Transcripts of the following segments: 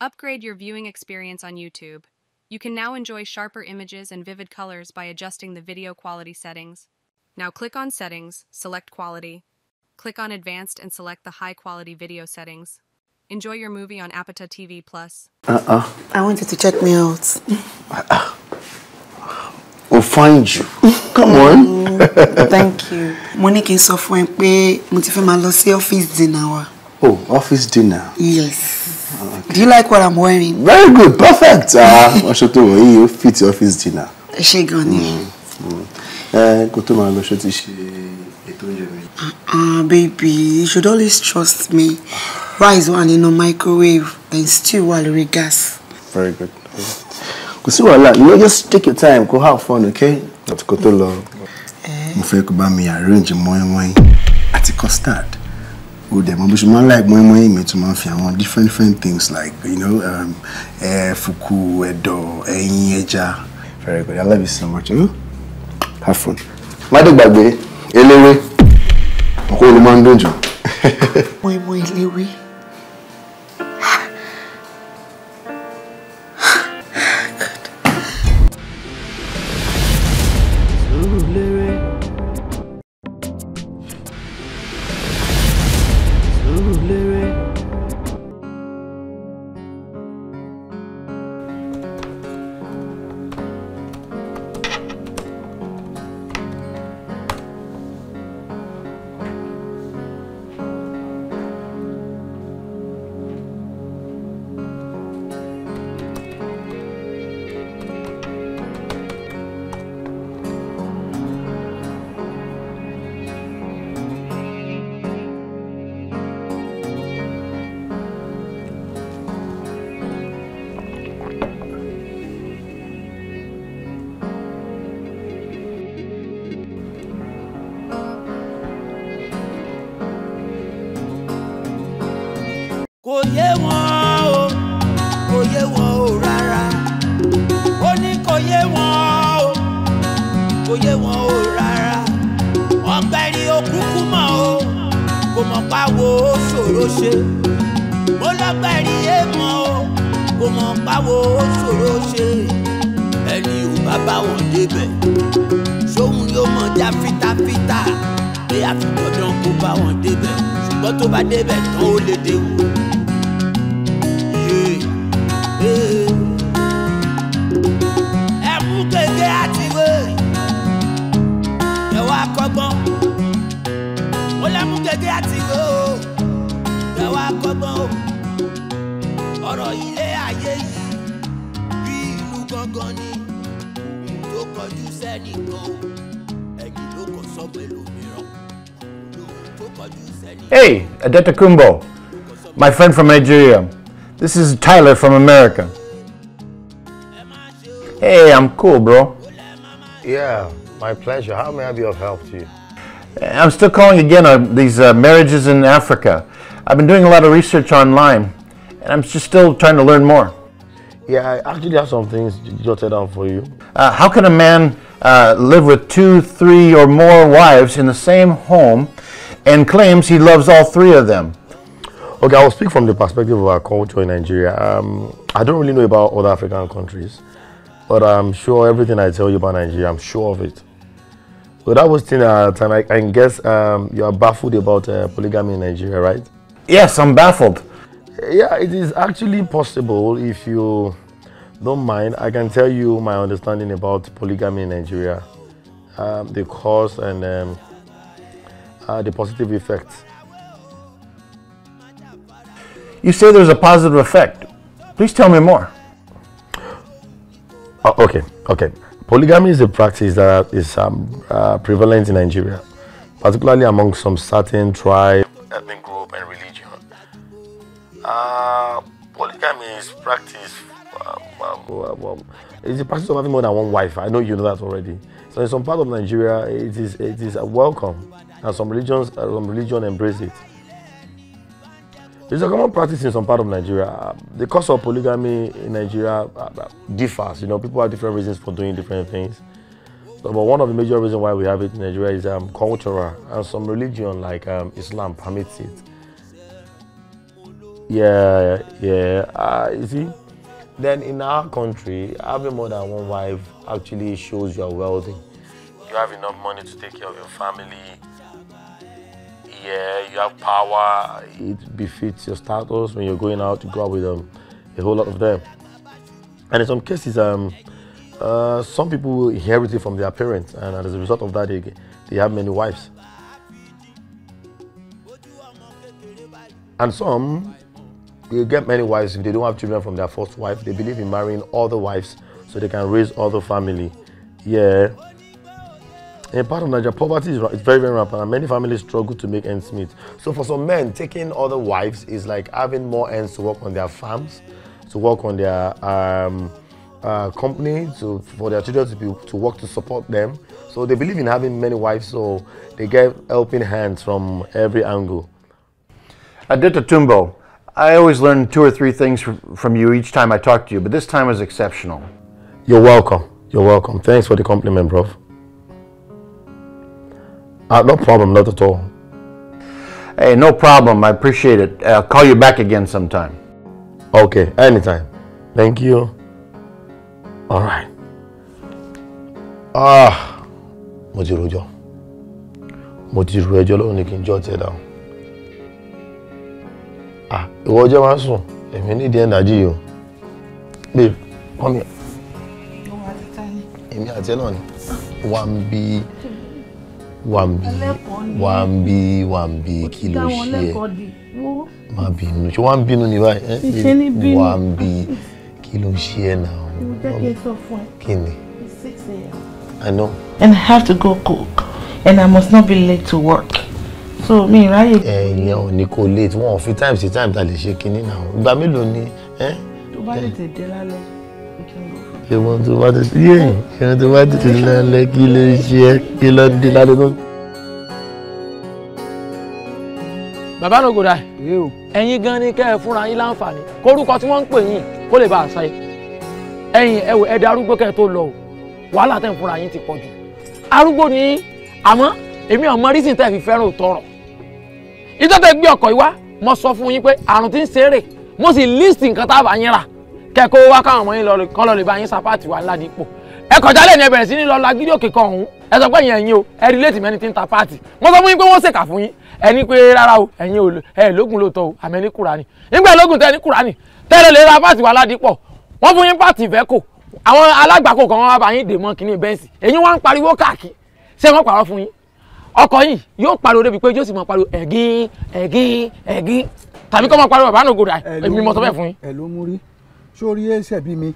Upgrade your viewing experience on YouTube. You can now enjoy sharper images and vivid colors by adjusting the video quality settings. Now click on Settings, select Quality. Click on Advanced and select the high quality video settings. Enjoy your movie on Apata TV Plus. Uh-uh. I want you to check me out. uh-uh. We'll find you. Come mm. on. Thank you. Monique is off n sọ fún going to office dinner Oh, office dinner? Yes. Okay. Do you like what I'm wearing? Very good, perfect. Ah, tó wọ̀ yìí ó fit office dinner. She gan ni? Mm, mm. Kó tó máa lọ ṣe ti ṣe ètò ah, ah, Baby, you should always trust me. Rice one in a microwave, and stew while we gas. Very good. Kò you know just take your time, go have fun, okay? Àti kó tó lọ. Eh? Mo fẹ́ kó bá mi arrange mọ́ínmọ́ín àti custard o dẹ̀ mọ bó ṣe máa ń like mọ́ínmọ́ín mi tún máa ń fi àwọn different different things like you know um, eh, fuku ẹ̀dọ̀ ẹyin ẹja very good i love you so much hmm? have fun. má dé gbàgbé eléwé ọkọ olùmọ̀ ń dùn jù. mọ́ínmọ́ín ọ̀rọ̀ ilé ayé yìí bí ìlú gangan ni tó kọjú ẹ̀yìn ló kọ sọ pé lómìíràn tó kọjú Hey, Adeta Kumbo, my friend from Nigeria. This is Tyler from America. Hey, I'm cool, bro. Yeah, my pleasure. How may I be of help to you? I'm still calling again on these uh, marriages in Africa. I've been doing a lot of research online, and I'm just still trying to learn more. Yeah, I actually have some things jotted down for you. Uh, how can a man uh, live with two, three, or more wives in the same home and claims he loves all three of them? Okay, I'll speak from the perspective of our culture in Nigeria. Um, I don't really know about other African countries, but I'm sure everything I tell you about Nigeria, I'm sure of it. So that was thing uh, time. I, I guess um, you are baffled about uh, polygamy in Nigeria, right? Yes, I'm baffled. Yeah, it is actually possible if you don't mind. I can tell you my understanding about polygamy in Nigeria, um, the cause and um, uh, the positive effects. You say there's a positive effect. Please tell me more. Uh, okay, okay. Polygamy is a practice that is um, uh, prevalent in Nigeria, particularly among some certain tribe, ethnic group, and religion. Uh, polygamy is practice. Um, um, um, um it's the practice of having more than one wife. I know you know that already. So in some part of Nigeria, it is it is welcome, and some religions uh, some religion embrace it. It's a common practice in some part of Nigeria. The cost of polygamy in Nigeria uh, differs. You know, people have different reasons for doing different things. but one of the major reasons why we have it in Nigeria is um, cultural and some religion like um, Islam permits it. Yeah, yeah. Uh, you see, then in our country, having more than one wife actually shows you are wealthy. You have enough money to take care of your family. Yeah, you have power. It befits your status when you're going out to go out with um, a whole lot of them. And in some cases, um, uh, some people will inherit it from their parents, and as a result of that, they, they have many wives. And some they get many wives if they don't have children from their first wife. They believe in marrying other wives so they can raise other family. Yeah. In part of Nigeria, poverty is very, very rampant, and many families struggle to make ends meet. So for some men, taking other wives is like having more ends to work on their farms, to work on their um, uh, company, to, for their children to be to work to support them. So they believe in having many wives, so they get helping hands from every angle. Adita Tumbo, I always learn two or three things from you each time I talk to you, but this time was exceptional. You're welcome. You're welcome. Thanks for the compliment, bro. Uh, no problem, not at all. Hey, no problem. I appreciate it. I'll call you back again sometime. Okay, anytime. Thank you. All right. Ah, Mojirujo. ti rojọ́. Mo ti ah ìwọ ọjọ́ máa ń sùn èmi ní ìdí ẹ̀nàjì yìí o babe come here. èmi àti ẹ náà ni wà ń bí wà ń bí wà ń bí wà ń bí kí ló ṣe ẹ má bínú ṣé wà ń bínú ní báyìí wà ń bí kí ló ṣe ẹ náà. kí ni. I know. And I have to go cook and I must not be late to work so mi ráyè. ẹ̀yàn ò ní kò late wọn ò fi time sí time ta lè ṣe kinní náà ìgbà mélòó ni. tó bá lè tètè lálẹ́ ìwọ̀n tó bá tètè yé ìwọ̀n tó bá tètè lálẹ́ kí ló ṣe é kí ló dé lálẹ́ náà. bàbá no go die ẹ̀yin gan ni kẹ́ ẹ fúnra yín láǹfààní kórúkọ tí wọ́n ń pè yín kó lè bá a sáyé ẹ̀yin ẹ wò ẹ darúgbó kẹ́ ẹ tó lọ o wàhálà tẹ̀ ń fúnra yín ti pọ̀ jù arúgbó ni àmọ́ èmi ò mọ rísìn tẹ́ fi fẹ́ràn òtọ́rọ̀ ìjọba gbé ọkọ̀ ìwá mo sọ fún yín pé àrùn tí ń ṣeré mo sì list nǹkan tá a bá yín rà kẹ́kọ̀ọ́ wá káwọn ọmọ yín kọ́ lọ lè bá yín sápáàtì wa ńlá dípò ẹ kọjá lẹ́nu ẹ bẹ̀rẹ̀ sí ní lọ lagídí òkè kan ọ̀hún ẹ sọ pé ẹ̀yin o ẹ relate mẹ́ni tí ń ta páàtì mo sọ fún yín pé wọ́n ṣèkà fún yín ẹni pé rárá o ẹ̀yin ò ẹ lógun lóòótọ́ o àmì ẹni kúra ni nígbà lógun tẹ ẹni kúra ni tẹ́lẹ̀ lè ra páàtì wa ládìpọ̀ wọ́n fún yín páàtì ìfẹ́ kò àwọn alágbàkọ̀ kan wọn bá yín dè mọ́ kínní bẹ́ǹsì èyí wọ́n ń pariwo káàkiri ṣé wọ́n pàrọ̀ fún yín ọkọ yìí yóò pariwo débi pé yóò sì máa pariwo ẹ̀gín ẹ̀gín ẹ̀gín tàbí kó máa pariwo bàbá ànàgòdà èmi mo sọ bẹ́ẹ̀ fún yín. ẹ ló mú rí sórí ẹsẹ̀ bí mi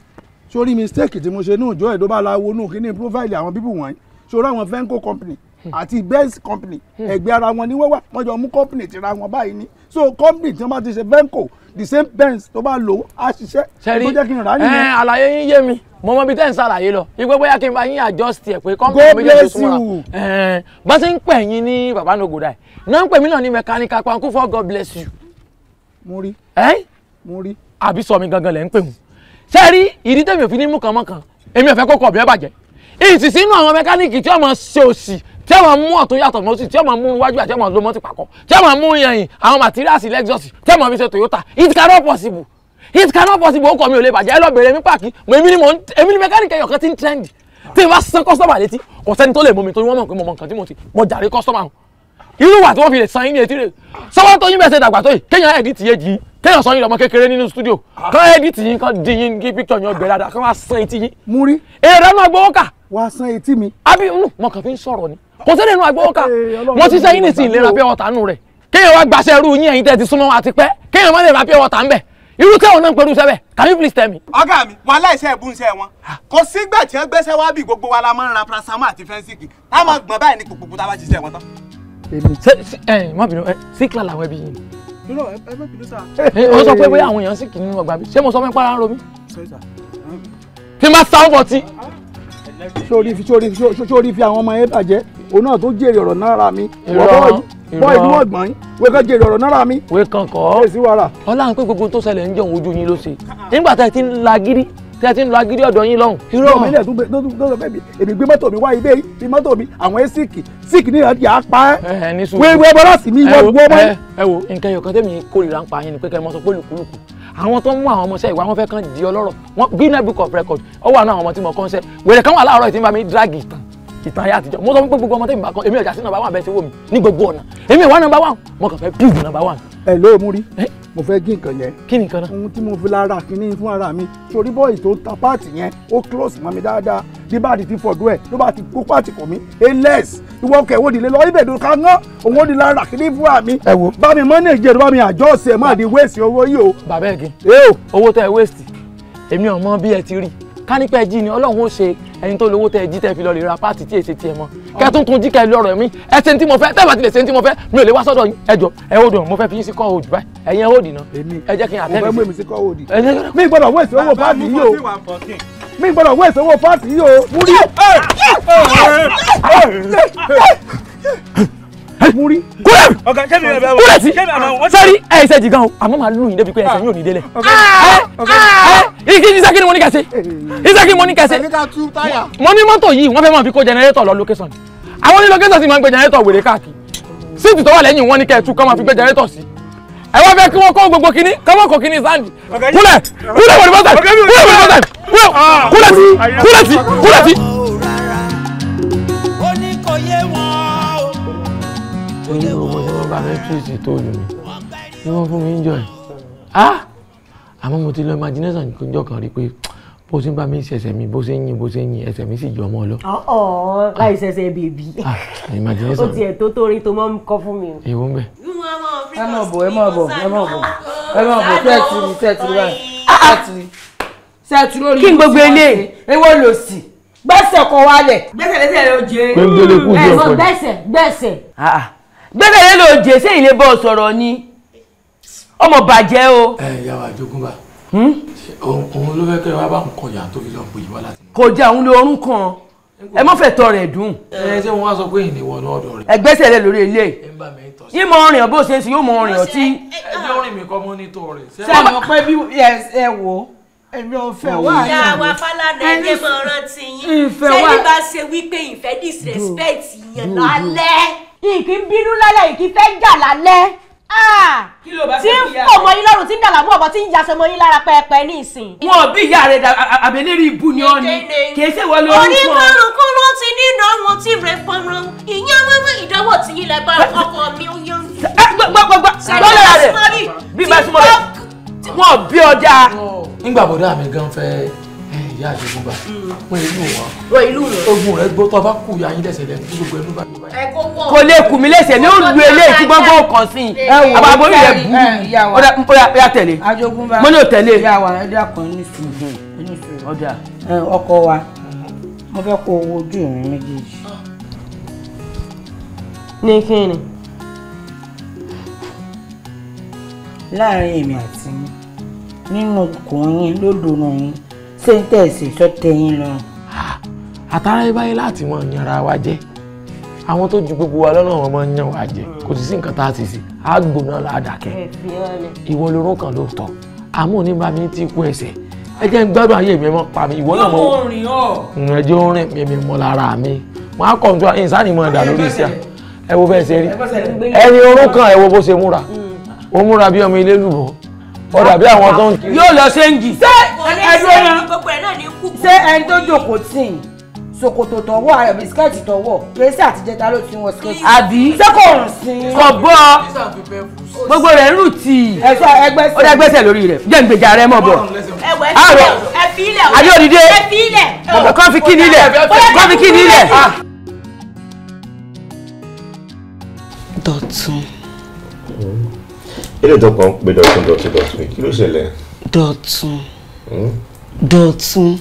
sórí mistake tí mo ṣe ní òjò ẹ̀dọ́bà la wo nù kí ní profile àwọn bíbù wọ̀nyí sórí àwọn fenco company àti best company hmm. ẹ̀gbẹ́ ara wọn ni wọ́n wà wọ́n jọ mú company tira wọn báyìí ni so company tí wọ́n bá ti ṣe fenco the same pens tó bá lò á ṣiṣẹ́ tó jẹ́ kí n rà á nìyẹn. ẹ àlàyé yín yé mi mo mọ ibi tẹ́ ń ṣàlàyé lọ ipò bóyá kí n bá yín adjust ẹ̀ pé kọ́ńtà méjèèjì tó múra bá ṣe ń pè yín ní baba nogoda ẹ̀ náà ń pè mí náà ní mechanical Kwankufo God bless you. mo rí. ẹ mo rí. àbí sọ mi gangan lẹ ń pè mú ṣe rí ìdí tèmi ò fi ní mú kan mọ́ kan èmi ò fẹ́ kó kọ̀ ọ̀bẹ bàjẹ́ ìsìsínú àwọn mẹkáníìkì tí wọ́n máa ṣe òsì tí àwọn mú ọ̀tún yàtọ̀ mọ́sí tí àwọn mú iwájú àti àwọn lomọ́tì pàkọ́ tí àwọn mú yẹ̀yìn àwọn materials lexus tí àwọn fi ṣe toyota it cannot possible it cannot possible ó kọ́ mi ò lè bàjẹ́ ẹ lọ bèrè mi pààkì mo èmi ni mo èmi ni mẹkáníkì ẹ̀yọ̀kan ti ń trend tí n bá san kọ́sọ́mà létí kò sẹ́ni tó lè mú mi torí wọ́n mọ̀ pé mo mọ nǹkan tí mo ti mo jàre kọ́sọ́mà hàn irú wà tí wọ́n fi lè san yín ní etí rẹ̀ sọ́wọ́n tó yín bẹ́ẹ̀ ṣe dàgbà tó yìí kéèyàn ẹ̀dí tìyẹ́ jì í kéèyàn sọ yín lọ́mọ kékeré nínú stúdíò kán ẹ̀dí tìyín kán di yín kí píkítọ̀ yín ọgbẹ́ dáadáa kán wá san etí yín. mú rí. èrè náà gbowó kà. wàá san etí mi. àbí fi ń sọ̀rọ̀ ni kò sẹ́ni inú agbowó ká wọ́n ti sẹ́yìn nìsín ìlera pé ọ̀tá nù rẹ̀ kéèyàn wá gbàṣẹ irú yín ẹ̀yin tẹ́ ti súnmọ́ àti pẹ́ kéèyàn má lè ra pé ọ̀tá ń bẹ̀ irú tẹ́wọ̀n náà ń pẹ̀lú sẹ́bẹ̀ can you please tell me. ọ̀gá mi wọn aláìsẹ́ ẹ̀bùnsẹ́ wọn kò sígbà tí wọ́n gbẹ́sẹ̀ wá bí gbogbo wa la máa ń ra paracetamol àti fẹ́ńsìkì táwọn gbọ̀n báyìí ní kùkùkù táwa ti sẹ́ wọn tán. ẹ má bínú ẹ síkìlà làwọn ẹbí yìí. ẹ má bínú sáà. ó sọ pé bóyá àwọn èèyàn sì kì nínú ọgbà mi ṣé mo sọ fẹ́ para ń ro mi. fi má sáwọ́ bọ̀ tí. sórí fi àwọn ọmọ yẹn bàjẹ́ òun náà tó jèrè ọ̀rọ̀ náírà mi wọ́n bọ́ọ̀yì ní wọ́n gbọ́n wẹ́kọ̀ jèrè ọ̀rọ̀ náírà mi. wẹ́kàn kọ́ ọlọ́run pé gbogbo tó ṣẹlẹ̀ ń jẹun ojú yín ló ṣe nígbà tá ẹ ti ń la gírí tí a ti ń lọ agídí ọ̀dọ̀ yín lọ́hùn. irọ́ mi lẹ̀ tó tó bẹ́ẹ̀ mi èmi gbé mọ́tò mi wá ibẹ̀ yìí fi mọ́tò mi àwọn ẹ́sìkì síkì ní ìrántí apá ẹ́ wẹ́wẹ́ bọ́lọ́sì mi wọ́n gbọ́ mọ́. ẹ wo nǹkan ẹyọ kan tẹ́mi kórìíra ń pa yín ni pé kẹ́ ẹ mọ sọ pé olùkúlùkù àwọn tó ń mú àwọn ọmọọṣẹ́ ìwà wọn fẹ́ kàn di ọlọ́rọ̀ wọn guinness book of record ó wà náà àwọn ọmọ tí mo kọ́ ń sẹ́ wèrè kan wà láàárọ̀ ìtìmọ̀ mi drag ìtàn ìtàn ayé àtijọ́ mo sọ fún pé gbogbo ọmọ tẹ́mi bá kan èmi ọ̀jà sí nọ́mbà one abẹ́sẹ̀ wò mí ní gbogbo ọ̀nà èmi ìwà nọ́mbà one mo kàn fẹ́ bíìgì nọ́mbà one. ẹ ló mú rí mo fẹ́ gé nǹkan yẹn. kí ni nǹkan náà. ohun tí mo fi lára kínní fún ara mi torí bọ́ọ̀ì tó ta páàtì yẹn ó close mọ́ mi dáadáa bí báàdì ti fọ̀dọ̀ ẹ̀ ló bá ti kó páàtì kò mí ales ìwọ kẹ̀ wò nílé lọ ibẹ̀ ló ká ngán òun ó di lára kínní fún àmì. ẹ wo bá mi mọ́nà ìjẹ́rù bá mi àjọ ọ̀sẹ̀ má di wéèsì owó yìí o. bàbá ẹ̀gẹ́ owó tẹ ẹ wéèsì èmi ò mọ bí ẹ ti rí ká ní pẹ́ jí ni ọlọ́run ó ṣe ẹni tó lówó tẹ jí tẹ fi lọ lè ra páàtì tí èsì tiẹ̀ mọ́ kẹ́ tó ń tún jí kẹ́ lọ́rọ̀ mi ẹ ṣe tí mo fẹ́ tẹ́lẹ̀ àti lè ṣe tí mo fẹ́ mi ò lè wá sọ́dọ̀ yín ẹ jọ ẹ ó dùn mo fẹ́ fi yín sí kọ́ òdì báyìí ẹ̀yin ẹ ó dì náà ẹ jẹ́ kí n àtẹ́lẹ̀ sí. mi gbọ́dọ̀ wẹ̀sì owó páàtì yìí o mi gbọ́dọ̀ wẹ̀sì owó páàtì yìí o mú rí kúlẹ̀ kúlẹ̀ sí sẹ́rí ẹ̀ ṣe jì gan o àmọ́ màá lù yín débi pé ẹsẹ̀ yóò ní délẹ̀ ìsakí ni mo ní kẹsí ìsakí mo ní kẹsí mo ní mọ́tò yìí wọ́n fẹ́ máa fi kó jẹnẹrétọ̀ lọ lókẹ́sọ̀n àwọn ní lókẹ́sọ̀n sì máa ń gbé jẹnẹrétọ̀ wèrè káàkiri síìtì tó wà lẹ́yìn wọn ní kẹ́ẹ̀tù kọ́ máa fi gbé jẹnẹrétọ̀ sí ẹ wá fẹ́ kí wọ́n kó gbogbo kínní kọ́mọ́ kò kínní sáǹdì kúlẹ̀ kúlẹ̀ wọ̀nìbọ̀sẹ̀ kúlẹ̀ wọ̀nìbọ̀sẹ̀ kúlẹ̀ ah. sí kúlẹ̀ sí kúlẹ̀ sí. tó ní ọmọ tí wọ́n bá mẹ́tírìsì tó lù mí ni wọ́n fún mi ń jọ ẹ̀ ah àmọ́ mo ti lọ imagination jọ kan rí pé bó ṣe ń bá mi ṣẹ̀ṣẹ̀ mi bó ṣe ń yin bó ṣe ń yin ẹsẹ̀ mi sì jọ ọmọ lọ. ọ̀ọ́ láì ṣẹ̀ṣẹ̀ bèbí. imagination o tiẹ̀ tó torí tó mọ́ kọ́ fún mi. èwo ń bẹ̀. ẹ mọ̀ bọ̀ ẹ mọ̀ bọ̀ ẹ mọ̀ bọ̀ ẹ mọ̀ bọ̀ tẹ́ẹ̀tì ni tẹ́ẹ̀tì ni báyìí tẹ́ẹ̀tì ni tẹ́ẹ̀tì lórí. kí n gbogbo ilé. ewé lò sí gbẹ́sẹ̀ kọ wálẹ̀. gbẹ́sẹ̀ lẹ́sẹ̀ lọ jẹ́. gbẹ́sẹ̀ lẹ́sẹ̀ kú jẹ́ ọ̀pọ̀ gbẹ́dẹ̀ yẹn ló jẹ́ sí ilé bọ́ sọ̀rọ̀ ni ọmọ bàjẹ́ o. ẹ ìyá wa jogúnba hmm? òun ló fẹ́ kẹ́ wá bá ń kọ ìyá tó fi lọ pè yí wá láti. kọjá òun ló orún kan ẹ mọ́ fẹ́ tọ rẹ̀ dùn. ẹ ṣé wọn á sọ pé ìnìwọ náà dọ̀ rẹ̀. ẹgbẹ́sẹ̀ rẹ lórí ilé yìí mọ ọrìn bó ṣe ń sin yóò mọ ọrìn ọtí. ẹ jẹ́ orin mi kọ́ mọ́ ní tọ̀ rẹ̀. sẹ́yìn ọpẹ́ bí ẹ wò ó èmi ò fẹ́ wá ìyá wa fálànà ẹgbẹ́ mọ̀ ọ́n sẹ́yìn bá ṣe wípé ìfẹ́ disrespect yẹn lálẹ́ ìkí bínú lálẹ́ ìkí fẹ́ jà lálẹ́ ah! tí ń fò mọ yín lọ́rùn tí ń dàlámú ọ̀bọ tí ń yasọ mọ yín lára pẹ́ẹ́pẹ́ ní ìsìn. wọn ò bí ìyá rẹ àbẹ̀lérí ibú ni ọ ni kì í ṣe wọ lórí fún ọ. oníkàrùnkún ló ti ní ìdánwò tí rẹ pọnrọ ìyá wẹ́wẹ́ ìdánwò tí yín lẹ bá ọkọ mi ó yán. gbọgbọgbọ lọ́lẹ̀ rẹ̀ bí bá súnmọ́ rẹ̀ wọn ò bí ọjà. nígbà bọ̀dọ̀ àmì gan fẹ́ ìyá àjogúnbá mm. wọn ìlú wọn wọn ìlú wọn ogun rẹ gbọ́ tó bá kú ya yín lẹ́sẹ̀ lẹ́nu gbogbo ẹnu bá kò lè kù mí lẹ́sẹ̀ ní olú eléyìí tí gbọ́ngbọ́n kan sí i àbábọ̀ orí rẹ̀ bú ó yà tẹ̀lé mo ní ò tẹ̀lé. ìyá wa ẹ dákun ní sùúrù hmm. ọkọ wa mo fẹ́ kó owó ojú mi méjèèjì. ní kí ni. láàárín èmi àti yín nínú ọkùnrin lódò náà yín ṣé ń tẹ̀sí sọ tẹ̀yìn lọ. àtàrà ìbáyé láti wọn yanra wa jẹ àwọn tó ju gbogbo wa lọ́nà wọn máa ń yan wa jẹ kò sì sí nǹkan tá a sì sí àgbò náà là á dàkẹ́ ìwọ lorún kan ló tọ̀ àmọ́ òní bá mi ti kú ẹsẹ̀ ẹ jẹ́ ń gbádùn ayé mi mọ́ pa mi ìwọ náà mọ́ ìrìn ẹjọ́ rìn mi mi mọ́ lára mi wọ́n á kọ̀ ní tí ìsáni mọ́ ẹ̀dà lórí iṣẹ́ ẹ wo bẹ́ẹ̀ ṣe rí ẹni orún ẹ wo bó ṣe múra mm. ó múra bí ọmọ ilé lùbọ̀ọ́ ó dàbí àwọn tó ń. yóò lọ ṣéǹjì. ṣé ẹdúró náà ṣé ẹni tó jókòó tì í ṣòkòtò tọwọ́ ààrẹ bisikẹ́ẹ̀tì tọwọ́ kèésì àtijẹta ló ti wọn ṣe. àbí ṣé kò rùn sí. kò bọ́ gbogbo rẹ̀ ń rù tì í. ẹ̀sọ́ ẹgbẹ́sẹ̀. ó dá gbẹ́sẹ̀ lórí rẹ̀ jẹ́ ìgbèjà rẹ mọ̀ bọ̀. àrò àbí òdìdé kọ́ fi kí nílẹ̀ kọ́ fi kí nílẹ̀. Ah. Dọ̀tun ilé tó kàn ń pe dọ̀tún dọ̀tún dọ̀tún kí ló ṣẹlẹ̀. dọ̀tún hmm? dọ̀tún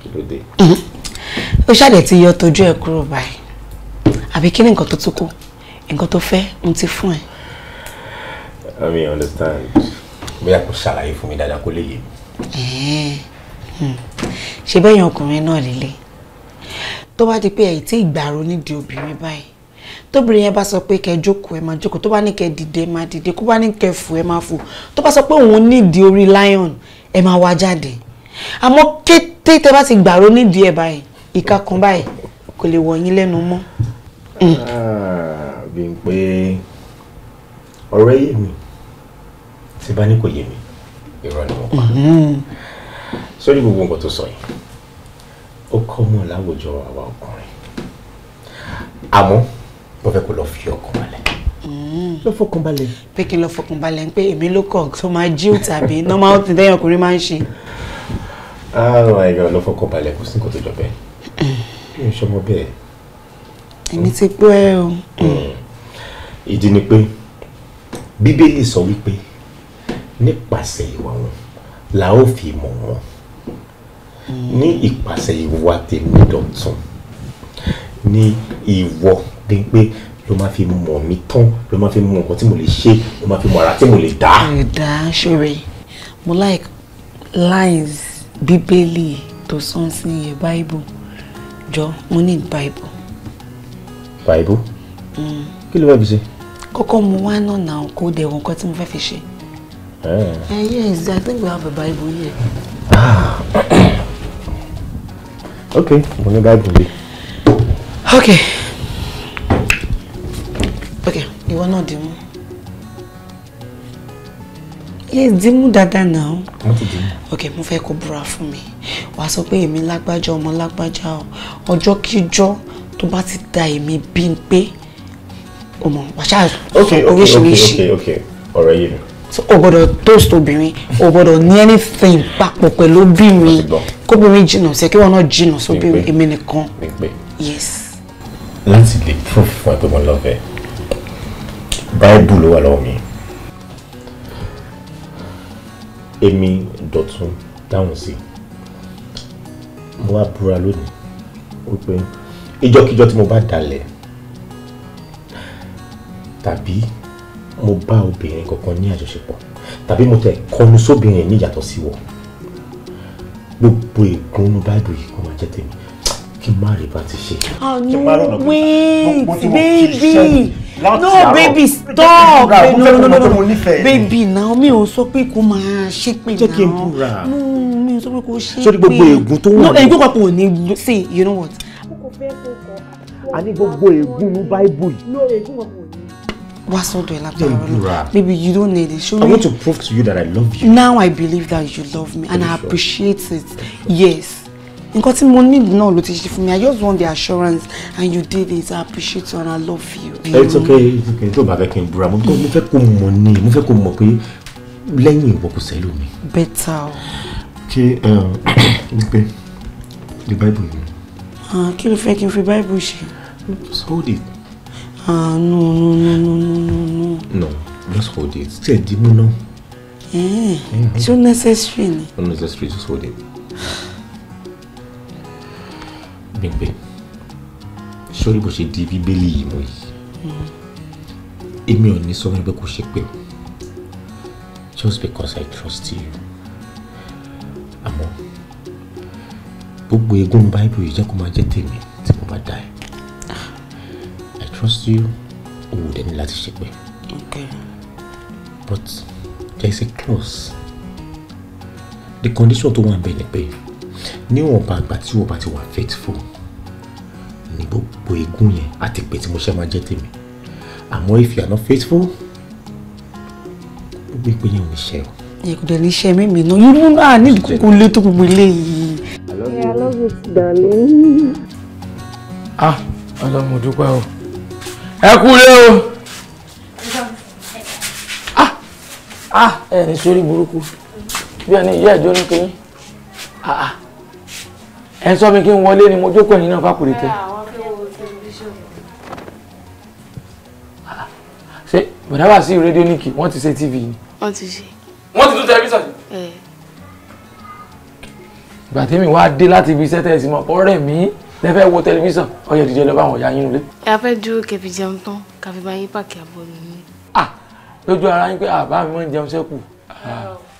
kí ló hmm? ti yọ tójú ẹ̀ kúrò báyìí àbí kí ni nǹkan tó tún kù nǹkan tó fẹ́ mo ti fún ẹ. I mean understand bóyá kò ṣàlàyé fún mi dáadáa kó lè yé mi. Hmm. ṣe bẹ́ẹ̀ yan ọkùnrin náà lélẹ̀ tó bá di pé ẹ̀ tí ì gbàrú obìnrin báyìí tóbìnrin yẹn bá sọ pé kẹ́ jókòó ẹ máa jókòó tó bá ní kẹ́ dìde ẹ máa dìde kó bá ní kẹ́ fò ẹ máa fò tó bá sọ pé òun nídìí orí lion ẹ máa wá jáde àmọ́ kété tẹ́ bá ti gbàró nídìí ẹ báyìí ìka kan báyìí kò lè wọ̀ yín lẹ́nu mọ́. Mm. Ah, bí n pé ọ̀rọ̀ yé mi tí bá ní kò yé mi irọ́ ni mo pa mm-hmm. sórí gbogbo nǹkan tó sọ yìí ó kọ́ mọ́ láwùjọ àwa ọkùnrin àmọ́ wọ́n fẹ́ kó lọ fi ọkàn balẹ̀. Mm. lọ fọkàn balẹ̀. pé kí n lọ fọkàn balẹ̀ pé èmi ló kọ̀ tó máa jíù tàbí normal thing tẹ́yìn ọkùnrin máa ń ṣe. àrùn ah, àìrọ̀ oh lọ fọkàn balẹ̀ kò sí nǹkan tó jọ bẹ́ẹ̀ kí ṣọmọ bẹ́ẹ̀. èmi ti pẹ́ o. Hmm. ìdí ni pé bíbélì sọ wípé nípasẹ̀ ìwà wọn la ó fi mọ̀ wọn hmm. ní ìpasẹ̀ ìwà tèmi dọ̀tun ní ìwọ pàdé pé ló máa fi mọ̀ mí tán ló máa fi mọ̀ nǹkan tí mo lè ṣe ló máa fi mọ̀ ara tí mo lè dá. mo dá ṣòro mo like lines bíbélì tó sàn sí iye bible jọ mo ní bible. bible. Mm. kí ló fẹ́ fi ṣe. kókó mo wá náà nà kó dẹ̀ wọ́n nǹkan tí mo fẹ́ fi ṣe. Uh, yes, I think we have a Bible here. Ah. okay, mo ní Bible yìí. Okay ìwọ náà dì mú yes dì mú dáadáa náà ok mo fẹ́ kó búra fún mi wàá sọ pé èmi lágbájá ọmọ lágbájá ọjọ́ kíjọ́ tó bá ti da èmi bí n pé ọmọ wàṣà oríṣiríṣi ọ̀rọ̀ yìí so o gbọ́dọ̀ toast obìnrin o gbọ́dọ̀ ní anything papọ̀ pẹ̀lú obìnrin kóbìnrin jìnnà sí kí wọn náà jìnnà sóbìnrin èmi nìkan yes. láti lè proof fún ẹ pé mo love ẹ báìbù ló wà lọ́wọ́ mi èmi dọ̀tún dáhùn sí mo wá búra lónìí wípé ìjọkíjọ tí mo ba dalẹ̀ tàbí mo bá obìnrin kankan ní àjọṣepọ̀ tàbí mo tẹ̀ kọnu sóbìnrin ní ìyàtọ̀ sí wọ gbogbo ìgúnnú báìbù yìí kó máa jẹ́ tèmi kí n má rí bá ti ṣe. Ah, kí n má rọ̀nà no baby stop no no no no baby náà mi ò sọ pé kó máa ṣépè náà jẹ́ kí n búra mi ò sọ pé kó ṣépè sórí gbogbo ègún tó wà ní. ègún kan kò ní sí you know what. a ní gbogbo ègún ní báíbù yìí wá sọ́dọ̀ ẹ̀ lápẹ̀rẹ̀ baby you don't need it. Shuri, I want to prove to you that I love you. now I believe that you love me and I appreciate it yes nǹkan tí mo need náà ló ti ṣe fún mi i just want the assurance and you did it i appreciate you and i love you. it's okay it's okay tó bá fẹ́ kí n búra mo fẹ́ kó mọ̀ ni mo fẹ́ kó mọ̀ pé lẹ́yìn ìwọ kò sẹ́lò mi. bẹ́tà o. ṣé eh, wípé the bible ni. Ah, kí ló fẹ́ kí n fi bible ṣe. just hold it. Ah, no, no, no, no, no, no. No, just hold it. Ṣé ẹ dìímú náà? Eh, eh, it's unnecessary. Unnecessary, just hold it níbẹ̀ sórí bó ṣe di bíbélì yìí mú yìí èmi ò ní sọ fún pé kò ṣe pé o just because I trust you àmọ́ gbogbo egun báíbù yìí jẹ́ kó máa jẹ́ tèmi tí mo bá dá ẹ I trust you owó dẹ̀ ní láti ṣe pé but there is a clause the condition tó wà ń bẹ ni pé níwọ̀n bá àgbà tí wọ́n bá ti wà faithful ni gbogbo ègún yẹn àti pé tí mo ṣe máa jẹ́ tèmi àmọ́ if you are not faithful gbogbo ìpè yẹn ò ní ṣe o. ìkùdẹ̀ ní iṣẹ́ mímì náà yóò múná àní kúkú lé tó gbogbo ilé yìí. I love you darling. ah ọlọ́mọ dúpẹ́ o ẹ kú lé o ah ah ẹ ní sórí burúkú bí ẹni ìyá ìjọ ní kẹyìn ah, ah ẹ sọ mi kí n wọlé ni mo jókòó ẹ̀yìn náà fàkùrẹ̀tẹ̀. bọ̀dá wà sí rédíò ní kí wọ́n ti ṣe tv ni. wọ́n ti ṣe. wọ́n ti tún tẹlifíṣàn. ìgbà tẹ́mi wá dé láti ibi iṣẹ́ tẹ̀sí mọ́ ọ̀rẹ́ mi lẹ́fẹ̀ẹ́ wo tẹlifíṣàn ọyẹ ìdíje lọ bá àwọn ọ̀yà yín nulẹ̀. ẹ fẹ́ dúró kẹfì jẹun tán kàfi bá yín pàkì àbọ̀ mi ní. à lójú ara yín pé àbá mi máa ń jẹun sẹ́kù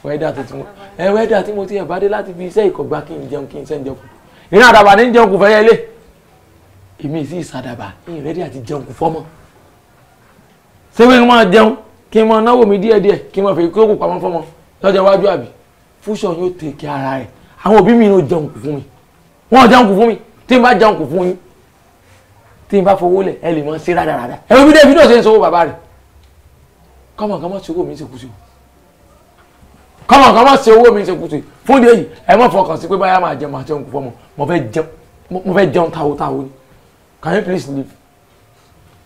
wẹ́dà tí mo ẹ wẹ́dà tí mo ti ẹ̀ bá dé láti ibi iṣẹ́ ìkọ̀gbá kí n jẹun kí n sẹ́ń jẹun kù ìrìn àdàbà ní jẹun kù fẹ́yẹ́ lé èmi ì sí ìsàdàbà ìrìn àti jẹun kù fọ́mọ́ ṣé pé kí n máa jẹun kí n máa náwó mi díẹ̀díẹ̀ kí n máa fẹ́ kí ó kó pamọ́ fọ́mọ lọ́jọ́ iwájú àbí fúnṣọ yóò tẹ̀ kí ara rẹ̀ àwọn òbí mi ò jẹun kù fún mi wọn ò jẹun kù fún mi tí n bá jẹun kù fún yín tí n bá fowó lẹ̀ ẹ lè mọ sí rádaràda ẹ bí dé fídíò ṣe ń sọwọ́ bàbá rẹ̀ kọ́mọ̀ kọ́mọ̀ sí owó mi ń ṣekúṣe kọ́mọ̀ kọ́mọ̀ sí owó mi ń ṣekúṣe fún ìdí èyí ẹ mọ̀ fọkàn sí pé báyà máa jẹun máa jẹun kù fọmọ mo fẹ́ jẹun táwo táwo ni can you please leave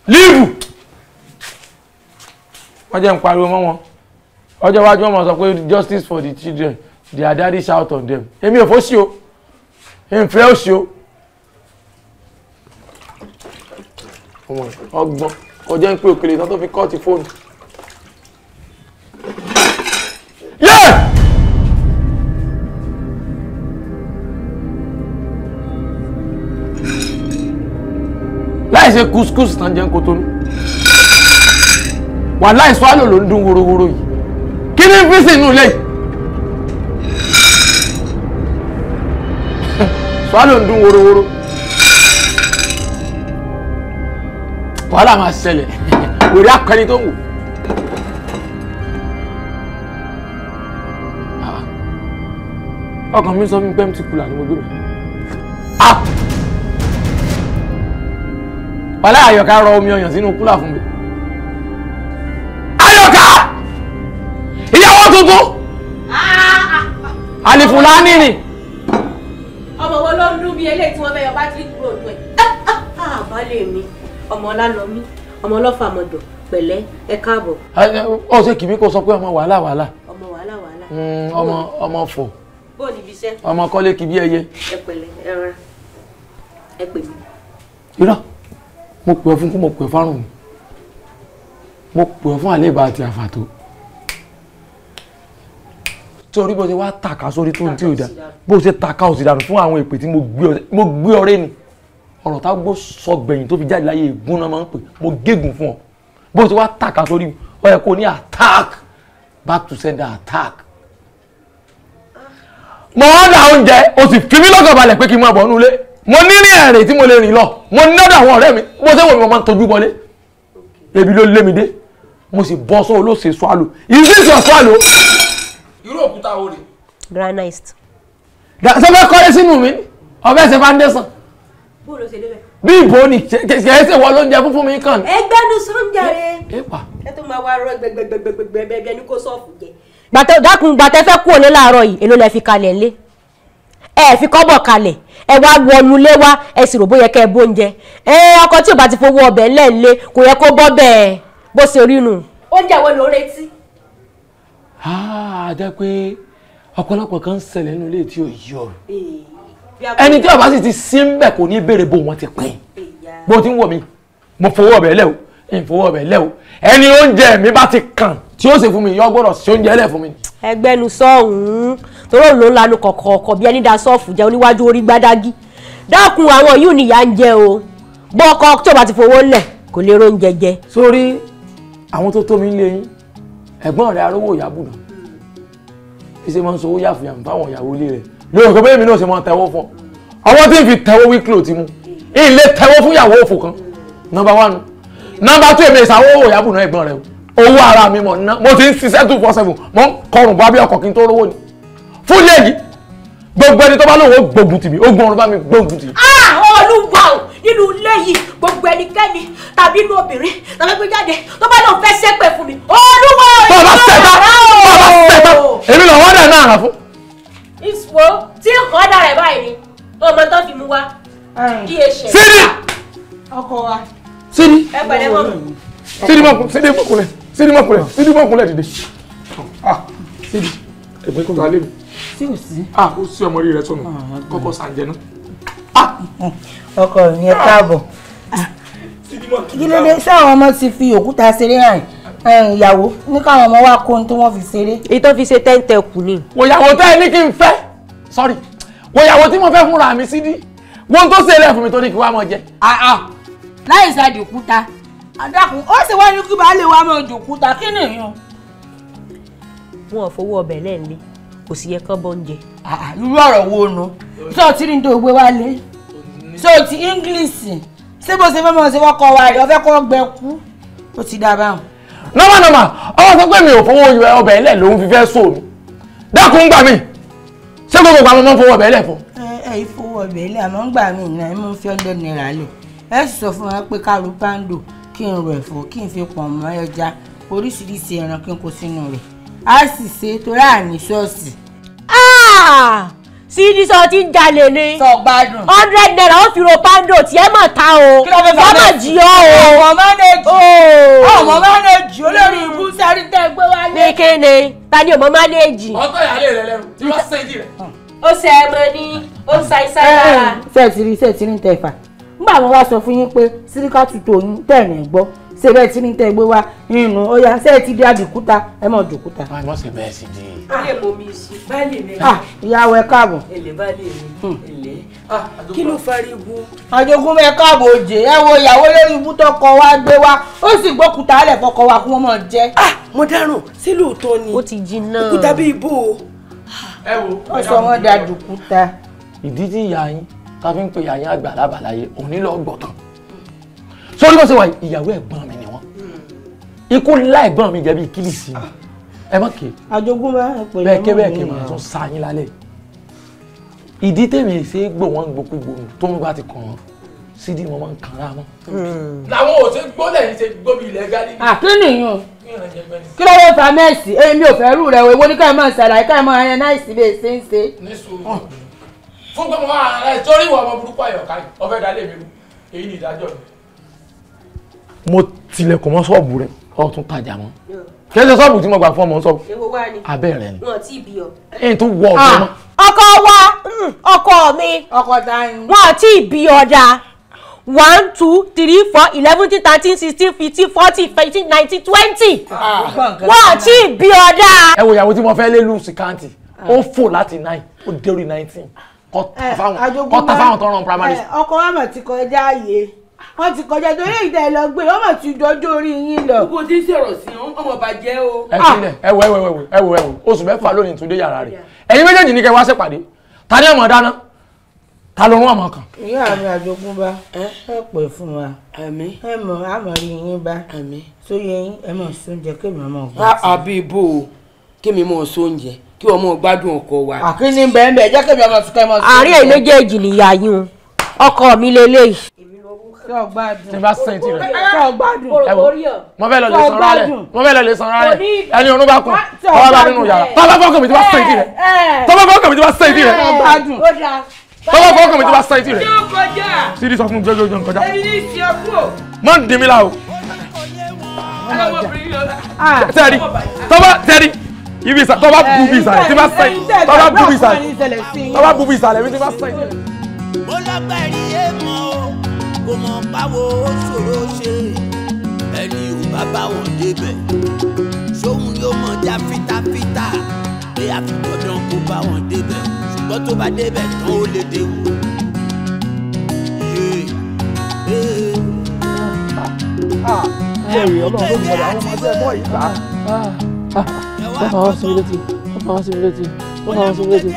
leave wọ́n jẹ́ ń pariwo mọ́ wọn ọjọ́ iwájú wọn mọ̀ sọ pé justice for the children their daddy shout on them èmi ò fọ́sí o èmi fẹ́ òsì o ọgbọ́n ọjọ́ ń pè òkèlè ìtàn tó fi kọ́ọ̀tì fóònù. Yeah! láì ṣe kúskúsì tán jẹ́ ń kótónú wàhálà ìsọ́àlò ló ń dún wúrúwúrú yìí kí ni fi sínú ilé yìí ìsọ́àlò ń dún wúrúwúrú wàhálà máa ṣẹlẹ̀ wèrè akọni tó ń wò. Ah. ọkàn mi sọ fún mi pé mi ti kula ni mo gbé ah. wàhálà àyọ̀ká rọ omi ọyàn sínú kúlà fún mi. tuntun ah, ah, ah. àlìfùlání ni. ọmọ wo ló ń dún bí eléyìí tí wọ́n fẹ́ yọ bátìrì kúrò nù ẹ̀ àbálẹ̀ mi ọmọ ọlálọ́mí ọmọ ọlọ́fà mọ̀dọ̀ pẹ̀lẹ́ ẹ káàbọ̀. ọ eh, ṣe kìmí kó sọ pé ọmọ wàhálà wàhálà. ọmọ wàhálà wàhálà. Mm, ọmọ ọmọ fò. bó o níbi iṣẹ́. ọmọ kọ́lé kì bí ẹyẹ. ẹ pẹ̀lẹ́ ẹ rọra ẹ pè mí. irọ́ mo pè ọ fún kó mo pè ọ fárùn mo pè ọ fún àlébà àti àfàtó tí orí bó ṣe wá tàka sórí tó ń tí ò dá bó ṣe tàka òsì dànù fún àwọn èpè tí mo gbé ọ̀rẹ́ ni ọ̀rọ̀ tá gbó sọ gbẹ̀yìn tó fi jáde láyé ègún náà máa ń pè mo gégùn fún ọ bó ṣe wá tàka sórí ó yẹ kó ní attack back to sender attack. mo wá dà oúnjẹ o sì fi mí lọ́gàn balẹ̀ pé kí n máa bọ̀ ọ́nú ilé mo ní ní ẹ̀rìn tí mo lè rìn lọ mo ní lọ́dọ̀ àwọn ọ̀rẹ́ mi bó ṣe wò mí mo máa ń ebi ló lé mi dé mo sì bọ́ sọ́ olóṣèṣọ́ àlò ìṣèṣọ́ àlò wà wò ni. granite. sọfẹ kọ́lé sínú mi ọbẹ̀ ṣe foundation. bó ló ṣe débẹ̀. bí ìbò ni kẹ̀kẹ́ ṣe wọ lóúnjẹ fún fún mi kàn. ẹgbẹ́ nu sọ́njàre. ẹ tó máa wá rọ gbẹgbẹgbẹgbẹgbẹ ni kò sọ́ọ̀fù jẹ. gbàtẹ́ dákun gbàtẹ́ fẹ́ kú òní láàárọ̀ yìí èló lẹ fi kalẹ̀ lé ẹ fi kọ́bọ̀ kalẹ̀ ẹ wá wọnú lé wá ẹ sì rò bóyá kẹ ẹ bóúnjẹ ẹ ọkọ tí ò bá ti fowó ọbẹ̀ ńlẹ̀ ńlẹ̀ kò yẹ kó bọ́ bẹ́ẹ̀ bó ṣe rí nù. oúnjẹ wo ló retí Ah, jẹ́ pé ọ̀pọ̀lọpọ̀ kan ń ṣẹlẹ̀ nínú ilé tí ò yí ọ̀rọ̀ ẹni tí ọba sì ti sí ń bẹ̀ kò ní béèrè bó wọn ti pín bó ti ń wọ̀ mí mo fowó ọbẹ̀ lẹ́wọ̀ ìfowó ọbẹ̀ lẹ́wọ̀ ẹni oúnjẹ mi bá ti kàn tí ó sì fún mi yọ gbọ́dọ̀ sí oúnjẹ ẹlẹ́ fún mi. ẹgbẹ́ nu sọ́ọ̀hún tóró ló ń lanu kọ̀kọ̀ọ̀kọ̀ bí ẹni da sọ́ọ̀fù jẹ́ oníwájú orí gbádágí dákun àwọn yìí nìyà ń jẹ o gbọ́ ọkọ tó bá ti fowó lẹ̀ kò lè róúnjẹ jẹ. sórí àwọn tó tó mi ń lé ẹ̀gbọ́n rẹ̀ arówó ìyàbù náà fi ṣe máa ń sowó yàfùyàmù fáwọn ìyàwó ilé rẹ̀ lórí ọ̀sán bẹ́ẹ̀ mi náà ṣe máa tẹ̀wọ́ fún ọ ọwọ́ tí n fi tẹ̀wọ́ wíkìlò ti mu ilé tẹ̀wọ́ fún ìyàwó òfò kan nọmba wánu nọmba tó èmi ìsàwọ́ ìyàbù náà ẹ̀gbọ́n rẹ̀ owó ara mi mọ̀ ná mo ti ń ṣiṣẹ́ two four seven mo ń kọrùn bọ́ abẹ́ ọkọ̀ kí n tó rówó ni fún lẹ́yìn gbogbo ẹni tó bá lòun ó gbógun tì mí ogun ọ̀run bá mi gbógun tì mí. Ah, olúwa o nínú ilé yìí gbogbo ẹnikẹ́ni tàbí inú obìnrin tàbí gbé jáde tó bá lòun fẹ́ ṣépè fún mi olúwa o ìlú ọ̀rá o. bàbá sẹta èmi lọ wọ́dà náà rà fún. ìṣòro tí nǹkan ọ̀dà rẹ̀ báyìí ni ọmọ tó fi mú wa kí e ṣe. sídi ọkọ wa. sídi ẹ pẹ̀lẹ́ mọ. sídi mọkùnrin sídi mọkùnrin sídi mọkùnrin sídi mọkùnrin dìde. Ah, sídi ẹgbẹ́ kò wá lé tí ò sí. a ah, ó sí ọmọ rí Ah, sọnù kọkọ sàǹjẹ náà. Ah! Ah! ọkọ mi ẹ káàbọ̀ kí ló dé sáwọn ọmọ ti fi òkúta ṣeré hàn eh, ìyàwó ní káwọn ọmọ wa kó ohun tí wọ́n fi ṣeré. èyí tó fi ṣe tẹ́ǹtẹ̀ kù ni. wò yàwó tẹ́ ẹ ní kí n fẹ́ sorry wò yàwó tí mo fẹ́ fúnra mi sí dí wọ́n tó ṣe lẹ́fún mi tó ní kí wàá mọ̀ jẹ. láì ṣàdì òkúta àdàkùn ó sì wá ní kí baálé wa mọ̀ jòkúta kí nìyẹn. wọn ò fowó ọbẹ̀ lẹ́ẹ̀lé kò sì yẹ kán bọ́ oúnjẹ. Ah, irú ọ̀rọ̀ wo nu sọ ti rí ní tó gbé lé sọ ti English ṣé bó ṣe fẹ́ mọ̀ ṣe wọ́n kọ́ wa rẹ̀ ọ̀fẹ́ kọ́ gbẹ kú ó ti dá báwọn. nọ́mà nọ́mà ọmọ sọ pé mi ò fowó ọbẹ̀ ilẹ̀ lòún fi fẹ́ sọ mi dákun gbà mí ṣé gbogbo ìgbà mo fowó ọbẹ̀ ilẹ̀ fún. ẹ ẹ ìfowó ọbẹ̀ ilẹ̀ àmọ́ ń gbà mí náà ẹ mú fi ọ̀dọ̀ náírà lẹ̀ ẹ sọ fún wa pé ká ru pando kí n rọ̀ ẹ̀fọ́ kí n fi pọ̀ mọ́ ẹja oríṣiríṣi ẹran kí n kó sínú rẹ̀ a sì ṣe torí àní ṣọ́ọ̀ṣì. Ah! sídìsọ ti ń jalè ni hundred naira ó fi ro pando tí ẹ mọ̀ ta o wọ́n mọ̀ jí ọ́ o. ọmọ mánéjì oh. ọmọ mánéjì olórí ibú sáré tẹ́ gbé wálé. ní kéde ta ni ọmọ mánéjì. ọtọ ìyáálé rẹ lẹnu tí wọn ṣèjì rẹ. ó ṣe ẹmọ ní ó ń sa iṣẹ́ lára. ṣé ẹ ti rí ṣé ẹ ti rí ń tẹ fà nígbà wọn wá sọ fún yín pé síríkà tuntun òyìn tẹ̀rín gbọ́ ṣe bẹ́ẹ̀ tí ní tẹ́ gbé wá nínú ọya ṣe é ti di àdìkúta ẹ mọ̀ dùkúta. wọ́n mọ̀ sí bẹ́ẹ̀ sì di. Ah, ilé mo mi sí báyìí mi. Ah, ìyàwó ẹ káàbọ̀. èlé báyìí mi èlé kí ló farigun. àjogún bẹ káàbọ̀ òjè ẹ wo ìyàwó lórí ibú tọkọ wa gbé wa ó sì gbókùtà alẹ̀ fọkọ wa kí wọ́n mọ̀ jẹ́. Ah, mo dáràn sí lóòótọ́ ni ó ti jiná òkúta bí ibò. ẹ wo ó sọ wọn dàdùkúta. ìdí tí ìyá yín ta fi ń pe ìyá yín àgbà lábàláyé òní lọ gbọ̀tàn sórí bó ṣe wà ìyàwó ẹ̀gbọ́n mi ni wọ́n ikú ńlá ẹ̀gbọ́n mi jẹ́ bíi kílìsì ni ẹ má ké àjogún bẹ́ẹ̀ ké bẹ́ẹ̀ ké màá tún sa yín lálẹ́ ìdí tèmi ṣe é gbò wọ́n gbòkúgbò tó ń bá ti kàn wọ́n sídì wọn máa ń kanra wọn. Hmm. làwọn ò ṣe gbọ́dọ̀ yìí ṣe gbọ́ bí ilẹ̀ gálí. àkínní yun kí ló ló fa mẹ́ẹ̀sì èmi ò fẹ́ rú rẹ̀ èwo ní ká máa ṣàlàyé ká máa yan náà ìsìnbẹ̀ ṣe ń ṣe. ní sùúrù fún gbọ́dọ̀ wọn àárẹ̀ sórí ìwà ọmọ burúkú àyọ̀ká yìí ọbẹ̀ dalẹ̀ mi èyí ni ìdájọ́ mi mo tilẹ̀kùn mọ́ ṣọ́ọ̀bù rẹ̀ ọ̀tún tajà mọ́ kẹsẹ̀ ṣọ́ọ̀bù tí mo gbà fún ọmọ ṣọ́ọ̀bù abẹ́rẹ́ ni wọn ti bí ọ. ẹni tó wọ ọ̀dọ́ ah, mọ́. ọkọ wa hmm, ọkọ mi wọn ti bí ọjà one two three four eleven thirteen sixteen fifteen fourteen fifteen nineteen twenty. wọ́n tí ì bí ọ̀dà. ẹ wo ìyàwó tí mo fẹ́ lé lùsì káàntì ah. ó fò láti nine ó dé orí nineteen kọ́ ta eh, fáwọn tó ràn primary. Eh, ọkọ̀ wa mà ti kọjá ààyè wọ́n ti kọjá torí ìdá ẹ̀ lọ gbé wọ́n mọ̀ ti dọ́jú orí yín lọ. gbogbo tí ń sọ̀rọ̀ sí ọmọ bàjẹ́ o. ẹ sílẹ̀ ẹ wò ẹ wò ẹ wò ẹ wò ẹ wò oṣù mẹ́fà lónìí tún dé yàrá rẹ̀ ẹ̀yin méjèèjì ní kẹ́ wá ṣèpàdé ta ni ọmọ dáná ta ló rún ọmọ kan. ìyá mi àjogúnbá ẹ pè fún wa ẹ mọ àmọ̀rí yín bá tó yẹ yín ẹ mọ̀ sóúnjẹ kémi ọmọ ọgbà tí. àbí ibo kémi mọ̀ sóúnjẹ kí ọmọ gbádùn ọkọ wa. àkíní bẹ́ẹ̀ bẹ́ẹ̀ jẹ́ kémi ọmọ sùkẹ́ mọ̀ sóúnjẹ. o ọkọ mi sọ gbádùn tí n bá sẹ́yìn rẹ̀ sọ mo fẹ́ lọ lè sanra rẹ̀ mo fẹ́ lọ lè sanra rẹ̀ ẹni ọdún bá kún ọwọ́ bá nínú yàrá tọ́lá fọ́ọ̀kọ̀ mi ti bá sẹ́yìn rẹ̀ tọ́lá fọ́ọ̀kọ̀ mi ti bá sẹ́yìn rẹ̀ tọ́lá fọ́ọ̀kọ̀ mi ti bá sẹ́yìn tí rẹ̀ sídìí sọ fún mi gbẹ́gbẹ́ ojú ọ̀nkọjá mọ́ ń dín mi láwo. ibi ìsà tọ́ba bubu ìsàlẹ̀ tí bá sẹ́yìn tọ́ba bubu ìsàlẹ̀ tọ́ba bubu ìsàlẹ̀ tí bá sẹ́yìn. mo kò mọ̀ báwo ó ṣòro ṣe ẹni ò bá bá wọn débẹ̀ ṣóun yóò mọ̀ já fitafita pé àfijọ́dán kó bá wọn débẹ̀ ṣùgbọ́n tó bá débẹ̀ tán ó lè déwu. Bọ́ọ̀lù ọlọ́run ló ń bọ̀dọ̀ àwọn ọmọdé ẹ̀ bọ́ yìí ká. Wọ́n máa ń sinmi létí, wọ́n máa ń sinmi létí, wọ́n máa ń sinmi létí.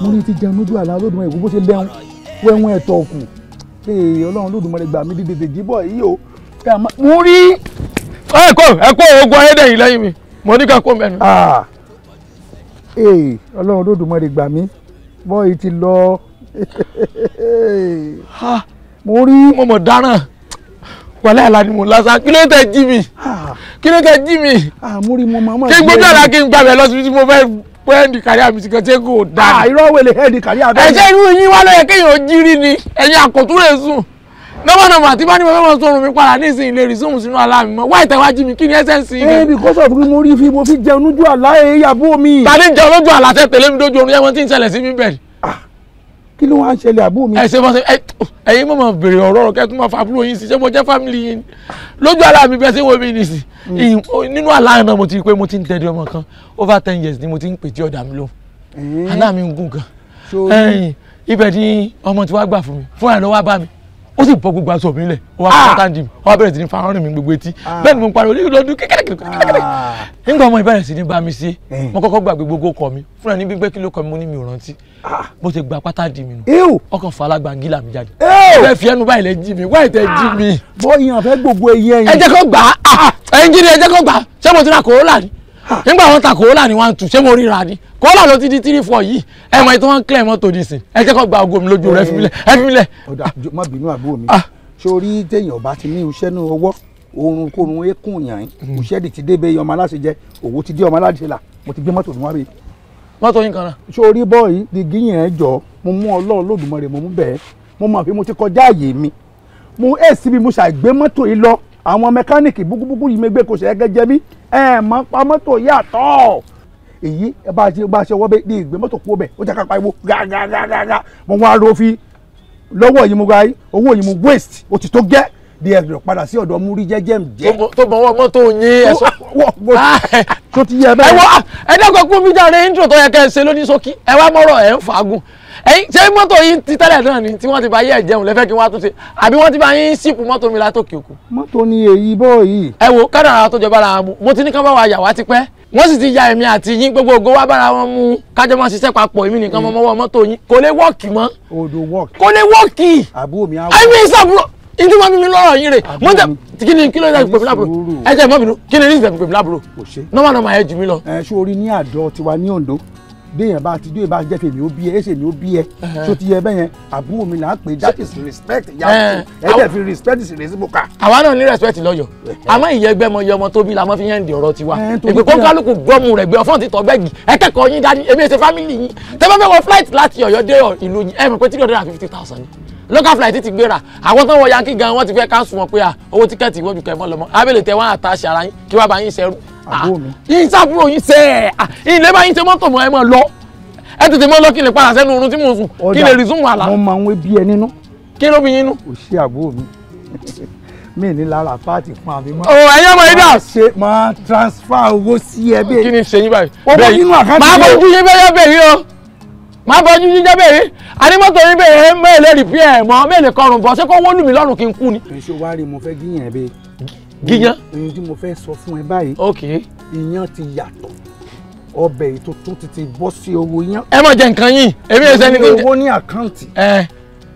Mo ní ti jẹun lójú àlá lódùn ẹ̀gbọ́n bó ṣe lẹ́hún wẹ́wọ́n ẹ̀tọ́ kù ọlọ́run lódùmarè gbà mí dìde dèjì bọ̀ yìí o mo rí. ẹ kó ẹ kó oògùn ayédèyìn lẹ́yìn mi mo ní ká kó mẹ́nu. Ah. ọlọ́run lódùmarè gbà mí bọ́ọ̀yì ti lọ. mo rí. mo mọ̀ dáràn wàhálà àlá ni mo lásán kí ló tẹ ah. ah, jí mi kí ló tẹ jí mi kí gbójú àlá kí n gbàgbé lọ síbi tí mo fẹ́ pé ẹnì kárí àmì ti kẹsẹ́ kò dáa. Ah, à irọ́ wele ẹnì kárí àmì. ẹ̀jẹ̀ irú yín wá lọ́yẹ̀ kéèyàn jírí ni ẹ̀yin àkọ́túnrẹ̀ sùn nọ́mọ̀nọ́mọ̀ àti bá ní mo fẹ́ mọ̀ sọ̀rọ̀ mi padà ní ìsìn ìlérí sóhun sínú aláàmì mọ́ wá ìtẹ̀wájú mi kí ni ẹ́sẹ̀nsì rẹ̀. ẹbí kó sọ̀rọ̀ mi mo rí fi mo fi jẹun lójú àlá ẹ̀yàbó eh, mi. tani jẹun lójú àlá tẹ tẹlẹ mi dójú oorun yẹn wọn ti ń ṣẹlẹ̀ sí mi bẹ́ẹ̀ kí ló wá ń ṣẹlẹ̀ àbú mi. ẹ ṣe mọ ṣe ẹyin mọ̀ mọ̀ bèrè ọ̀rọ̀ ọ̀rọ̀ kẹ́tùn máa fa àbúrò yín sí ṣé mo jẹ́ fámìlì yín lójú àlá mi bẹ́ẹ̀ ṣé wo mi nìsí hmm. nínú àlá náà mo ti pé mo ti ń tẹ̀lé ọmọ kan over ten years ni mo ti ń pè tí ọ̀dà mi lò eh. àlá mi ń gùn gan ibẹ̀ ni ọmọ ti wá gbà fún mi fún àìlọ́wọ́ bá mi ó sì bọ́ gbogbo aṣọ mi lẹ̀ ó wá fún tàǹdì mi ó wá bẹ̀rẹ̀ sí ní farahàn mi gbogbo etí ah! bẹ́ẹ̀ ni mo pariwo ní ìlọdún kékeré nígbà ọmọ ìbẹ̀rẹ̀ sí ní bá mi ṣe eh. mo kọ́kọ́ gbàgbé gbogbo kọ mi fúnra ní gbígbé kí ló kọ mi mo ní mi ò rántí bó ah! ṣe gba pátá di mi nù ọkàn fa alágbàngílà mi jáde ẹ fi ẹnu báyìí lẹ jí mi wáyé tẹ jí ah! mi. bóyá fẹ́ gbogbo eyín ẹyin. ẹ jẹ́ kó gbà á ẹ̀yin jíde ẹ jẹ́ kó gbà á ṣé mo ti ra Corolla ni nígbà wọn ta Corolla ni wọn tu ṣé mo ríra ni kọ́là ló ti di three four yìí ẹ mọ ìtọ́ wọn kílẹ̀ mọ́tò ní sìn ẹ jẹ́ kó gba ògo mi lójú rẹ fílẹ̀ ẹ fílẹ̀. ọ̀dà má bínú àbúrò mi ah. sórí téèyàn bá ti ní iṣẹ́ ní ọwọ́ oorun kórun eékún yàn yín hmm. òṣèdì ti débẹ̀ ọmọ aláṣẹ jẹ òwò ti dé ọmọ aláṣẹ là mo ti gbé mọ́tò ní wọ́n rí. mọ́tò yín kan náà. sórí bọ́ọ̀yì dìgí yẹn jọ mo mú ọlọ́ọ̀ lódùmarè mo mú bẹ́ẹ̀ mo mọ̀ pé mo ti kọjá àyè mi mo ẹ̀ síbi mo ṣàgbé mọ́tò yìí lọ àwọn mẹkáníìkì búkúbúkú yìí mi gbé kò ṣe é gẹ́gẹ́ bí ẹ̀ mọ́ pa mọ́tò yàtọ̀ èyí ẹ bá ṣe bá ṣe ọwọ́ bẹ́ẹ̀ ní ìgbé mọ́tò kú bẹ́ẹ̀ ó jẹ́ ká pariwo gàgàgàgà mo wá ro fi lọ́wọ́ yìí mo gba owó yìí mo waste o ti tó gẹ́ di ẹgbẹ̀rún padà sí ọ̀dọ̀ múrí jẹ́jẹ́ jẹ́. tó mọ wọn mọ́tò yín ẹ̀sọ́. tó ti yẹ bẹ́ẹ̀. ẹ wọ ah, ẹ̀dẹ́gbọ̀n kún mi jáde intro tó yẹ kẹ́ ẹ ṣe lóní ṣókí ẹ wá mọ́rọ̀ ẹ̀ ń fàágùn ṣé mọ́tò yìí ti tẹ́lẹ̀ náà ni tí wọ́n ti bá yẹ ẹ̀jẹun lẹ́fẹ́ kí wọ́n á tún ṣe àbí wọ́n ti bá yín sípò mọ́tò mi látòkè òkun. mọ́tò ni èyí bọ́ọ̀ yìí. ẹ wo kádàrà tó jọba la mo ti ní kán bá wa yà wá tipẹ́ wọ́n sì ti ya èmi àti yín gbogbo ògo wá bára wọn mú kájọ máa ṣiṣẹ́ papọ̀ èmi nìkan mọ́ mm. mọ́wọ́ mọ́tò yín kò lè wọ́ọ̀kì mọ́ kò lè wọ́ọ̀kì àbúrò mi àwọn àìmí ìsàbúrò ìdí wọn mímí lọ́rọ̀ yín rè mo jẹ kí ni kí ló dé pèmí lábúrò ẹ jẹ mọ́ bínú kí ni ní ìsẹ̀pẹ̀ pèmí lábúrò nọ́mà nọ́mà ẹ jù mí lọ. ẹ ṣó orí ní àdó tiwa ní Ondo béèyàn bá ti dóyè bá jẹ́ fèmí ó bí ẹ ẹsẹ̀ mi ó bí ẹ tó ti yẹ bẹ́yẹn àbúrò mi là ń pè that is respect yàtọ̀ ẹ jẹ́ fi respect Is rẹ̀ sí bùkà. àwa náà ní respect lọ́yọ̀ àmọ́ ìyẹgbẹ́ mọ iye ọmọ tóbi la mọ́ fi yẹn di ọ̀rọ̀ tiwa èpè kó kálukú gbọ́mù rẹ̀ gbé ọ̀fọ́n ti tọ́gbẹ́gì ẹ kẹ́kọ̀ọ́ yín dání èmi ẹ̀sẹ̀ family yín tẹ́ bá fẹ́ wọ flight láti Ọ̀yọ́ dé ìlú yín ẹ mọ̀ pé three hundred and fifty thousand local flight ti gbéra àwọn tó ń wọ yankí gan wọn ti fẹ́ káńsù wọn pé ah, owó tíkẹ́ẹ̀tì ìwé olùkọ́ ẹ̀fọn lọ́mọ abẹ́lẹ̀ tẹ wọn àtàṣe ara yín kí wọ́n bá yín ṣẹ́rú. Ah, yín sábúrò yín sẹ́ ẹ̀ ah, yín lè bá yín ṣe mọ́tò mọ́ ẹ mọ́ lọ ẹ tètè mọ́ lọ kí n lè padà sẹ́nu oorun tí mò ń sùn kí n lè resume wàhálà. mo máa ń wé bí ẹ nínú. kí ló bí yín nú. kò sí àbúrò mi mi ní lára pààtì fún àbí mọ́. ọ ẹyẹ mọ ibà. ṣe máa transfer owó sí ẹ bẹ́ẹ̀. kí ni ṣe yín báyìí. owó nínú àkáǹtì yìí. máa bójú yín bẹ́ẹ̀ bẹ́ẹ̀ yìí o máa bójú yín bẹ́ẹ̀ yìí ànímọ́tò yín bẹ́ẹ̀ mẹ́ẹ̀lẹ́ rìpí ẹ̀ mọ́ mẹ́ẹ̀lẹ́ kọrùn bọ̀ ṣé kó wọ́n lù mí lọ́rùn kí n kú ni. èso wa rí mo fẹ́ gíyàn ẹ bẹ. gíyàn. ohun tí mo fẹ́ sọ fún ẹ báyìí. ok. iyán ti yàtọ̀ ọbẹ̀ ètò tó ti ti bọ́ sí owó yán. ẹ má jẹ nǹkan yín èmi ò sẹ́ni tó jẹ. owó ní àkáǹtì. ẹ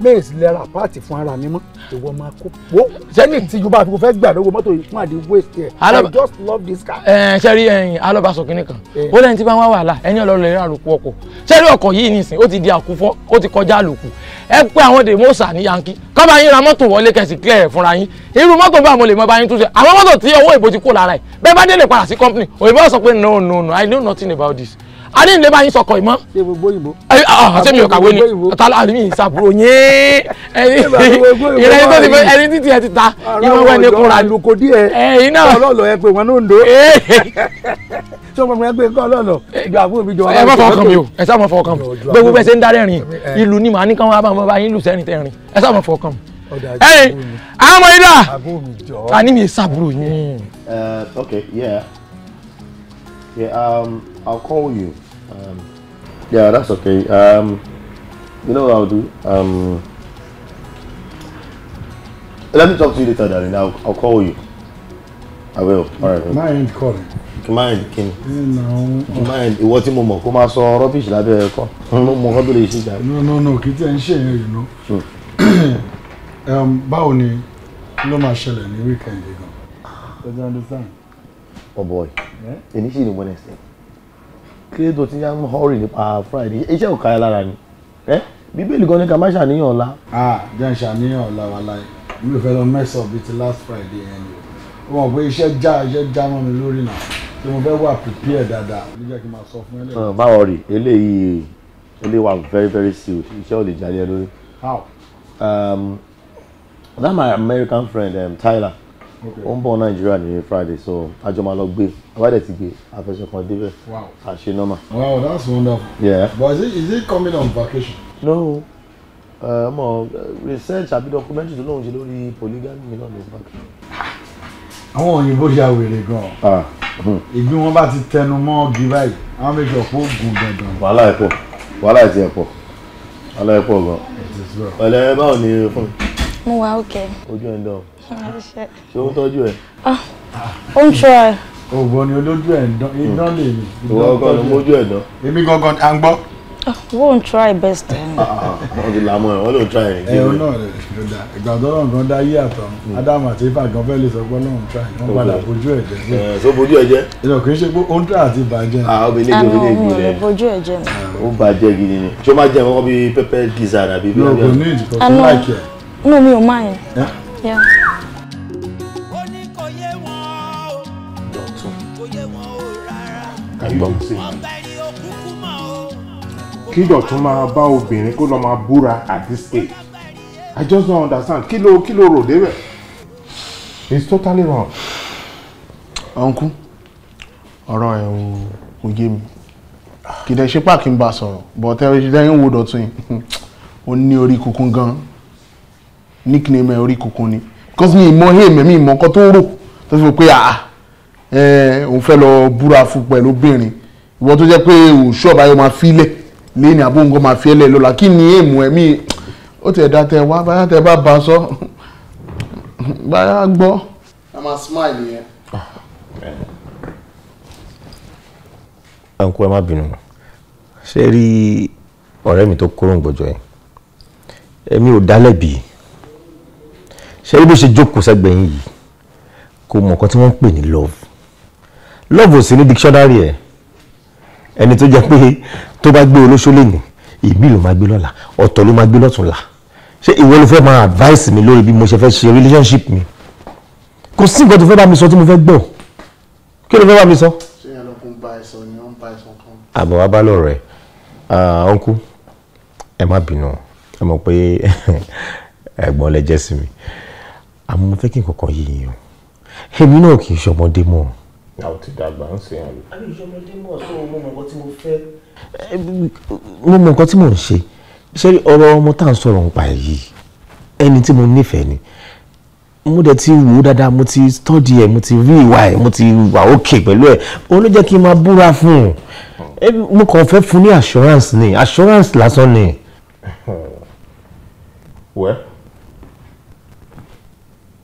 mẹ́ẹ̀sì lẹ́ra pààtì fún ara mi mọ́ ìwọ máa kó o sẹ́ni tí yorùbá àti kò fẹ́ gbà lọ́wọ́ mọ́tò yìí fún àdé waste ẹ̀ i just love this car. ẹ ṣe rí ẹyin alọ́bàṣọ kìnnì kan eh. ó lẹ́yìn tí bá wà wàhálà ẹni ọlọ́run lè rí àlòkù ọkọ̀ ṣé rí ọkọ̀ yìí nìsín ó ti di àkúfọ́ ó ti kọjá àlòkù ẹ pé àwọn dè mọ́sà ní yankí kọ́ bá yín ra mọ́tò wọlé kẹ̀sì clear fúnra yín irú mọ́tò bá mo lè mọ bá yín túnṣe àwọn mọ́tò tí owó ìbò ti kó lára ẹ̀ bẹ́ẹ̀ bá délé padà sí company òyìnbó sọ pé no no no i know nothing about this a ní ìlébà yín sọkọ ìmọ. ṣé gbogbo òyìnbó. ẹ ọ ṣé mi ò kàwé ni ọ̀tá àlùmí ìsàbúrò yín ẹni ìrẹ́ tó ti fẹ́ ẹni títí ẹ ti ta ìwọ̀n wẹ̀ ní kúra. àlùkò díẹ̀ ọlọ́ọ̀lọ́ ẹ pé wọn ló ń do. sọ ma ẹ pé kọ́ ọlọ́ọ̀lọ́ ìjọ àbúrò mi jọ wọn. ẹ má fọwọ́ kan mi o ẹ sá ma fọwọ́ kan mi gbogbo bẹ́ẹ̀ ṣe ń darẹ́ rìn ìlú ni màá ní kán wá bá yín lù sẹ́rin tẹ́rin ẹ sá ma fọwọ́ kan mi. ẹyìn àwọn ọmọ yín dà àní mi ìsàbúrò yín. Uh, okay yeah yeah um I'll call you. Um, yeah, that's okay. Um, you know what I'll do? Um, let me talk to you later, darling. I'll, I'll call you. I will. All right. Mind calling. Mind kini. No. Uh, Mind ìwọ tí mo mọ̀ kó máa sọ rubbish lábẹ́ ẹ̀kọ́. Mo no, ọdún lè ṣe jà. No no no kì í tẹ̀ ń ṣe yẹn yìí No, hmm. um, Báwo ni ló máa ṣẹlẹ̀ ní wíkẹ̀ndì gan? Does you understand? Oh boy. Eh? Èyí sì ni Wednesday kílé tó ti yá ń nípa friday iṣẹ́ ò káyà lára ni bíbélì gan ni ká má ṣàníyàn ọ̀la. a jẹ́ ń ṣàníyàn ọ̀la wà láì mi ò fẹ́ lọ mess up bíi ti last friday yẹn ni o mọ̀ pé iṣẹ́ já iṣẹ́ já mọ́ mi lórí náà tí mo fẹ́ wà prepare dáadáa ló jẹ́ kí n máa sọ fún ẹlẹ́yìn. báwo rí eléyìí eléyìí wà very very serious iṣẹ́ ò lè jáde lórí. how. Um, that my American friend um, Tyler ó ń bọ̀ nàìjíríà ní friday so àjọ máa lọ gbé àbádẹ́ ti gbé àfẹsẹ̀ kan débẹ̀ àṣẹ nọ́mà. wow that's wonderful. Yeah. but is it is it coming on vacation. no ọmọ eh, research àbí documentary tó lóun ṣe lórí polygamy mi náà ló bá kí. àwọn òyìnbó ya wèrè gan-an ah, hmm. ìgbín wọn bá ti tẹnu mọ́ ọgì báyìí àwọn méjì ọ̀pọ̀ oògùn dandan. wàhálà ẹ̀ pọ̀ wàhálà ẹ̀ ti ẹ̀ pọ̀ wàhálà ẹ̀ pọ̀ gan-an. ọ̀lẹ́ báwo ni fún mi. mo wà ókè. ojú ẹ̀ ń dán ṣé ó tọ́jú ẹ̀. Ah, ó ń ṣọ́ ẹ̀. ògbọ́n ni olójú ẹ̀ iná lè mi. ìwọ ọgọ́ ni mójú ẹ̀ dán. èmi gangan à ń gbọ́. Ah, wọ́n ń try best ah, ẹ̀. wọ́n ti làmọ́ ẹ̀ wọ́n lè try ẹ̀. ẹ̀hún náà rẹ̀ ló dá ìgbà tó náà gan dá yé àtọ̀ hmm. ádámù àti ifá gan fẹ́ lè sọ pé ọlọ́run try wọ́n padà bójú ẹ̀ jẹ́. so bójú ẹ̀ jẹ́. ìlọ kì í ṣe pé ó ń try àti bàjẹ́. àwọn obìnrin ìgbìmọ̀ ìgbìmọ̀ bójú ẹ̀ jẹ́. ó bàjẹ́ gidi ni ṣé ó máa jẹ́ nǹkan bíi pepper desire àbí. no kò ní ìdìbò fún láìkẹ́. no mi ò máa yẹn. gbọ́. kí Dọ̀tún máa bá obìnrin kó lọ máa búra at this age I just don't understand kí ló kí ló rò débẹ̀ it's totally wrong. ọ̀nkú ọ̀rọ̀ ẹ̀ ò yé mi kì í dẹ̀ ṣe pàkí ń bá sọ̀rọ̀ bọ̀tẹ́ ẹ̀yìn wo Dọ̀tún yìí ó ní orí kunkun gan nickname ẹ̀ orí kunkun ni because mi ì mọ hé mẹ́mí ìmọ̀ nǹkan tó ń rò tó fi pé àá. Ah, ah, òun fẹ́ lọ búra fún pẹ̀lú obìnrin ìwọ tó jẹ́ pé òṣù ọ̀bá yóò máa filẹ̀ lẹ́yìn àbóǹgó máa fi ẹlẹ́ lọ́la kí ni èèmù ẹ̀mí ó tẹ̀ dá tẹ wá báyà tẹ bá ba sọ báyà gbọ́. a máa smile yẹn. ẹnkú ẹ má bínú ṣé rí ọ̀rẹ́ mi tó kúrò ń gbọ́jọ yẹn èmi ò dálẹ́bi ṣé rí bó ṣe jókòó sẹ́gbẹ̀ẹ́ yìí kò mọ̀ nǹkan tí wọ́n ń pè ní love love ò sí ní dictionary ẹ̀ ẹni tó jẹ́ pé tó bá gbé olóṣó lè ní ìbí ló máa gbé lọ́la ọ̀tọ̀ ló máa gbé lọ́túnla ṣé ìwọ ló fẹ́ máa advice mi lórí bí mo ṣe fẹ́ ṣe relationship mi kò sí nǹkan tó fẹ́ bá mi sọ tí mo fẹ́ gbọ́ kí ló fẹ́ bá mi sọ. ni ó ń bá ẹ sọ kan. àbọ̀ wa bá lọ̀rọ̀ ẹ̀ ọ̀nkú ẹ má bínú ẹ mọ̀ pé ẹ̀gbọ́n lẹ jẹ́ sí mi àmọ́ mo fẹ́ kí nǹkan kan yé yín o èmi náà kì í ṣọmọdé mọ́ ọ àwọn ti dàgbà ń ṣe àlè. àbí ìṣọmọdé mọ̀ tó mo mọ nǹkan tí mo fẹ́. Eh, mo mọ nǹkan tí mò ń ṣe ṣé ọ̀rọ̀ ọmọ tá à ń sọ̀rọ̀ nípa ẹ̀ yìí ẹni tí mo nífẹ̀ẹ́ ni mo dẹ̀ ti wò ó dáadáa mo ti study ẹ̀ mo ti rí ìwà ẹ̀ mo ti wà òkè pẹ̀lú ẹ̀ òun kí n máa búra fún un hmm. eh, mo kàn fẹ́ fún ní assurance ni assurance lásán ni. wẹ́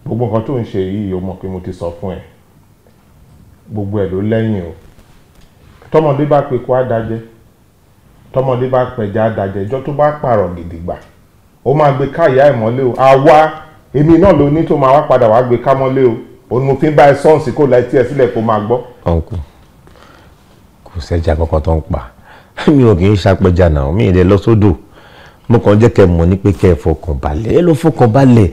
gbogbo nǹkan tó ń ṣe yìí o mọ̀ pé mo ti sọ fún ẹ gbogbo ẹ̀ ló lẹ́yìn o tọmọdé bá pe kó adájẹ́ tọmọdé bá pẹja adájẹ́ ìjọ tó bá pààrọ̀ gidigba ó máa gbé káyà ẹ̀ mọ́lé o àwa èmi náà ló ní tó máa wá padà wá gbé ká mọ́lé o òun mo fi ń bá ẹ sọ́ọ̀sì kó la etí ẹ sílẹ̀ kó máa gbọ́. ọ̀nkù kò sẹ́jà kankan tó ń pa mi ò kì í ṣàpẹjà náà mi ì lè lọ sódò mo kàn jẹ́ kẹ́ mọ̀ ní pé kẹ́ ẹ fọkàn balẹ̀ ẹ lọ fọkàn balẹ̀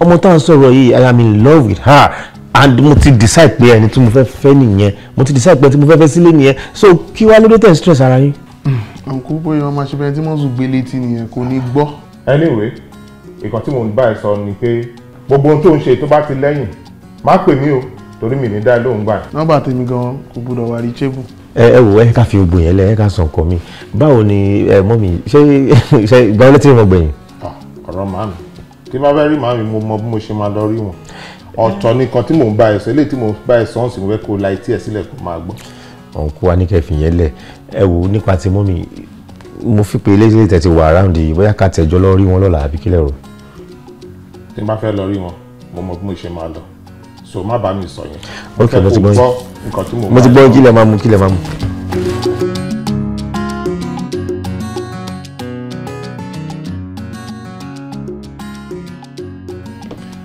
ọmọ tá sọ̀rọ̀ yìí I am in love with her and mo ti decide pé ẹni tí mo fẹ́ fẹ́ nìyẹn mo ti decide pé ẹni tí mo fẹ́ fẹ́ sílé nìyẹn so kí wá lóde tẹ̀ stress ara yín. àǹkó hmm. bóyá ọmọ aṣẹ́fẹ́ tí mọ́sù gbé létí nìyẹn kò ní gbọ́. anyway nǹkan tí mò ń bá ẹ sọ ni pé gbogbo ohun tó ń ṣe tó bá ti lẹ́yìn má pè mí o torí mi ní dá lóhùn gbà. nọ́mbà tèmi gan kò gbúdọ̀ wá rí chébù. ẹ ẹ wò ẹ ká fi oògùn yẹn lẹ ẹ ká sọ nǹkan mi báwo ni ẹ mọ mi ṣé ṣe ìgbà wọlé ah, tí mo gbẹ̀yìn. ọ̀rọ̀ màmí tí bá fẹ́ rí màmí mo mọ bí mo ṣe máa lọ rí wọn ọ̀tọ̀ nìkan tí mò ń bá ẹ sọ eléyìí tí mò ń bá ẹ sọ ọ̀sìn wẹ́ kó la etí ẹ̀ sílẹ̀ kó máa gbọ́. ọ̀nkú wa ní kẹfì yẹn lẹ̀ ẹ wo nípa ti mọ́mì mo fi pe eléyìí tẹ̀ ti wà around yìí bóyá ká tẹ̀jọ́ lọ rí wọn lọ́la àbí kílẹ̀ rò. tí n bá fẹ́ lọ rí wọn mo mọ bí mo ṣe máa lọ so má bá mi sọ yẹn. ok mo ti gbọ́ nǹkan tí mo bá yẹn. mo ti gbọ́ kílẹ̀ máa mú kílẹ̀ máa mú.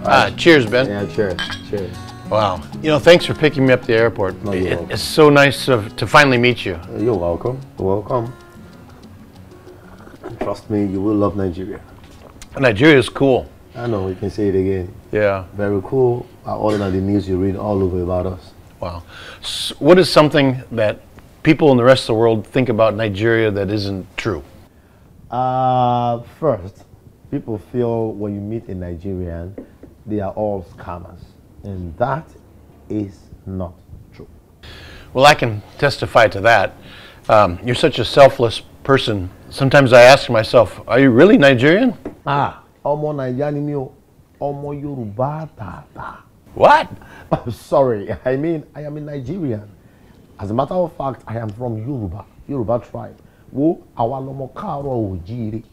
Ah, cheers, Ben. Yeah, cheers. Cheers. Wow. You know, thanks for picking me up at the airport. No, it, it's so nice to, to finally meet you. Uh, you're welcome. Welcome. Trust me, you will love Nigeria. Nigeria is cool. I know, you can say it again. Yeah. Very cool. Uh, all the news you read all over about us. Wow. So what is something that people in the rest of the world think about Nigeria that isn't true? Uh, first, people feel when you meet a Nigerian, they are all scammers. And that is not true. Well, I can testify to that. Um, you're such a selfless person. Sometimes I ask myself, are you really Nigerian? Ah, ọmọ Nigerian mí o, ọmọ Yorùbá tààtà. What? I'm sorry, I mean, I am a Nigerian. As a matter of fact, I am from Yoruba, Yoruba tribe. Wo àwa lọmọ káàárọ̀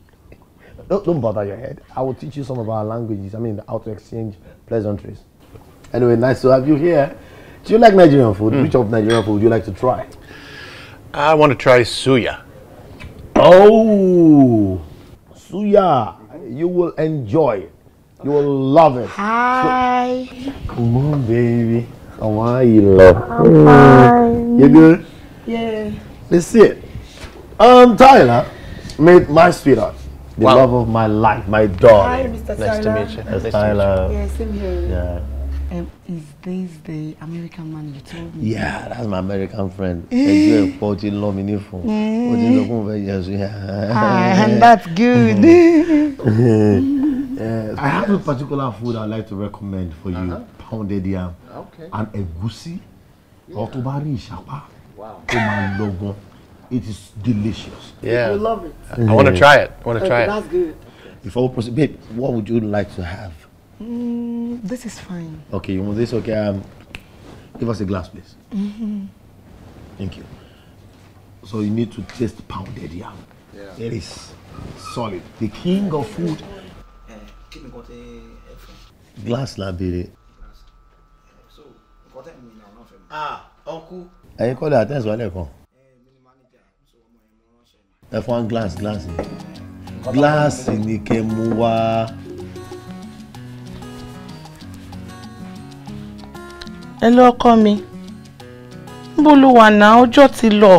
don't, don't bother your head. I will teach you some of our languages. I mean, how to exchange pleasantries. Anyway, nice to have you here. Do you like Nigerian food? Mm. Which of Nigerian food would you like to try? I want to try suya. Oh, suya. You will enjoy. it. You will love it. Hi. So, come on, baby. How are you, love? Mm. You good? Yeah. Let's see it. Um, Tyler made my sweetheart. the wow. love of my life, my darling. Hi, Mr. Nice Tyler. to meet you. Yes, Tyler. Yeah, same here. Yeah. Um, is this the American man you told me? Yeah, that's my American friend. Eh. Ẹjọ́ ẹ̀pọ̀ eh. ti lọ mi ní fún. yes. Yeah. Ah, and that's good. yes. Eh, I have a particular food I'd like to recommend for you. Uh-huh. Pounded yam okay. and egusi. Ọ̀tún bá rí ìṣàpá. Ó máa lọ It is delicious. Yeah. You love it. I, I want to mm. try it. I want to try that's it. That's good. Before we proceed, babe, what would you like to have? Mm, this is fine. Okay, you want this? Okay, um, give us a glass, please. Mm-hmm. Thank you. So you need to taste pounded yam. Yeah. It is solid. The king of food. Eh, eh, glass la bere. Ah, uncle. Ẹ̀yin kọ́lé àtẹ̀sọ́ lẹ́ẹ̀kan ẹ fún wa glass glass glass ni kẹ́ mú wá. ẹ lọ ọkọ mi níbo ló wà náà ọjọ́ ti lọ.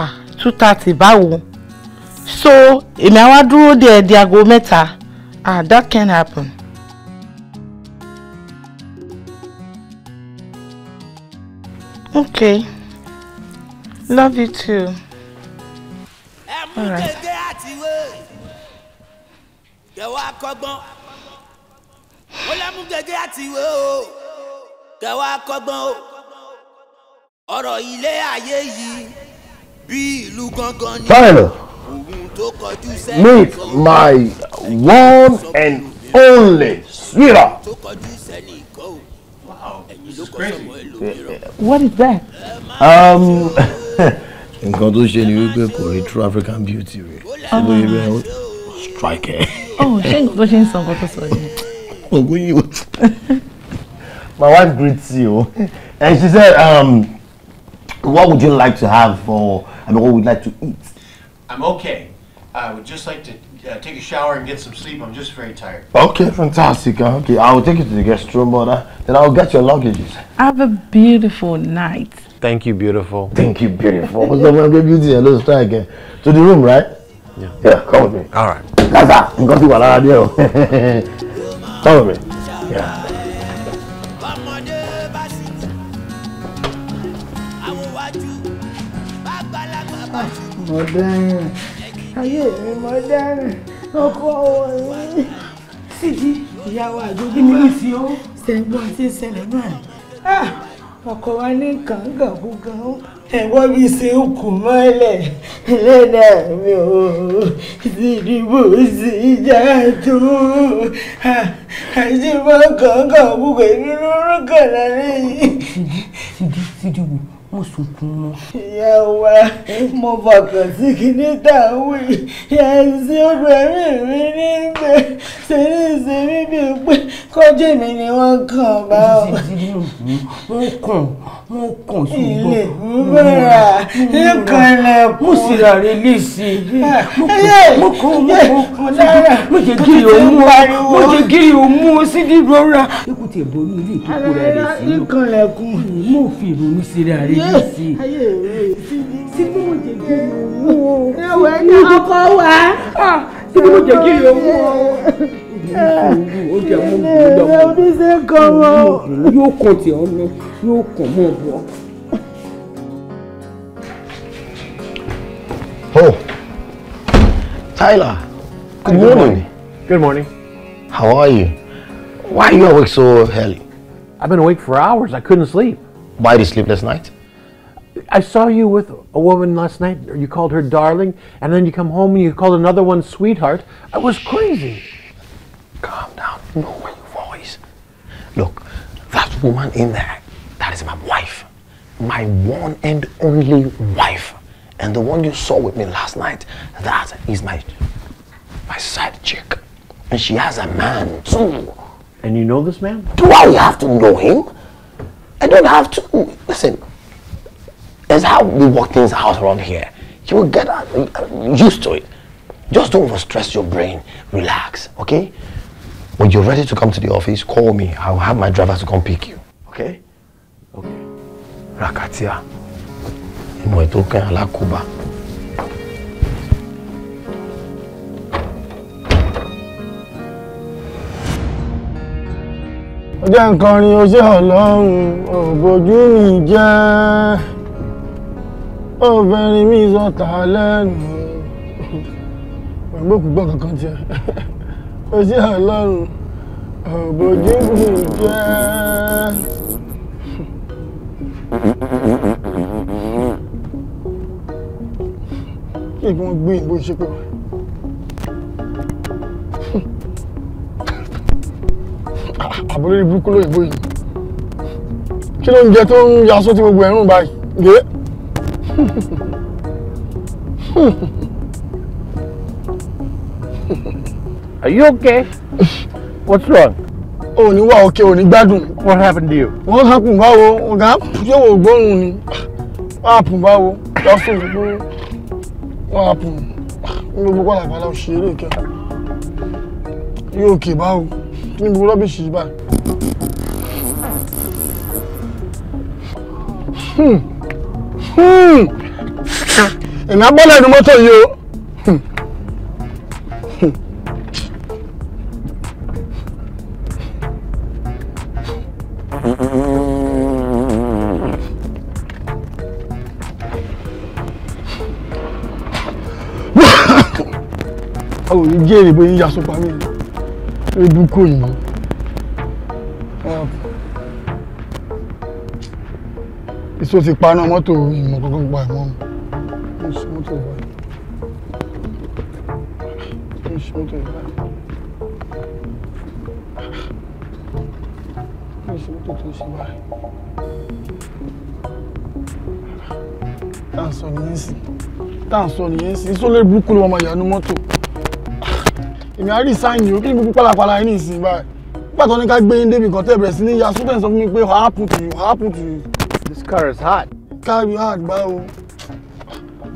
ah two thirty báwo èmi àwa dúró de ẹ̀ di aago mẹ́ta ah that can happen. okay love you too all right. kẹwàá akọgbọn ó lẹ́mú gẹ́gẹ́ àtiwé o kẹwàá akọgbọn o ọ̀rọ̀ ilé ayé yìí bí ìlú gangan ni. báyìí lọ. make my one and only Sira. Wow, this is crazy. What is that? Um, In tó ṣe ni wípé kò rí true African beauty rẹ̀ ṣùgbọ́n ibi ẹ̀ strike ẹ̀. oh ṣé nǹkan tó ṣe ń sọ nǹkan tó sọ yìí. my wife greets you and she said um, what would you like to have for I mean what would you like to eat. I'm okay. I would just like to uh, take a shower and get some sleep. I'm just very tired. Okay, fantastic. Okay, I'll take you to the guest room, mother. Then I'll get your luggages. Have a beautiful night. Thank you, beautiful. Thank you, beautiful. What's up, my beauty? Let's try again. To the room, right? Yeah. Yeah, come with me. All right. That's that. I'm going to do Come with me. Yeah. oh, dang. ayé mi mọ dáràn ọkọ mi. sídi ìyàwó àjòjì mi ní sí ó ṣẹ̀gbọ́n tí ń ṣẹlẹ̀ náà ọkọ wa ní kàǹgàn gúgan ó ẹ̀wọ́n mi ṣe ń kù mọ́lẹ̀ lẹ́nà mi ò sì ní bó sì já tó àti mọ́ kàǹgàn gúgan nínú orúkọ lálẹ́ yìí. sídi sídi wò mo sunkún mọ́. ìyá wa mo bọ̀kàn sí kíní dàwí ẹ̀sìn obìnrin mi níbẹ̀ ṣeré ìṣeré bíi pé kọjú mi ni wọ́n kàn bá ọ. wọ́n kàn wọ́n kàn ṣùgbọ́n. ilé ìbúra ìkànnì ẹ̀kú. mo sì rà rẹ léṣe. Ah, mo kàn mo kàn mo dára mo jẹ gírí òun wa mo jẹ gírí òun ó sì dìbò ra. ikú tiẹ̀ borí ilé ìkókó rẹ̀ lè sí. ìkànnì ẹ̀kú. mo fi ìrònú sí ra rẹ. Oh, Tyler, good, morning. morning. Good morning. How are you? Why are you awake so early? I've been awake for hours. I couldn't sleep. Why did you sleep last night? I saw you with a woman last night. You called her darling, and then you come home and you called another one sweetheart. I was crazy. Calm down. Lower your voice. Look, that woman in there, that is my wife. My one and only wife. And the one you saw with me last night, that is my, my side chick. And she has a man too. And you know this man? Do I have to know him? I don't have to. Listen, That's how we work things out around here. You will get uh, used to it. Just don't overstress your brain. Relax, okay? When you're ready to come to the office, call me. I'll have my driver to come pick you. Okay? Okay. Rakatia. Imo ètò kan kuba. Ó jẹ́ nǹkan rin oṣù ọlọ́run, òbójú mi jẹ́ obìnrin mi sọ̀tà lẹ́nu gbàgbọ́ òkúgbọ́ kankan tiẹ̀ ó sì ọlọ́run ọ̀bọ̀jú mi jẹ́. kí ni wọ́n gbé ìbò ìṣepọ̀ àbúrò ìbúkú lóyìnbó yìí kí ló ń jẹ tó ń yasó tí gbogbo ẹ̀rùn báyìí Are you okay? What's wrong? Oh ní wà òkè, o ní What happened to you? Wọ́n hapun báwo, ọ̀gá yóò wò gbóhùn ni. Wọ́n hapun báwo, lọ fún mi pé wọ́n hapun. Ní gbogbo kọ́lá ìbálá òṣèré ìkẹ́. Yóò kè báwo, ní gbogbo rọ́bìṣì báyìí. Hmm ìná bọ́lá inú mọ́tò yìí o. àwọn oníjẹ́ èrè bóyá yasọ́pá mi ẹ̀ ẹ́ dúkọ́ yìí. so ti paná mọ́tò ìmọ̀ kankan pa ẹ̀mọ́ mi mo ṣe mọ́tò ìwà yìí ṣe mọ́tò ìwà yìí ṣe mọ́tò tó ṣe wà tá à ń sọ nìyẹn sí tá à ń sọ nìyẹn sí sólè burúkú ló wọn máa yànú mọ́tò èmi á rí sáyìn yìí ó kí ni gbogbo pálapàla yìí ní ìsìn báyìí pàtó ní ká gbé yín débi kan tẹ́ bẹ̀rẹ̀ sí ní ya students sọ fún mi pé what happen to you what happen This car is hard. Car is hard bro.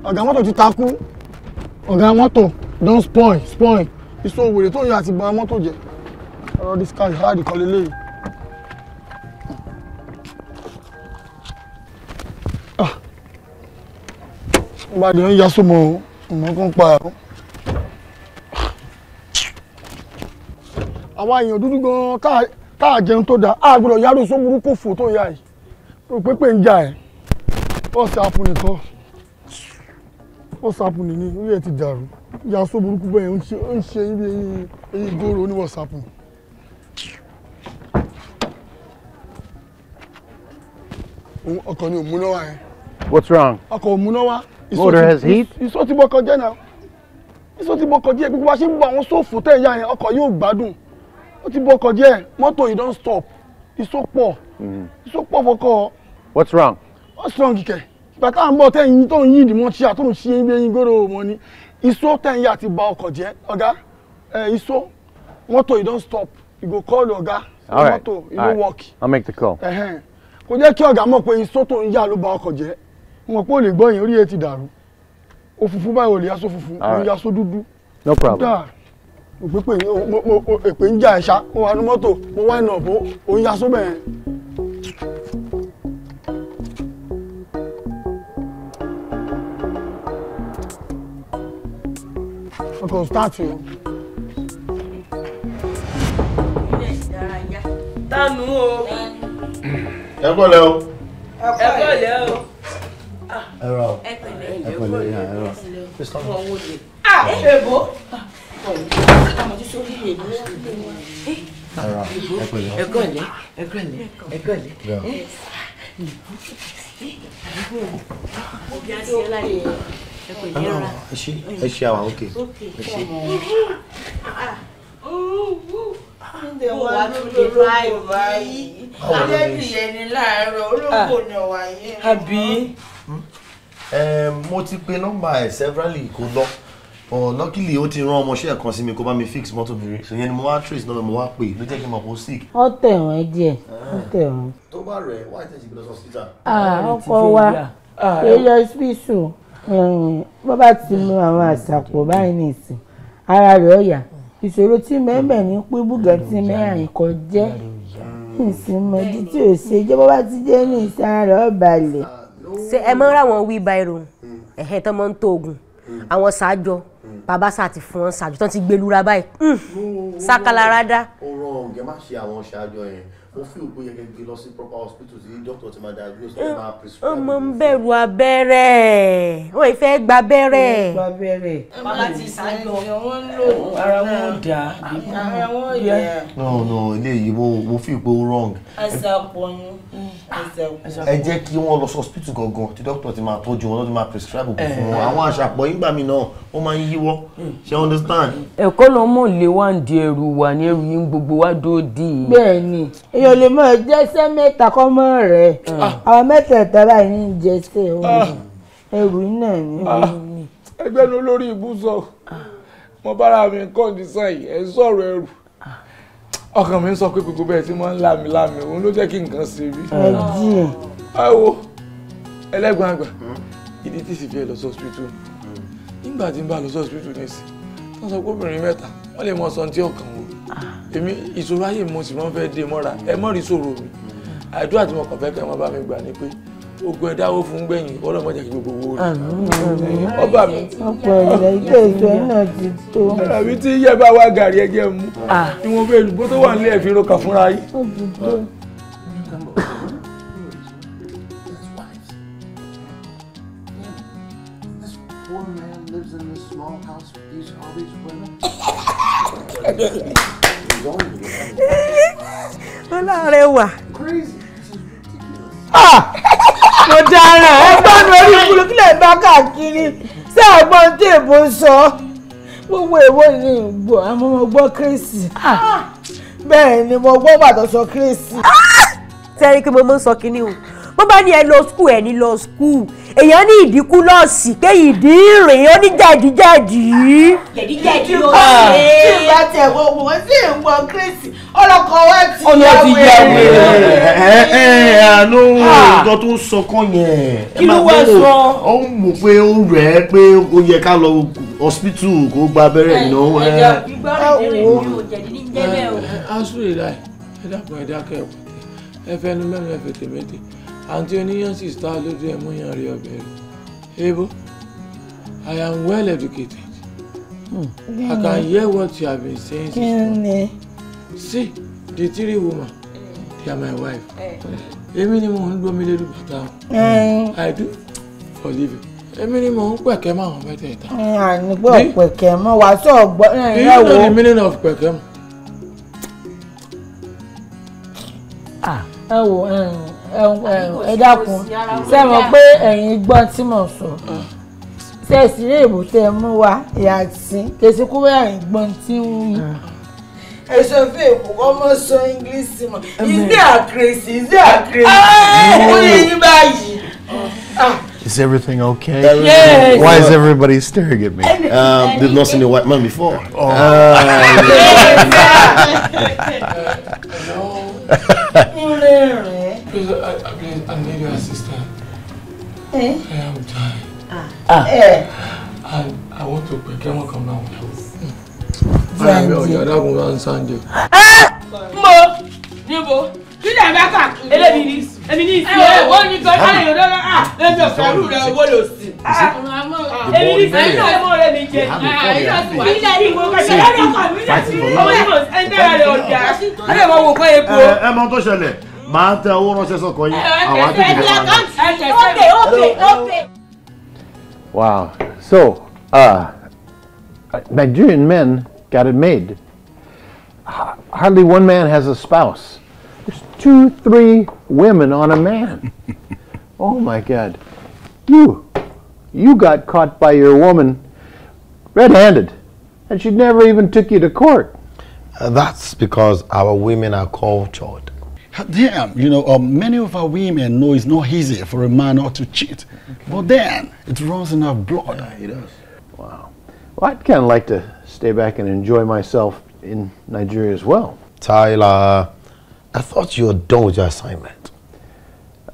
Ọ̀gá mọ́tò ti takú. Ọ̀gá mọ́tò don spoil spoil. Iṣẹ́ òwèrè tó ń yọ àti ba mọ́tò jẹ. Ọ̀rọ̀ this car is hard kọ́ leléyìí. Ìbàdàn ah. ń yasọ́ mọ́ o, ìmọ̀ kan pa ẹ̀rọ. Àwọn èèyàn dúdú gan-an táà jẹun tó dáa, a gbọ́dọ̀ yárò sóburú kò fò tó yá yìí o pé ń jà ẹ́ ọ̀sẹ̀ àpùnì kan ọ̀sẹ̀ àpùnì ni orí ẹ̀ ti dàrú ìyá sọ burúkú bẹ́ẹ̀ ń ṣe ibi eyín eyín gòrò oníwọ̀sàpù. ọkọ̀ ni òmùná wa yẹn. what's wrong. ọkọ̀ òmùná wa. motor has heat. ìsọ ti bọ́ kọjá náà ìsọ ti bọ́ kọjá ẹ̀ gbogbo wa ṣe ń bọ àwọn sóòfò tẹ̀ yẹn ọkọ̀ yóò gbádùn ó ti bọ́ kọjá ẹ̀ mọ́tò yìí don stop poor. poor for call. what's wrong. what's wrong But I'm about ten. You don't need ń yí ìdìmọ̀ ṣíà tó ń ṣe é gbẹ̀yìn gbòòrò mọ́ ni iṣó tẹ̀yìn àti ba ọkọ̀ jẹ́ ọ̀gá iṣó mọ́tò you don't stop you go call ọ̀gá mọ́tò you don't work. I'll make the call. kò jẹ́ kí ọ̀gá mọ̀ pé iṣó tó ń yá ló ba ọkọ̀ jẹ́ mọ̀ pé ò lè gbọ́ yẹn orí ẹ̀ ti dàrú òfúfú báyìí ò lè yá só funfun ò lè yá no problem. Da òpépè èpè ń jà ẹ̀ṣá mo wà ní mọ́tò mo wá ìnà bó òun ya sóbẹ̀ yẹn. ọkọ̀ stáàtì o. ilé ìdárayá tánú o. ẹ kọ́lẹ̀ o. ẹ kọ́lẹ̀ o. ẹ rà o. ẹ pẹ̀lẹ́ ẹ pẹ̀lẹ́ ẹ rà o. ẹ pẹ̀lẹ́ o. ẹ pẹ̀lẹ́ o ara ẹgbẹ̀lẹ́ ẹgbẹ̀lẹ́ ẹgbẹ̀lẹ́ ẹgbẹ̀lẹ́. ẹ ṣe àwọn òkè ẹ ṣe. Ndé wa lórí báyìí báyìí. Adébíyẹ ni láàárọ̀ olóko ni wàyé. Àbí. Mo ti pe nọ́mbà ẹ̀ severally kò lọ ọ luckily ó ti rán ọmọọṣẹ́ kan sí mi kó bá mi fix mọ́tò bìrì so yẹn ni mo wá trace náà mo wá pè ló jẹ́ kí n mọ̀ kó sick. ó tẹ̀ wọ́n díẹ̀ ó ah. tẹ̀ wọ́n. tó bá rẹ̀ wá ìtẹ̀sí gbọ́dọ̀ hospital. Ah, ah, ọkọ wa èyí hospital bó bá ti mu àwọn àṣàpọ̀ báyìí nìsín ara rẹ̀ ó yá ìṣòro tí mẹ́mẹ́ ní pé búgà tí mẹ́rà nǹkan jẹ́ ìsinmi ojú tí ò ṣe jẹ́ bó bá ti jẹ́ ní ìsara rẹ̀ ó balẹ̀. ṣé hmm. hmm. àwọn wheelbarrow bàbá sá ti fún ọ ṣáájú tán ti gbẹlura báyìí ṣàkàlà rádá. ọ̀rọ̀ ọ̀gẹ̀ má ṣe àwọn ṣáájú yẹn mo fi ògbó yẹ kẹ́ gbé lọ sí proper hospital sí doctor ti máa diagnose ẹ máa prescribe. ọmọ ń bẹ̀rù abẹ́rẹ́ ó ìfẹ́ gba abẹ́rẹ́. gba abẹ́rẹ́. ọmọ láti ìsàlẹ̀ wọn ń lò. ara wọn ò dá. ara wọn yẹ. no no eléyìí mo mo fi ògbó wrong. ẹsẹ̀ àpọ̀yún ẹ jẹ́ kí wọ́n lọ sí hospital gangan tí doctor ti máa tọ́jú wọn lọ́dún máa prescribe ògùn fún wọn eh. àwọn àṣàpọ̀ yín gbà mí náà wọ́n máa ń yíwọ́ hmm. ṣe understand. ẹ̀kọ́ lọ́mọ̀ lé wá ń di ẹrù wà ní ẹrù yín gbogbo wá dó dì èèyàn lè mọ̀ jẹ́sẹ́ mẹ́ta kọ́mọ́ rẹ̀ ah. ah. àwọn mẹ́tẹ̀ẹ̀ta báyìí ní jẹ́sẹ̀ ah. ẹrù náà ni. ẹgbẹ́ nu lórí ibùsọ̀ mo bára mi kọ́ndísàn yìí ẹ̀ sọ̀rọ̀ ẹrù ọkàn mi ń sọ pé gbogbo bẹ́ẹ̀ tí wọ́n ń lámi lámi òun ló jẹ́ kí nǹkan ṣe rí. ẹ jí ẹ. ẹ wo ẹlẹ́gbọ̀n àgbà hmm? ìdí tí sì fi ẹ lọ sọ́ọ́sìpítù hmm. nígbà tí ń bá lọ sọ́ọ́sìpítù nìsí wọ́n sọ pé obìnrin mẹ́ta wọ́n lè mọ sọ́n tí ó kàn wọ́n èmi ìṣòro ayé mo sì máa ń fẹ́ dé mọ́ra ẹ mọ́ rí ìṣòro mi àdúrà tí mo kàn fẹ́ kẹ́ wọn bá mi gbà ni pé ogun ẹ̀dáwó fún gbẹ̀yìn ọlọ́mọ jẹ́ kí gbogbo owó rí ọba mi. ọ̀pọ̀ ìlẹ̀ ilé ìfẹ́ náà ti tó. àbí tí yẹ bá wá gàrí ẹjẹ mu ah. ìwọ̀n bẹ́ẹ̀ lùbọ́ tó wà nílé ẹ̀fín roka fúnra yìí. ọlọ́rẹ̀ wà ah! mo dáràn ẹ gbọ́ mi orí kúrò kí lè bá káàkiri sí àgbọn tí èbó ń sọ gbogbo èwo ni ìgbọ́ àmọ́ mo gbọ́ kérésì ah! bẹ́ẹ̀ ni mo gbọ́ bàtọ̀ sọ kérésì. sẹ́yìn kí mo mọ̀ ń sọ kínní o bó bá ní ẹ lọ skul ẹ ní lọ skul èèyàn ní ìdínkù lọ́ọ̀sì pé ìdí rèé ó ní jẹ̀díjẹ̀dí. jẹ̀díjẹ̀dí ló ah. ṣe é. tí ìgbà tẹ̀ wọ́n wọ́n sì ń wọ kérésì ọlọ́kọ̀ wa ti yá ọlọ́ ti yá ẹ ẹ àánú ìjọ ah. tó ń sọkàn yẹn. kí ló wá sọ. ó ń mú pé ó rẹ̀ ẹ́ pé ó yẹ ká lọ hospital kó gba abẹ́rẹ́ ìnáwó. ẹ jẹ́ ìgbà rẹ̀ ní o jẹ̀dí ní jẹ́ bẹ́ẹ̀ o. aṣọ ìlà ẹ̀ dákun ẹ̀ dákẹ́ ẹ̀ fẹ́ nu mẹ́rin ẹ̀ fẹ́ tèmẹ́tè àǹtí oníyàn sister sá lójú ẹmú yàn rí ọbẹ̀ rẹ̀ ebo I am well educated hmm. I can hear what you have been saying since see the three women they are my wife eh. èmi ni mò ń gbómi lórí bàtà eh. I do for living èmi ni mò ń pẹ̀kẹ́ mọ́ àwọn mẹ́tẹ̀ẹ̀ta. Eh, ànígbọ́ pẹ̀kẹ́ mọ́ wàá sọ ọgbọ́n you know the meaning of pẹ̀kẹ́ mọ́. Ah. Ah. ẹ wo ẹ dákun ṣe mọ̀ pé ẹ̀yin gbọ́ tí mò sọ mm. ṣe sì rí èbò tẹ mú wa ìyá kèsì kú bẹ́ẹ̀ ẹ̀yin gbọ́n tí ń wí. Mm. ẹ sọ fún èkó kọ́ mọ́ sọ english mọ́ is there a crazy is there a crazy ó lè yí báyìí. Ah. Is everything okay? Yes. Why is everybody staring at me? Um, they've not seen a white man before. Oh. Uh, Please, I, I, please, I need your assistance. Eh? I am dying. Ah. Eh. And I want to pay. Can I come now? with you? Zanji. I am your dad will understand you. Ah! Mo! Níbo! Kí ni àbá kà? Elébi ni. Èmi ní ìsìn. Ẹ wọ́n ní gan-an láyé lọ́dọ́. Ah! Lẹ́bi ọ̀fẹ́ rú rẹ̀ owó lò sí. Ah! Èmi ní sẹ́yìn náà mọ̀ rẹ̀ mi jẹ. Ilé ìwé kọ̀ọ̀ṣẹ́ lọ́dọ̀ kan mi náà ti rí. Ọmọ ìmọ̀ ẹ̀ńtẹ́rẹ̀ ọ̀dà. Ẹ lè wọ́n wò kọ́ epo. Ẹ mọ tó ṣẹlẹ̀. máa tẹ owó ránṣẹ́ sọ́kọ yín àwọn àtúntò ìjọba wow so uh, Nigerian men got it made. Hardly one man has a spouse. There's two, three women on a man. oh my God. You, you got caught by your woman red-handed, and she never even took you to court. Uh, that's because our women are cultured damn, you know, um, many of our women know it's not easy for a man not to cheat. Okay. But then, it runs in our blood. Yeah, it does. Wow. Well, I'd kind of like to stay back and enjoy myself in Nigeria as well. Tyler, I thought you were done with your assignment.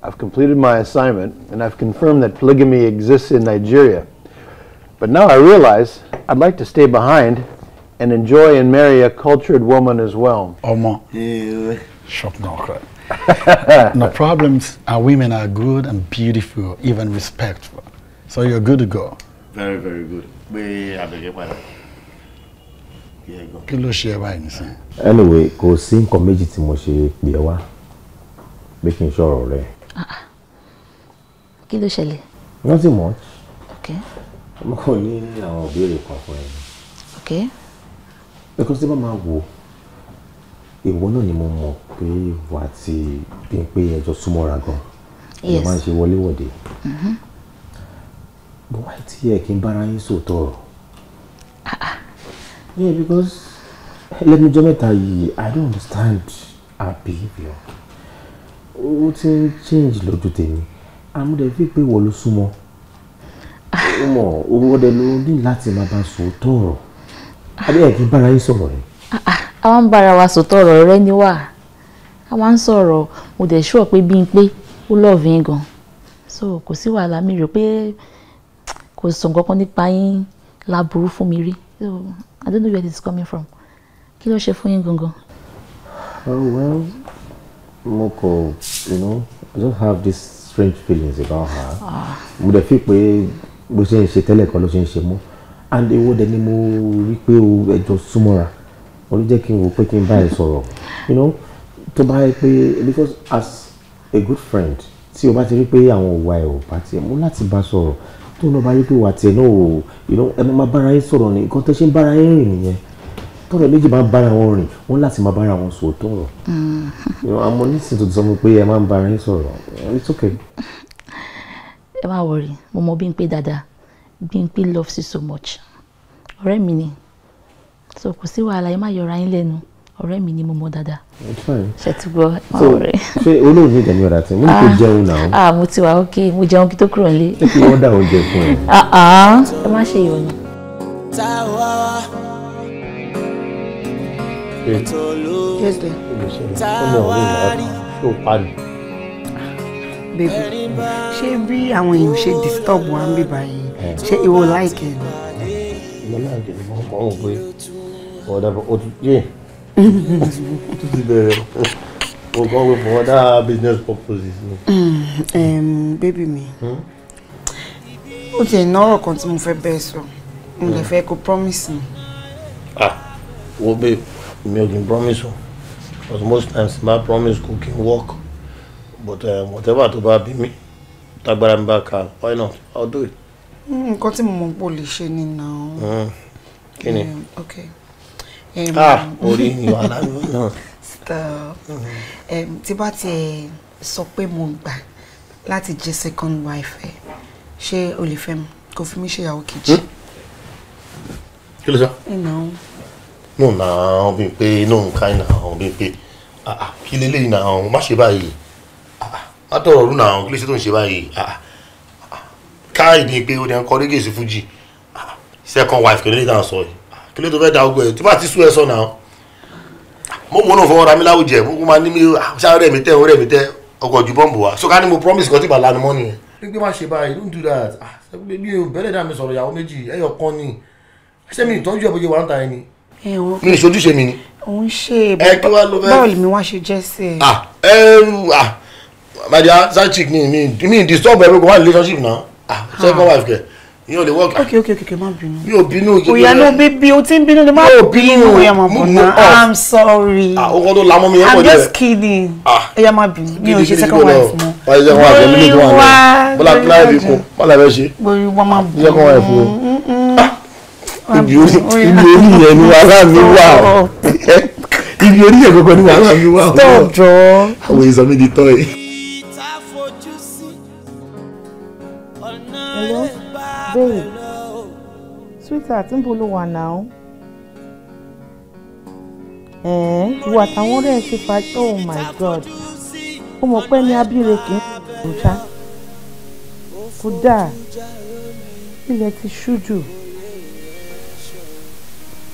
I've completed my assignment, and I've confirmed that polygamy exists in Nigeria. But now I realize I'd like to stay behind and enjoy and marry a cultured woman as well. Omo. Yeah. Shop Knocker. no problems. Our women are good and beautiful, even respectful. So you're good to go. Very, very good. We have a good kí ló ṣe ẹ báyìí nísìn. anyway go sí nǹkan méjì tí mo ṣe pè ẹ wá bí kì í ṣọ̀rọ̀ ah, ah. nothing much. okay. mo kàn ní be ìbéèrè kan fún ẹ. okay. because tí bá máa ìwọ náà ni mo mọ̀ pé ìwà àti Bímpé ẹjọ́ súnmọ́ra gan ẹ máa ń ṣe wọléwọ̀de mm-hmm. bó wáyé tí ẹ kí n bára yín sòótọ́ ọ̀rọ̀ ah, ah. yeah because lẹ́nu ọjọ́ mẹ́ta yìí I don't understand her behaviour ó ti ń change lójú tèmi àmúdẹ fi pé ìwọ ló súnmọ́ ó mọ̀ owó ọdẹ ló ní láti máa bá sòótọ́ ọ̀rọ̀ abẹ́yẹ̀ ah. kí n bára yín sọ̀rọ̀ rẹ̀ a máa ń bára wa sòtọ́ ọ̀rọ̀ rẹ níwà a máa ń sọ̀rọ̀ mo dẹ̀ ṣúọ̀ pé bí n pé ó lọ́ọ̀fù gan so kò sí wàhálà mi rò pé kò sọ nǹkan nípa yín láburú fún mi rí so I don't know where this is coming from kí ló ṣe fún yín gangan. Uh, well mo kò you know I just have this strange feelings about her ah. mo dẹ̀ fi pé bó ṣe ń ṣe tẹ́lẹ̀ kan ló ṣe ń ṣe mọ́ and ewo dẹ̀ ni mo rí pé o súnmọ́ra ló jẹ́ kí n wò pé kí n bá ẹ sọ̀rọ̀ you know tó bá yẹ pé because as a good friend tí o bá ti rí pé àwọn òwà ẹ̀ ò bá tiẹ̀ mú láti bá sọ̀rọ̀ tó náà bá rí pé wà tiẹ̀ náà ò you know ẹ máa bára yín sọ̀rọ̀ ni nǹkan tó ṣe ń bára yín rìn nìyẹn tọ́rọ̀ méjì máa ń bára wọn rìn wọ́n láti máa bára wọn sọ tọ́rọ̀ mm. àmọ́ nísìnyí tó ti sọ mi pé ẹ máa ń bára yín sọ̀rọ̀ it's okay. ẹ má worry mo mọ Bímpé dáadáa Bímpé loves you so much ọ̀rẹ́ mi ni so kò sí wàhálà ẹ má yọra yín lẹ́nu ọ̀rẹ́ mi ni mo mọ̀ dáadáa. ṣe ti gbọ́ àwọn ọ̀rẹ́. ṣé olóògbé ìjà ni ọ̀rá tí mo ní kó ah, jẹun náà. ah mo ti wà ok mo jẹun kí tó kúrò nílé. ṣé kí wọ́n dà oúnjẹ fún ẹ. Ah, ah. ẹ má ṣe ìyọnu. bébì ṣé bí àwọn èèyàn ṣe disturb wa ń bíbá yìí eh. ṣé ìwọ láìkẹ́ ni. ìwọ láìkẹ́ ni mo mọ̀ ọ́n fọwọ́dà o tún yé o tún ti o kàn business purposes Um, baby me. Hmm? ó ti ẹ̀ nọ́rọ̀ kan tí mo fẹ́ bẹ́ẹ̀ sọ mo lè hmm. promise mi. ah wo babe mi ò promise o because most times my promise kò work but um, whatever to bá me, mi tágbára mi back ka why not I'll do it. Hmm, nǹkan continue mo mọ̀ pé o lè ṣe okay ah um, orí ìwà láàrin náà. Mm-hmm. tí bá tiẹ̀ sọ pé mo gbà láti jẹ́ second wife ẹ̀ ṣé o lè fẹ́ mi kò fi mí ṣèyàwó kejì. Hmm? kí ló sọ. nù náà bí pé nù nǹkan náà bí pé ah, ah, kí lélẹ́yìn náà má ṣe báyìí ah, má tọrọ ọdún náà kí lè ṣe tó ń ṣe báyìí káà ìdí pé ó ní akọ rẹ́gẹ̀ẹ́sì fújì second wife kò ní lè dáhùn sọ yìí kí ló tó fẹ́ da ogun ẹ̀ tí bá ti sú ẹ sọ náà mo mú náà fọwọ́ra mi láwùjẹ mo kó máa ní mi ah, ṣáà rẹ̀ mi tẹ́ òun rẹ̀ mi tẹ́ ọkọ̀ ju bọ́ǹbù wa so ká ní mo promise kan tí bàlá ni mọ́ nìyẹn. pípé má ṣe báyìí don't do that ah, mi ò bẹ́rẹ̀ dá mi sọ̀rọ̀ ìyàwó méjì ẹyọ kan ni ṣé mi ìtọ́jú ẹ̀ bóyá wà ń ta ẹni. mi ìṣojúṣe mi ni. òun ṣe báwo lèmi wá ṣe jẹ́ sí ẹ. ah ẹrù ah my dear side chick ni mi mi disturb everyone relationship now ah second wife care ìyẹn ò lè wọ́ọ̀kì. ok ok ok má bínú. mi ò bínú ìjọba rẹ. òyà ló bíbí o ti ń bínú ni má bínú òyà má bọ̀ náà i'm sorry. ah okan tó lamọ́ mi yẹn pọ̀ jẹ́. i'm just kidding. ẹ̀yà má bínú mi ò ṣe second wife mọ́. wọ́n ti jẹ́ kó wà fún mi nígbà wọn. bọ́lá kíláyà bí kò bọ́lá bẹ́ẹ̀ ṣe. borí wọn má bọ̀ jẹ́ kó wà fún mi. ibi orí yẹn ni wàhálà mi wà ibi orí yẹn kọ́kọ́ ni wàhálà mi wà. stop jọ. àwọn èso mi di tọ́ Babe, sweetheart, ń bolo wà náà? Ẹ̀ẹ́n, wo àtàwọn ọ̀rẹ́ ẹ̀ ṣe fàájì, oh my God. Ó mọ̀ pé ní abíire kì í ṣùgbọ́n ṣá. Kódà, ilẹ̀ ti ṣú jù.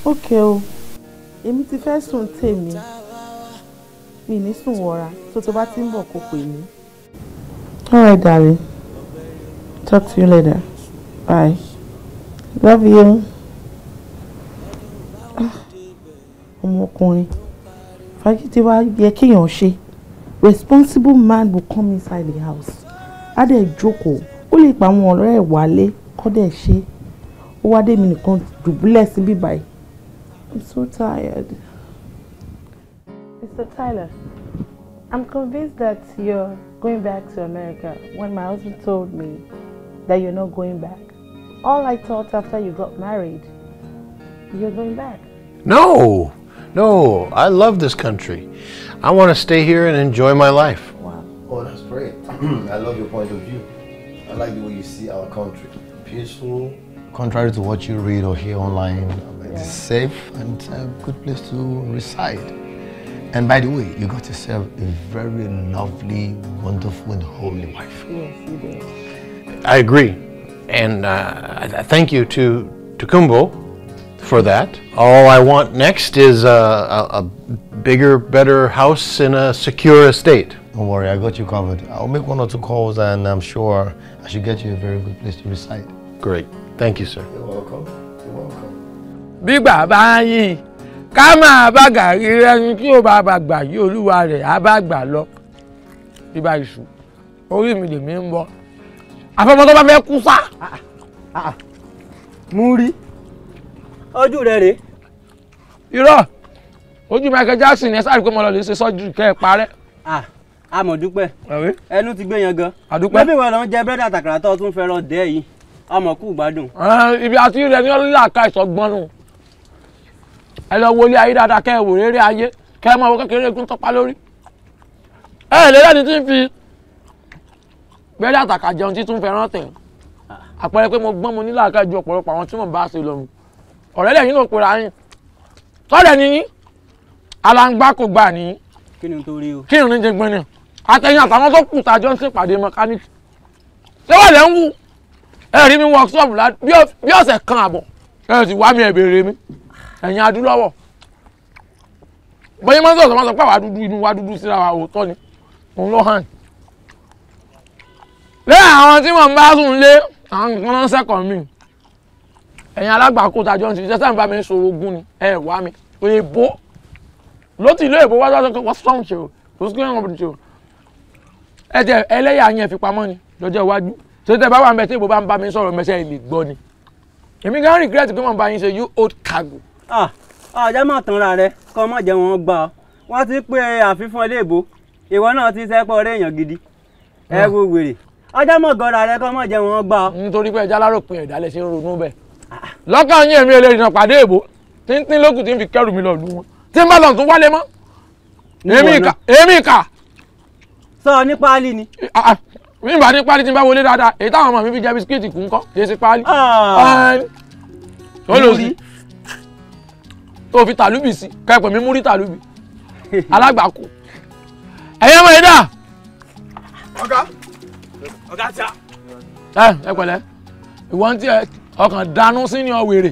Ókè o, èmi ti fẹ́ sùn tèmi. Mi ní sùn wọra, tó tó bá ti ń bọ̀ kó pè mí. All right, darling. Talk to you later. Bye. Love you. Ọmọkùnrin. Fagídí wa yẹ kéèyàn ṣe. Responsible man will come inside the house. Á dẹ̀ jókòó. Ó lè pa àwọn ọ̀rẹ́ ẹ̀ wálé kọ́ dẹ̀ ṣe. Ó wá dé mi nìkan dùbúlẹ̀ sí bíbáyìí. I'm so tired. Mr. Tyler, I'm convinced that you're going back to America when my husband told me that you're not going back. all I thought after you got married, you're going back. No, no, I love this country. I want to stay here and enjoy my life. Wow. Oh, that's great. I love your point of view. I like the way you see our country. Peaceful. Contrary to what you read or hear online, yeah. it's safe and a good place to reside. And by the way, you got yourself a very lovely, wonderful, and holy wife. Yes, you did. I agree. And uh, thank you to, to Kumbo for that. All I want next is a, a, a bigger, better house in a secure estate. Don't worry, I got you covered. I'll make one or two calls and I'm sure I should get you a very good place to reside. Great. Thank you, sir. You're welcome. You're welcome. Bí bàbá yìí, ká máa bá gàrí rẹ́nu tí ò bá bá gbà yí olúwa rẹ̀ á bá gbà lọ. iṣu, orí mi lèmi ń bọ́. àfọmọ tó bá fẹ́ kú sá. Ah, ah, ah, mú rí ojú rẹ rèé. irọ́ ojú Michael Jackson ẹ sáré pé mo lọ lè ṣe sọ́jú kẹ́ ẹ parẹ́. a mọ̀ dúpẹ́ ẹnu ti gbé yan gan. àdúpẹ́ bẹ́ẹ̀ wọ́n lọ ń jẹ búrẹ́dì àtàkàrà tó tún fẹ́ lọ dẹ́ yìí ọmọ kù gbádùn. ibi àti rẹ ní ọlọ́lá ká ìsọgbọ́n nù ẹ lọ wọlé ayé dáadáa kẹ́ ẹ wò rere ayé kẹ́ ẹ máa wọ kékeré egun tọ́pá lórí. ẹ lè rẹ́ni tí fi bẹ́ẹ̀rẹ́ àtàkà jẹun títún fẹ́ràn tẹ̀ ah. àpẹẹrẹ pé mo gbọ́n mo nílò àkájú ọ̀pọ̀lọpọ̀ àwọn tí mo bá ṣe lọ́nu ọ̀rẹ́ lẹ́yìn ló pera yín tọ́lẹ̀ ní alangba kò gbà ní kí ni torí o kí ni jẹ gbọ́n ni àtẹ̀yìn àtàwọn tó kù tájọ ń ṣèpàdé mẹkáníìkì ṣé wà lẹ́ ń wù ẹ rí mi workshop bí ọ̀sẹ̀ kan àbọ̀ ẹ sì wá mi ẹ̀ béèrè mi ẹ̀yin adúlọ́wọ̀ bọ́yẹ́ mọ́tò ọ̀sán máa sọ pé àwa dúdú inú wa dúdú síra lẹ́yìn àwọn tí wọ́n bá sùn lé àwọn nǹkan náà sẹ́kọ̀ọ́ mi ẹ̀yin alágbàkó tajọ́ ń ṣiṣẹ́ sáà ń bá mi sọ̀rọ̀ ogun ni ẹ wá mi òyìnbó lótì ìlú èbó wájú wájú wọ́n sọ̀rọ̀ ṣe o kò sí kéwọn ọ̀bùn ṣe o ẹ jẹ ẹlẹ́yà yẹn fi pamọ́ ni lọ́jọ́ iwájú tó tẹ bá wà mẹ́tẹ́ ìbò bá ń bá mi sọ̀rọ̀ mẹ́sẹ̀ ìlè gbọ́ ni èmi gan regret pé wọ́n bá yín ṣe you old cargo. ọjà ah, ah, máa tan ra rẹ kọ́ má jẹ́ wọn gbà ọ́ wọ́n ti pé àfihàn ilé ìbò ìwọ náà ti sẹ́pọ̀ ọ̀rẹ́ èèyàn gidi ẹ ah. wo wèrè ọjọ́ mọ̀ gọ́ra rẹ kọ́ mọ̀ jẹ́ wọn gbà ọ́. nítorí pé ẹja aláròpin ẹ̀dá lẹ ṣe ń ronú bẹ́ẹ̀. Ah. lọ́kàn yín èmi eléyìí náà pàdé èbó tí ń tín lókùn tí ń fi kẹ́rù mi lọ lù wọn tí ń bá lọ́n tún wálé mọ́. èmi ìkà èmi ìkà. sọ ní páálí ni. Ah, ah, mi ìbá ní páálí tí ń bá wọlé dáadáa èyí táwọn ọmọ mi fi jẹ bisikíìtì kù kọ́ kì í ṣe páálí. olùsí tó fi tàlúbì sí kẹ́pẹ́ mi múrí tàlúbì alágbàkú ẹ̀yẹ́ mọ̀ ẹ̀dá. ọ̀gá ọ̀gá tí a. ẹ ẹ pẹ̀lẹ́ ìwọ ń tiẹ̀ ọkàn dànù sí ni ọwèrè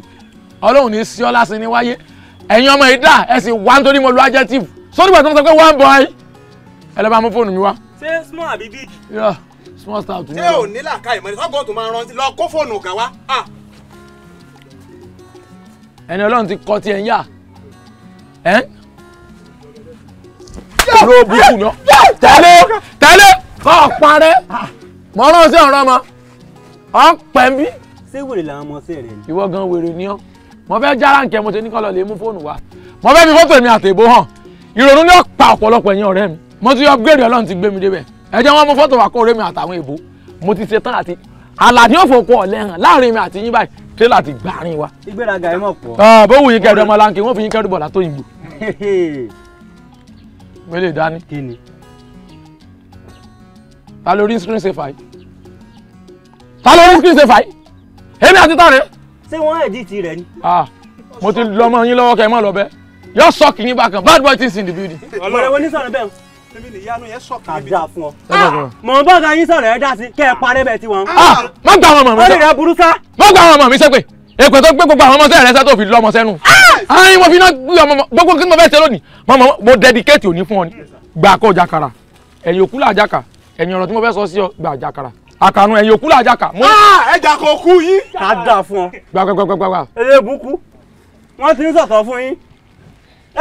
Ọlọ́run ní sí ọ lásán ní wáyé ẹ̀yin ọmọ yìí dà ẹ sì wá nítorí mo lu adjective sórí ìgbà tó ń sọ pé one boy ẹ lọ bá mú fóònù mi wá. ṣé small àbí big. yọ small star tún ní. ṣé ò ní làákà ìmọ̀ ní sọ́kò tó máa rántí lọ kó fóònù ọ̀gá wá. ẹni Ọlọ́run ti kọ́ tiẹ̀ ń yà ẹ́ ló bukú náà tẹ́lẹ̀ tẹ́lẹ̀ kọ́ ọ̀parẹ́ mọ ọrọ sí ọrọ mọ ọ pẹ ń bí. ṣé wèrè làwọn ọmọ sí rẹ ni. ìwọ gan wèrè ni ọ mo fẹ́ jára nkẹ mo ṣe ní kọlọ lè mú fóònù wa mo fẹ́ fi fọ́tò mi àtẹ̀bó hàn ìrònú ni ó pa ọ̀pọ̀lọpọ̀ ẹ̀yin ọ̀rẹ́ mi mo ti upgrade Ọlọ́run ti gbé mi débẹ̀ ẹ jẹ́ wọn mú fọ́tò wa kó ọ̀rẹ́ mi àtàwọn èèbó mo ti ṣe tán àti àlàní òfòkò ọ̀lẹ́ hàn láàrin mi àti yín báyìí tírélà ti gbàrin wa. ìgbéraga ẹ mọ̀ pọ̀. ọ bó wù yín kẹrù ọmọ lanke wọn fi yín kẹrù bọ̀lá tó yìnbó. wọ́n lè screen saver yìí ta ló ń kí ṣe fàáyì èmi àti tààrẹ. ṣé wọ́n ẹ̀dí ti rẹ̀ ni. mo ti lọ ọmọ yín lọ́wọ́ kẹ́ ẹ mọ́ lọ bẹ́ẹ̀ yóò sọ́ọ̀kì yín bákan bad boy things in the building. ọ̀rẹ́ wo ní sọ̀rọ̀ bẹ́ẹ̀ èmi ni ìyanu yẹn sọ̀kì níbi. àdá fún ọ. mọ̀ n bọ́ ka yín sọ̀rọ̀ ẹ dá sí kẹ́ ẹ parẹ́ bẹ́ẹ̀ tiwọn. má gba àwọn ọmọ mi sẹ́. ó lè rẹ burú sá. má gba àwọn ọmọ mi sẹ́ pé èpè tó gbé gbogbo àwọn ọmọọṣẹ́ rẹ sẹ́tò fi lọ́mọ sẹ́nu. ayin mo fi iná gbé ọmọ gbogbo kí n bá fẹ́ ṣe lónìí mo dedicate òní fún ọ ni gbà kó jàkàrà ẹ̀yìn òkú làjàkà ẹ̀yìn ọ̀rọ̀ tí mo fẹ́ sọ sí ọ gbà jàkàrà àkàrùn ẹ̀yìn òkú làjà kà. Ah, ẹja kò kú yín. ká dà fún ọ. gbàgbàgbàgbà. eléèbù kú wọ́n ti ń sọ̀tọ̀ fún yín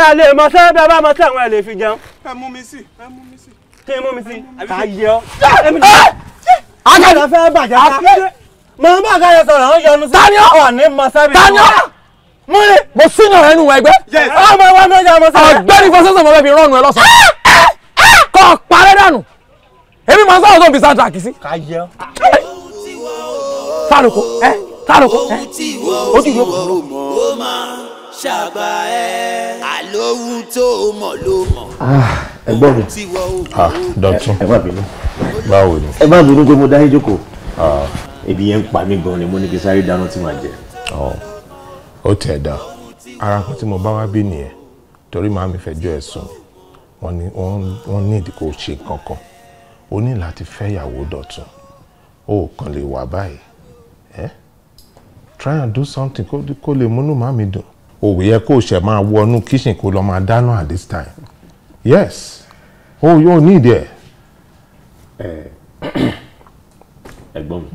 ẹ lè mọ sẹ́ bẹ́ẹ̀ bá mọ sẹ́ àwọn ẹ lè fi jẹun. ẹ mú mi sí ẹ mú mi sí. kí n mú mi sí ká yẹ ọ. akẹ́lẹ́ fẹ́ bàjẹ́ ká. mo ń bá akẹ́lẹ́ sọ̀rọ̀ ó yọnu sí. tani ọ ọ ní mọ sẹ́bi. tani ọ mo ní. mo sínú rẹ nù ẹgbẹ́. ọmọ wa ní ọjà mọ sẹ́bi. ọ̀gbẹ́ni fọsẹ́sọ̀ mọ́ bẹ́ẹ̀ fi rọ́ọ̀nù ẹ lọ́sàn ah! ah! èmi máa ń sáwọn tó ń fi soundtrack sí. ká yẹ. tálùkù ẹ tálùkù ẹ ojú ìwé kò ló. ó máa ṣàgbà ẹ àlówù tó mọ̀ ló mọ̀. Ah, ẹ̀gbọ́n mi ah, dọ̀tún ẹ má bínú báwo ni. ẹ má bínú pé mo dáhìí jókòó. Ah. ebi yẹn ń pa mí gan ni mo ní kí sáré dáná tí màá jẹ. Oh, ó tẹ̀ dá ara kan tí mo bá wá bí nìyẹn torí màá mi fẹjọ́ ẹ̀ sùn wọ́n ní wọ́n ní ṣe kankan o ní láti fẹ́yàwó dọ̀tun o ò kàn lè wà báyìí ẹ́ try and do something kó kó lè múnú má mi dùn òwe yẹ kó o ṣẹ̀ máa wọnú kitchen kó lọ máa dáná at this time yes o oh, yóò need ẹ. ẹ̀gbọ́n mi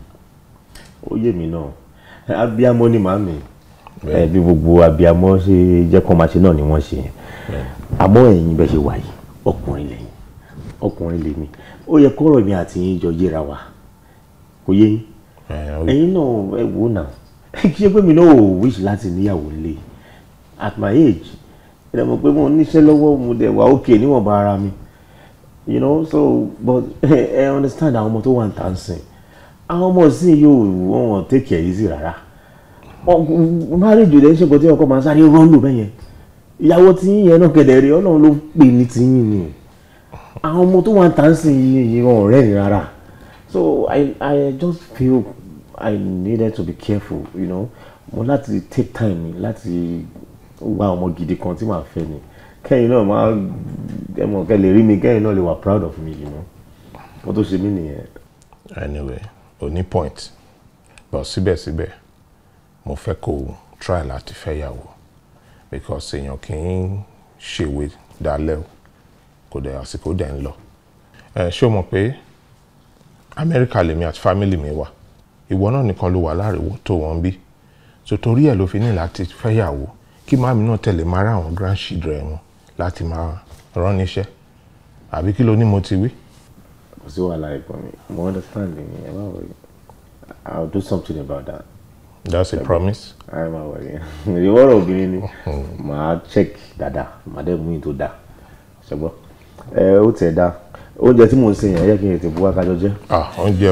ó yé mi náà abiyamọ ni màmí bí gbogbo abiyamọ ṣe jẹ́ kó máa ṣe náà ni wọ́n ṣe àmọ́ ẹ̀yin bẹ́ẹ̀ ṣe wà yìí ọkùnrin lẹ́yìn ọkùnrin lèmi ó yẹ kọ́rọ̀ mi àti yín jọ yíra wa kò yé yín ẹ̀yin náà ẹ wò náà ẹ kí ṣe pé mi náà ò wíṣ láti níyàwó lé at my age ẹ mọ̀ pé mo níṣẹ́ lọ́wọ́ mo dẹ̀ wà ókè níwọ̀nba ara mi you know so but ẹ understand àwọn ọmọ tó wà ń tà ń sìn àwọn ọmọ sì yóò wọ́n wọ́n take it easy rárá marriage rẹ̀ ń ṣe nǹkan tí ọkọ máa sáré rọ́ọ̀lù bẹ́yẹn ìyàwó tí yín yẹn náà kẹ̀dẹ̀ rí ọlọ́run ló pè ní tiyín ni o àwọn ọmọ tó wà ń tàn sí ìran ọ̀rẹ́ yìí rárá so I I just feel I needed to be careful you know mo láti take time mi láti wá ọmọ gidi kan tí màá fẹ́ ni kẹ́yìn náà máa ẹ mọ̀ kẹ́ lè rí mi kẹ́yìn náà lè wà proud of me you know wọ́n tó ṣe mí nìyẹn. anyway o ní point but síbẹ̀síbẹ̀ mo fẹ́ kó o try láti fẹ́ yàwó because èèyàn kì í ṣèwé dalẹ́ o kò dẹ̀ àsìkò dẹ̀ ń lọ ẹ ṣé o mọ̀ pé amẹ́ríkà lèmi àti fámìlì mi wà ìwọ náà nìkan ló wà láàrẹ̀wọ̀ tó wọn bí so torí ẹ̀ ló fi ní láti fẹ́yàwó kí màmí náà tẹ̀lé máa rà àwọn grandchildren wọn láti máa rán níṣẹ́ àbí kí ló ní mo ti wí. kò sí wàhálà ẹ̀gbọ́n mi mo understand ni ẹ má wọrí i will do something about that. that's a promise. ẹ má wọrí ìwọ́rọ̀ obìnrin ni màá check dáadáa màá dẹ́ mú ìtò dáa ṣùgbọ́n ẹ ó tẹ̀ dá oúnjẹ tí mò ń sè yẹn yẹ kí n tètè bu wákàjọ jẹ. oúnjẹ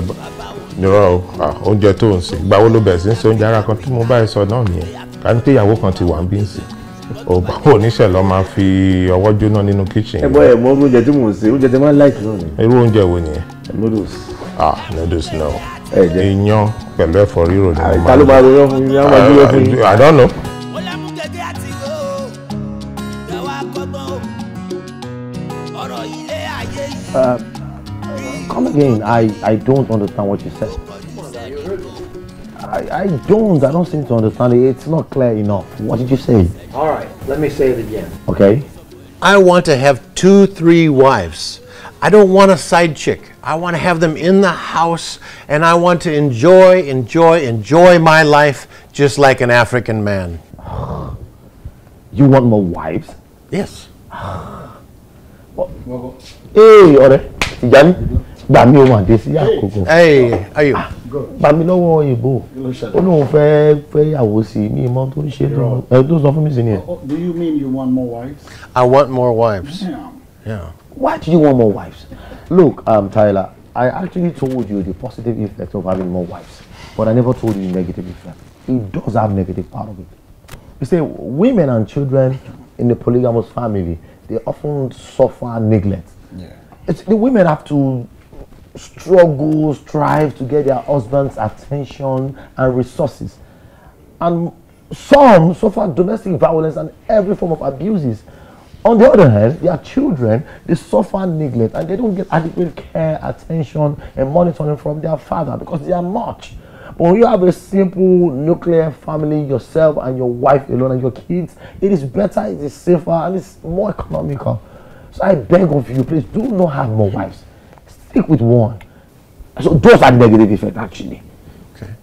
nírọ̀ o oúnjẹ tó ń sè ìgbà wo ló bẹ̀rẹ̀ sí ń sè oúnjẹ ara kan tí mo bá ẹ sọ náà nìyẹn ká ní pé ìyàwó kan ti wà ń bí ń sè òbá oníṣẹ́ lọ máa fi ọwọ́ jóná nínú kitchen. ẹ bọ ẹ mọ oúnjẹ tí mò ń sè oúnjẹ tí máa ń láìkì náà ni. irú oúnjẹ wo nìyẹn. noodles. ah noodles náà. ẹ jẹ iyán pẹ̀lú ẹ̀fọ́ rírò ni mo máa ń lò. I don't know. Uh, come again. I, I don't understand what you said. I, I don't. I don't seem to understand it. It's not clear enough. What did you say? All right. Let me say it again. Okay. I want to have two, three wives. I don't want a side chick. I want to have them in the house and I want to enjoy, enjoy, enjoy my life just like an African man. You want more wives? Yes. well, well, well. ee ọ̀rẹ́ Tìjání gbà mí o mà dé sí àkókò ah, gbà mí lọ́wọ́ òyìnbó ó lóun fẹ́ fẹ́ yàwó sí mi mọ́ tó ń ṣe é tó sọ fún mi sí ni ẹ. Oh, do you mean you want more wives? I want more wives. Yeah. Yeah. Why do you want more wives? Look, um, Tyler, I actually told you the positive effect of having more wives, but I never told you the negative effect. It does have negative part of it. You see, women and children in the polygamous family, they often suffer neglect It's, the women have to struggle, strive to get their husband's attention and resources. And some suffer domestic violence and every form of abuses. On the other hand, their children, they suffer neglect and they don't get adequate care, attention, and monitoring from their father because they are much. But when you have a simple nuclear family, yourself and your wife alone and your kids, it is better, it is safer, and it's more economical. So I beg of you, please do not have more wives. Stick with one. So those are negative effects, actually. Okay.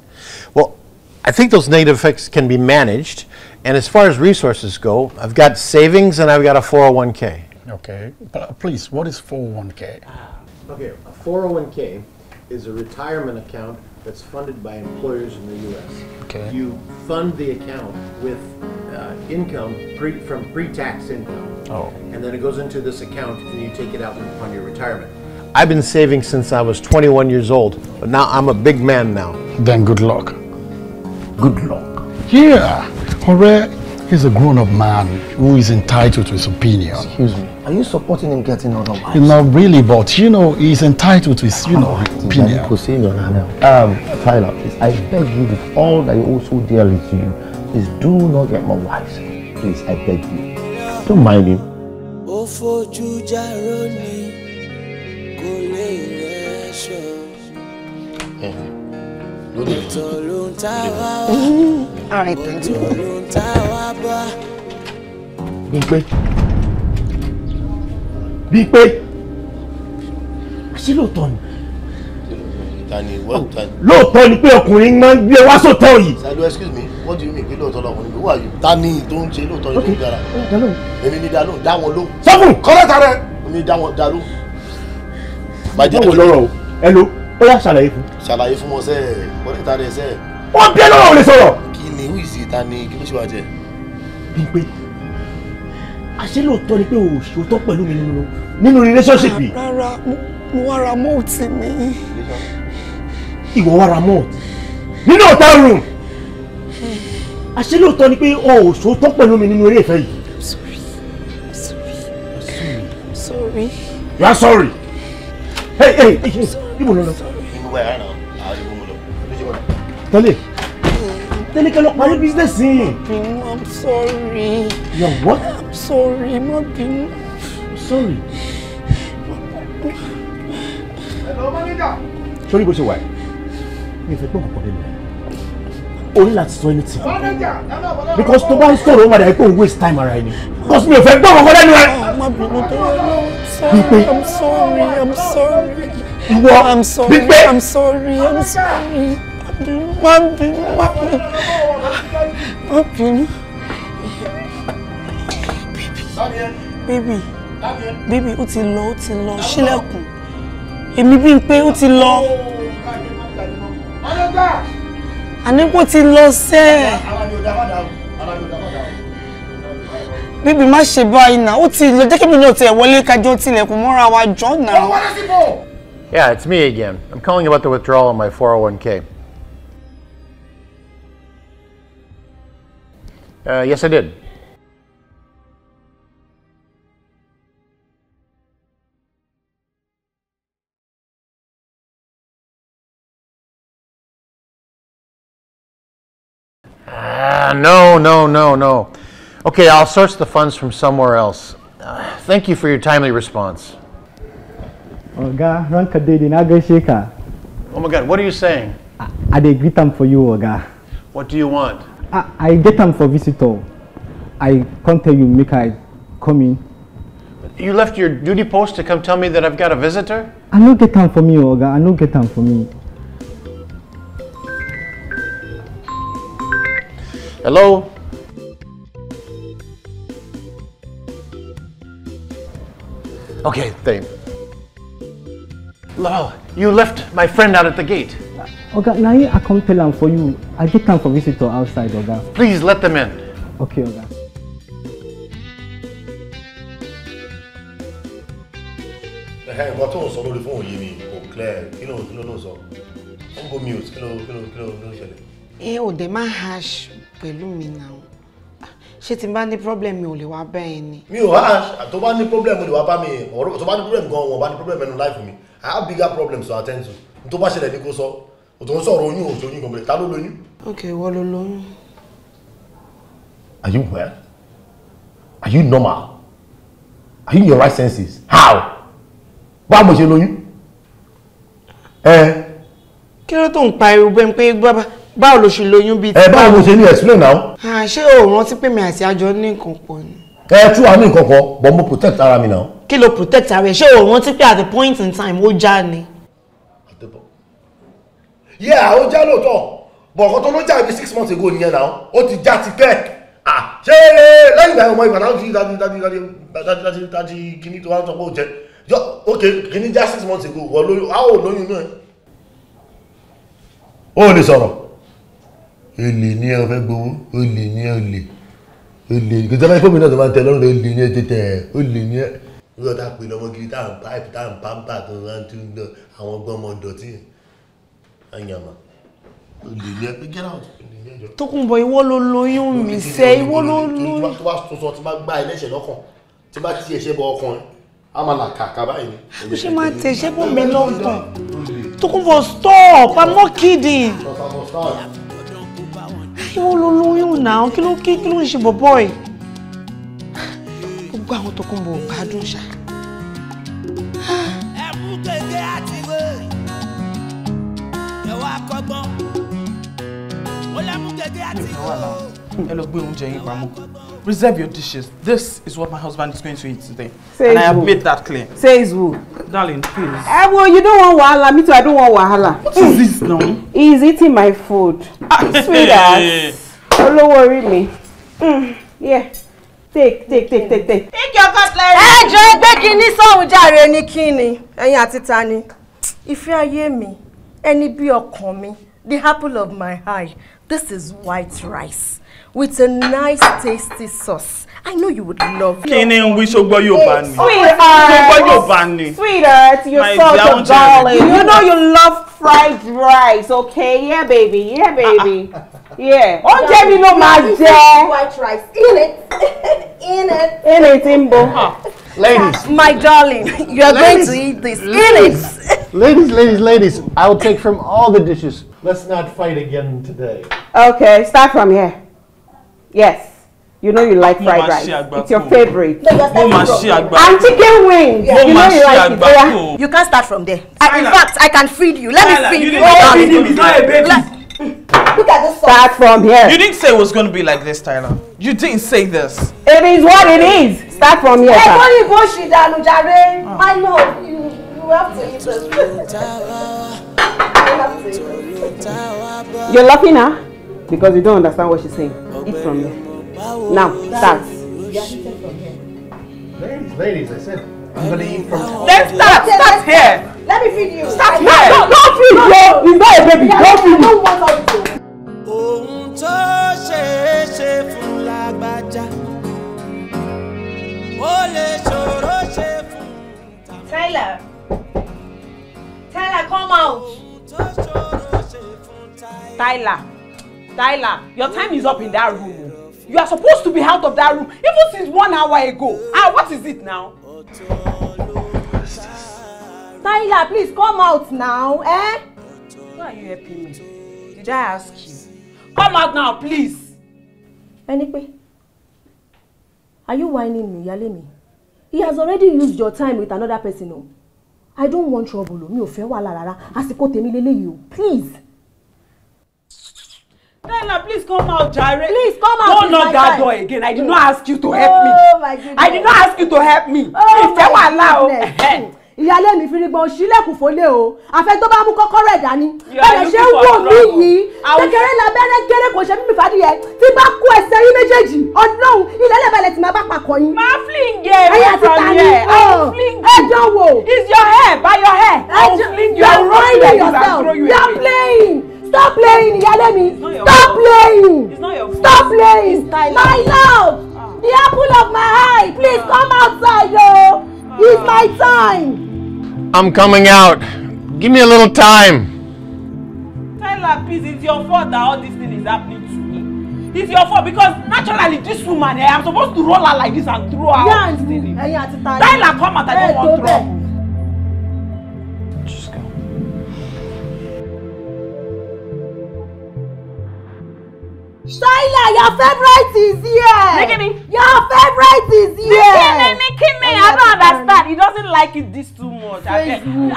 Well, I think those negative effects can be managed. And as far as resources go, I've got savings and I've got a 401k. Okay. But please, what is 401k? Ah. Okay, a 401k is a retirement account that's funded by employers in the U.S. Okay. You fund the account with uh, income pre, from pre-tax income. Oh. And then it goes into this account, and you take it out upon your retirement. I've been saving since I was 21 years old, but now I'm a big man now. Then good luck. Good luck. Yeah. All right. He's a grown-up man who is entitled to his opinion. Excuse me. Are you supporting him getting out of wives? Not really, but you know, he's entitled to his, you know, opinion. Um, Tyler, please, I beg you with all that I also dearly to you, please do not get more wife, Please, I beg you. Don't mind him. lónìí. all right thank you. Bímpé Bímpé ṣé lóòótọ́ ni lóòótọ́ ni pé ọkùnrin máa ń gbé wá sóòótọ́ yìí. ṣáájú excuse me what do you mean pé lóòótọ́ lọkùnrin ló wà yìí. ta ni tó ń ṣe lóòótọ́ yìí tó ń dára. èmi ni dalóhùn dá wọn lóhùn. sọ́kùn kọ́lẹ́ta rẹ̀. èmi ni dá wọn dalóhùn. bàjẹ́ wo lọ́rọ̀ o ẹ lo ó yá ṣàlàyé fún. ṣàlàyé fún wọn sẹ́ẹ̀ ọ̀rẹ́ ìta rẹ̀ sẹ́ẹ̀. ó bí ẹ lọ́rọ̀ ò lè sọ̀rọ̀. kí ni wí sí ta ni kí ló ṣe wá jẹ. Bímpé àṣé lóòótọ́ ni pé òṣòótọ́ pẹ̀lú mi nínú nínú relationship yìí. rárá mo wá ra mọ́ọ̀tì mi. ìwọ wá ra mọ́ọ̀tì nínú ọ̀tá rùn àṣé lóòótọ́ ni pé òṣòótọ́ pẹ̀lú mi nínú eré ìfẹ́ yìí. sorry sorry sorry. you are sorry. hey hey níbo ló lọ. inú báyìí àná àwọn ìbò mo lọ lójú ọ̀nà. tẹ́lẹ̀ tẹ́lẹ̀ kẹ́ lọ parí bísíǹsì i'm sorry. yọ what? i'm sorry má bínú. sorry. ẹ̀rọ mọ́nìjà. sórí bó ṣe wà yìí mi ò fẹ́ gbọ́ nǹkan lẹ́nu o ní láti sọ anything because tó bá ń sọ̀rọ̀ ó máa dà pé òun waste time ara ẹni because mi ò fẹ́ gbọ́ nǹkan lẹ́nu ẹ. ọmọ tó yẹ lọ sorry i'm sorry i'm sorry ìwọ gbígbé. I'm sorry, I'm sorry. Má bínú, má bínú, má bínú. Bébì, bébì, ó ti lọ, ó ti lọ, ṣílẹ̀kùn. Èmi bí n pé ó ti lọ. Àníkó ti lọ sẹ́ẹ̀. Bébì má ṣe báyìí náà, ó ti lọ, jẹ́ kí mi náà tiẹ̀ wọlé kájọ́ tilẹ̀kùn mọ́ra wa jọ́ náà. Wọ́n wọlé síbò. Yeah, it's me again. I'm calling about the withdrawal of my 401k. Uh, yes, I did. Ah, no, no, no, no. Okay, I'll source the funds from somewhere else. Uh, thank you for your timely response ranka na gaishe ka. Oh my God, what are you saying? I dey greet am for you, Oga. What do you want? I, I get am for visitor. I come tell you make I come in. You left your duty post to come tell me that I've got a visitor? I no get am for me, Oga. I no get am for me. Hello? Okay, thanks. Lal, you left my friend out at the gate. Oga, now I come tell him for you. I get time for visitor outside, Oga. Please let them in. Okay, Oga. Hey, what on so the phone you mean? Oh, Claire, you know, you know, so. I'm go mute. You know, you know, you know, you know, Shelley. Eh, eh o de ma hash pẹ̀lú mi now. Ṣé tí n bá problem mi ò lè wá bẹ́ẹ̀ ni. Mi ò hash, problem ò lè wá bá mi. Ọ̀rọ̀ tó bá ní problem gan-an, wọ́n problem ẹnu life mi. I have bigger problems to attend to n tó bá ṣẹlẹ̀ ní kó so. òtún sọ̀rọ̀ oyún òtún oyún gbọ̀ngbẹ̀ ta ló lóyún. okay wọ́n ló lóyún. are you well are you normal are you in your right senses how báwo mo ṣe lóyún. kí ló tó ń pariwo bẹ́ẹ̀ pé bàbá báwo ló ṣe lóyún bíi. ẹ báwo ló ṣe ní explain now. ṣé o rántí pé mi àti àjọ ní nǹkan pọ̀ ni. ẹ tú àmì nǹkan pọ̀ but mo protect ara mi náà kí ló protect ara ẹ ṣé o rántí pé at the point in time ó já ni. àdébọ̀ yíyá ó já lóòótọ́ bọ̀ọ̀kan tó ló já ibi six months ago nìyẹn náà ó ti já ti pẹ́ ṣé lẹ́yìn ìgbà ọmọ ìgbà náà ti dájú dájú dájú dájú dájú kíní tó wá ń sọ pé ó jẹ yọ ok kíní já six months ago wọ lóyún a ò lóyún náà ó lè sọ̀rọ̀ olè ní ẹ fẹ́ gbowó olè ní ẹ olè olè kìtàlá ìfọ́mìnà tó máa ń tẹ lọ́rùn olè ní ẹ tètè olè ní ẹ nígbà tá a pè lọ́mọ gidi tá à ń pipe tá à ń pampa tó ń rántí ń àwọn ọgbọ́n dọ̀tí yẹn á olè ní ẹgbẹ́ get out olè ìwọ ló lóyún mi sẹ́ ìwọ ló lóyún. tó bá sọsọ tí bá gbá ẹlẹ́ṣẹ̀ lọ́kàn tí bá ti ẹ̀ṣẹ̀ bọ ọkùnrin á kàkà báyìí. ó ṣe máa tẹ ẹ̀ṣẹ̀ bọ̀ mí lọ́tàn Tókunbọ̀ stop I'm not kidding. ìwọ ló lóyún náà kí ló ń ṣe bọ̀bọ̀ yìí gbogbo àwọn tó bò gbádùn ṣá. ẹ̀mú gègé àti wé ẹ̀wọ̀ akọgbọ́n ó lẹ́mú gègé àti wé. ẹ lọ gbé oúnjẹ yín pamọ́ reserve your dishes this is what my husband is going to eat today Says and I have who? made that clear. Say Says who? Darling, please. Eh, well, you don't want wahala. Me too, I don't want wahala. What is this now? He is eating my food. Ah. Sweetheart. Olówó orí mi. Mm, yeah take take take take take. take your cutlery. ẹ jọ ẹgbẹ́ kínní sọ̀hún jàre ni kínni ẹ̀yin àti ta ni. ìfẹ́ ayé mi ẹni bí ọkàn mi the apple of my eye this is white rice with a nice tasty sauce. I know you would love it. Kí ni ń wí ṣogbọ́ Yorùbá ni? Sweetheart. Ṣogbọ́ Yorùbá ni. Sweetheart, you salt the garlic. You know you love fried rice, okay? Yeah, baby. Yeah, baby. Ah, ah. yeah Don't mi me no magic. white rice in it in it in it in bo. ladies my darling you are ladies, going to eat this ladies, in it. ladies ladies ladies I will take from all the dishes let's not fight again today. okay start from here yes. You know you like fried rice. It's your favorite. No, and chicken wings. Yeah. You know you like it. Oh you can't start from there. I, in fact, I can feed you. Let me feed you. you. Oh, it's not a baby. Look at this song. Start from here. You didn't say it was going to be like this, Tyler. You didn't say this. It is what it is. Start from here. Hey, don't you go, she down, Jare. My love, you, you have to eat this. You're laughing, now, Because you don't understand what she's saying. Eat from here. Now, start. Ladies, ladies, I said. Let's start. Okay, start let's here. Let me feed you. Start here. No, no, feed you. He's not a baby. Yeah, don't feed you. Tyler, Tyler, come out. Tyler, Tyler, your time is up in that room. You are supposed to be out of that room even since one hour ago. Ah, what is it now? Tyler, please come out now, eh? Why are you helping me? Did I ask you? Come out now, please! Anyway, are you whining me, Yalemi? He has already used your time with another person. Oh. I don't want trouble. Mi ò la la la. Àsìkò tèmi lele you, Please. Naila, please come out, Jare. Please come out. Don't knock that door again. I did not ask you to help me. Oh my goodness. I did not ask you to help me. Oh, Ìfẹ́ wà láà o ìyálé mi fi gbọ́n sílẹ̀kùn fólé o àfẹ tó bá mú kọ́kọ́rọ́ ẹ̀ dání bẹ́ẹ̀ ṣe ń wò mí yìí kékeré labẹ́rẹ́ gẹ́rẹ́ kò ṣe mímì fàdíyẹ tí bá kú ẹsẹ̀ yín méjèèjì ọdún ilẹ̀ lẹ́bẹ̀lẹ̀ tí máa bá papọ̀ yín. máa flinge away from here i will oh, flinge you. ẹjọ́ wo is your hair by your hair i will flinge you away from here. you are ruining yourself you are playing stop playing ìyálé stop playing stop playing my love ah. the apple of my eye please ah. come outside o oh. Ah. it's my time. I'm coming out give me a little time. Tyler please it's your fault that all this thing is happening to me it's your fault because naturally this woman eh, I'm supposed to roll her like this and throw her out. yan ẹyin àti Tyler Tyler come out I don't want trouble. Shaila, your favorite is here. me, Your favorite is here. Mikini, me. Oh, I don't understand. He doesn't like it this too much. Facebook.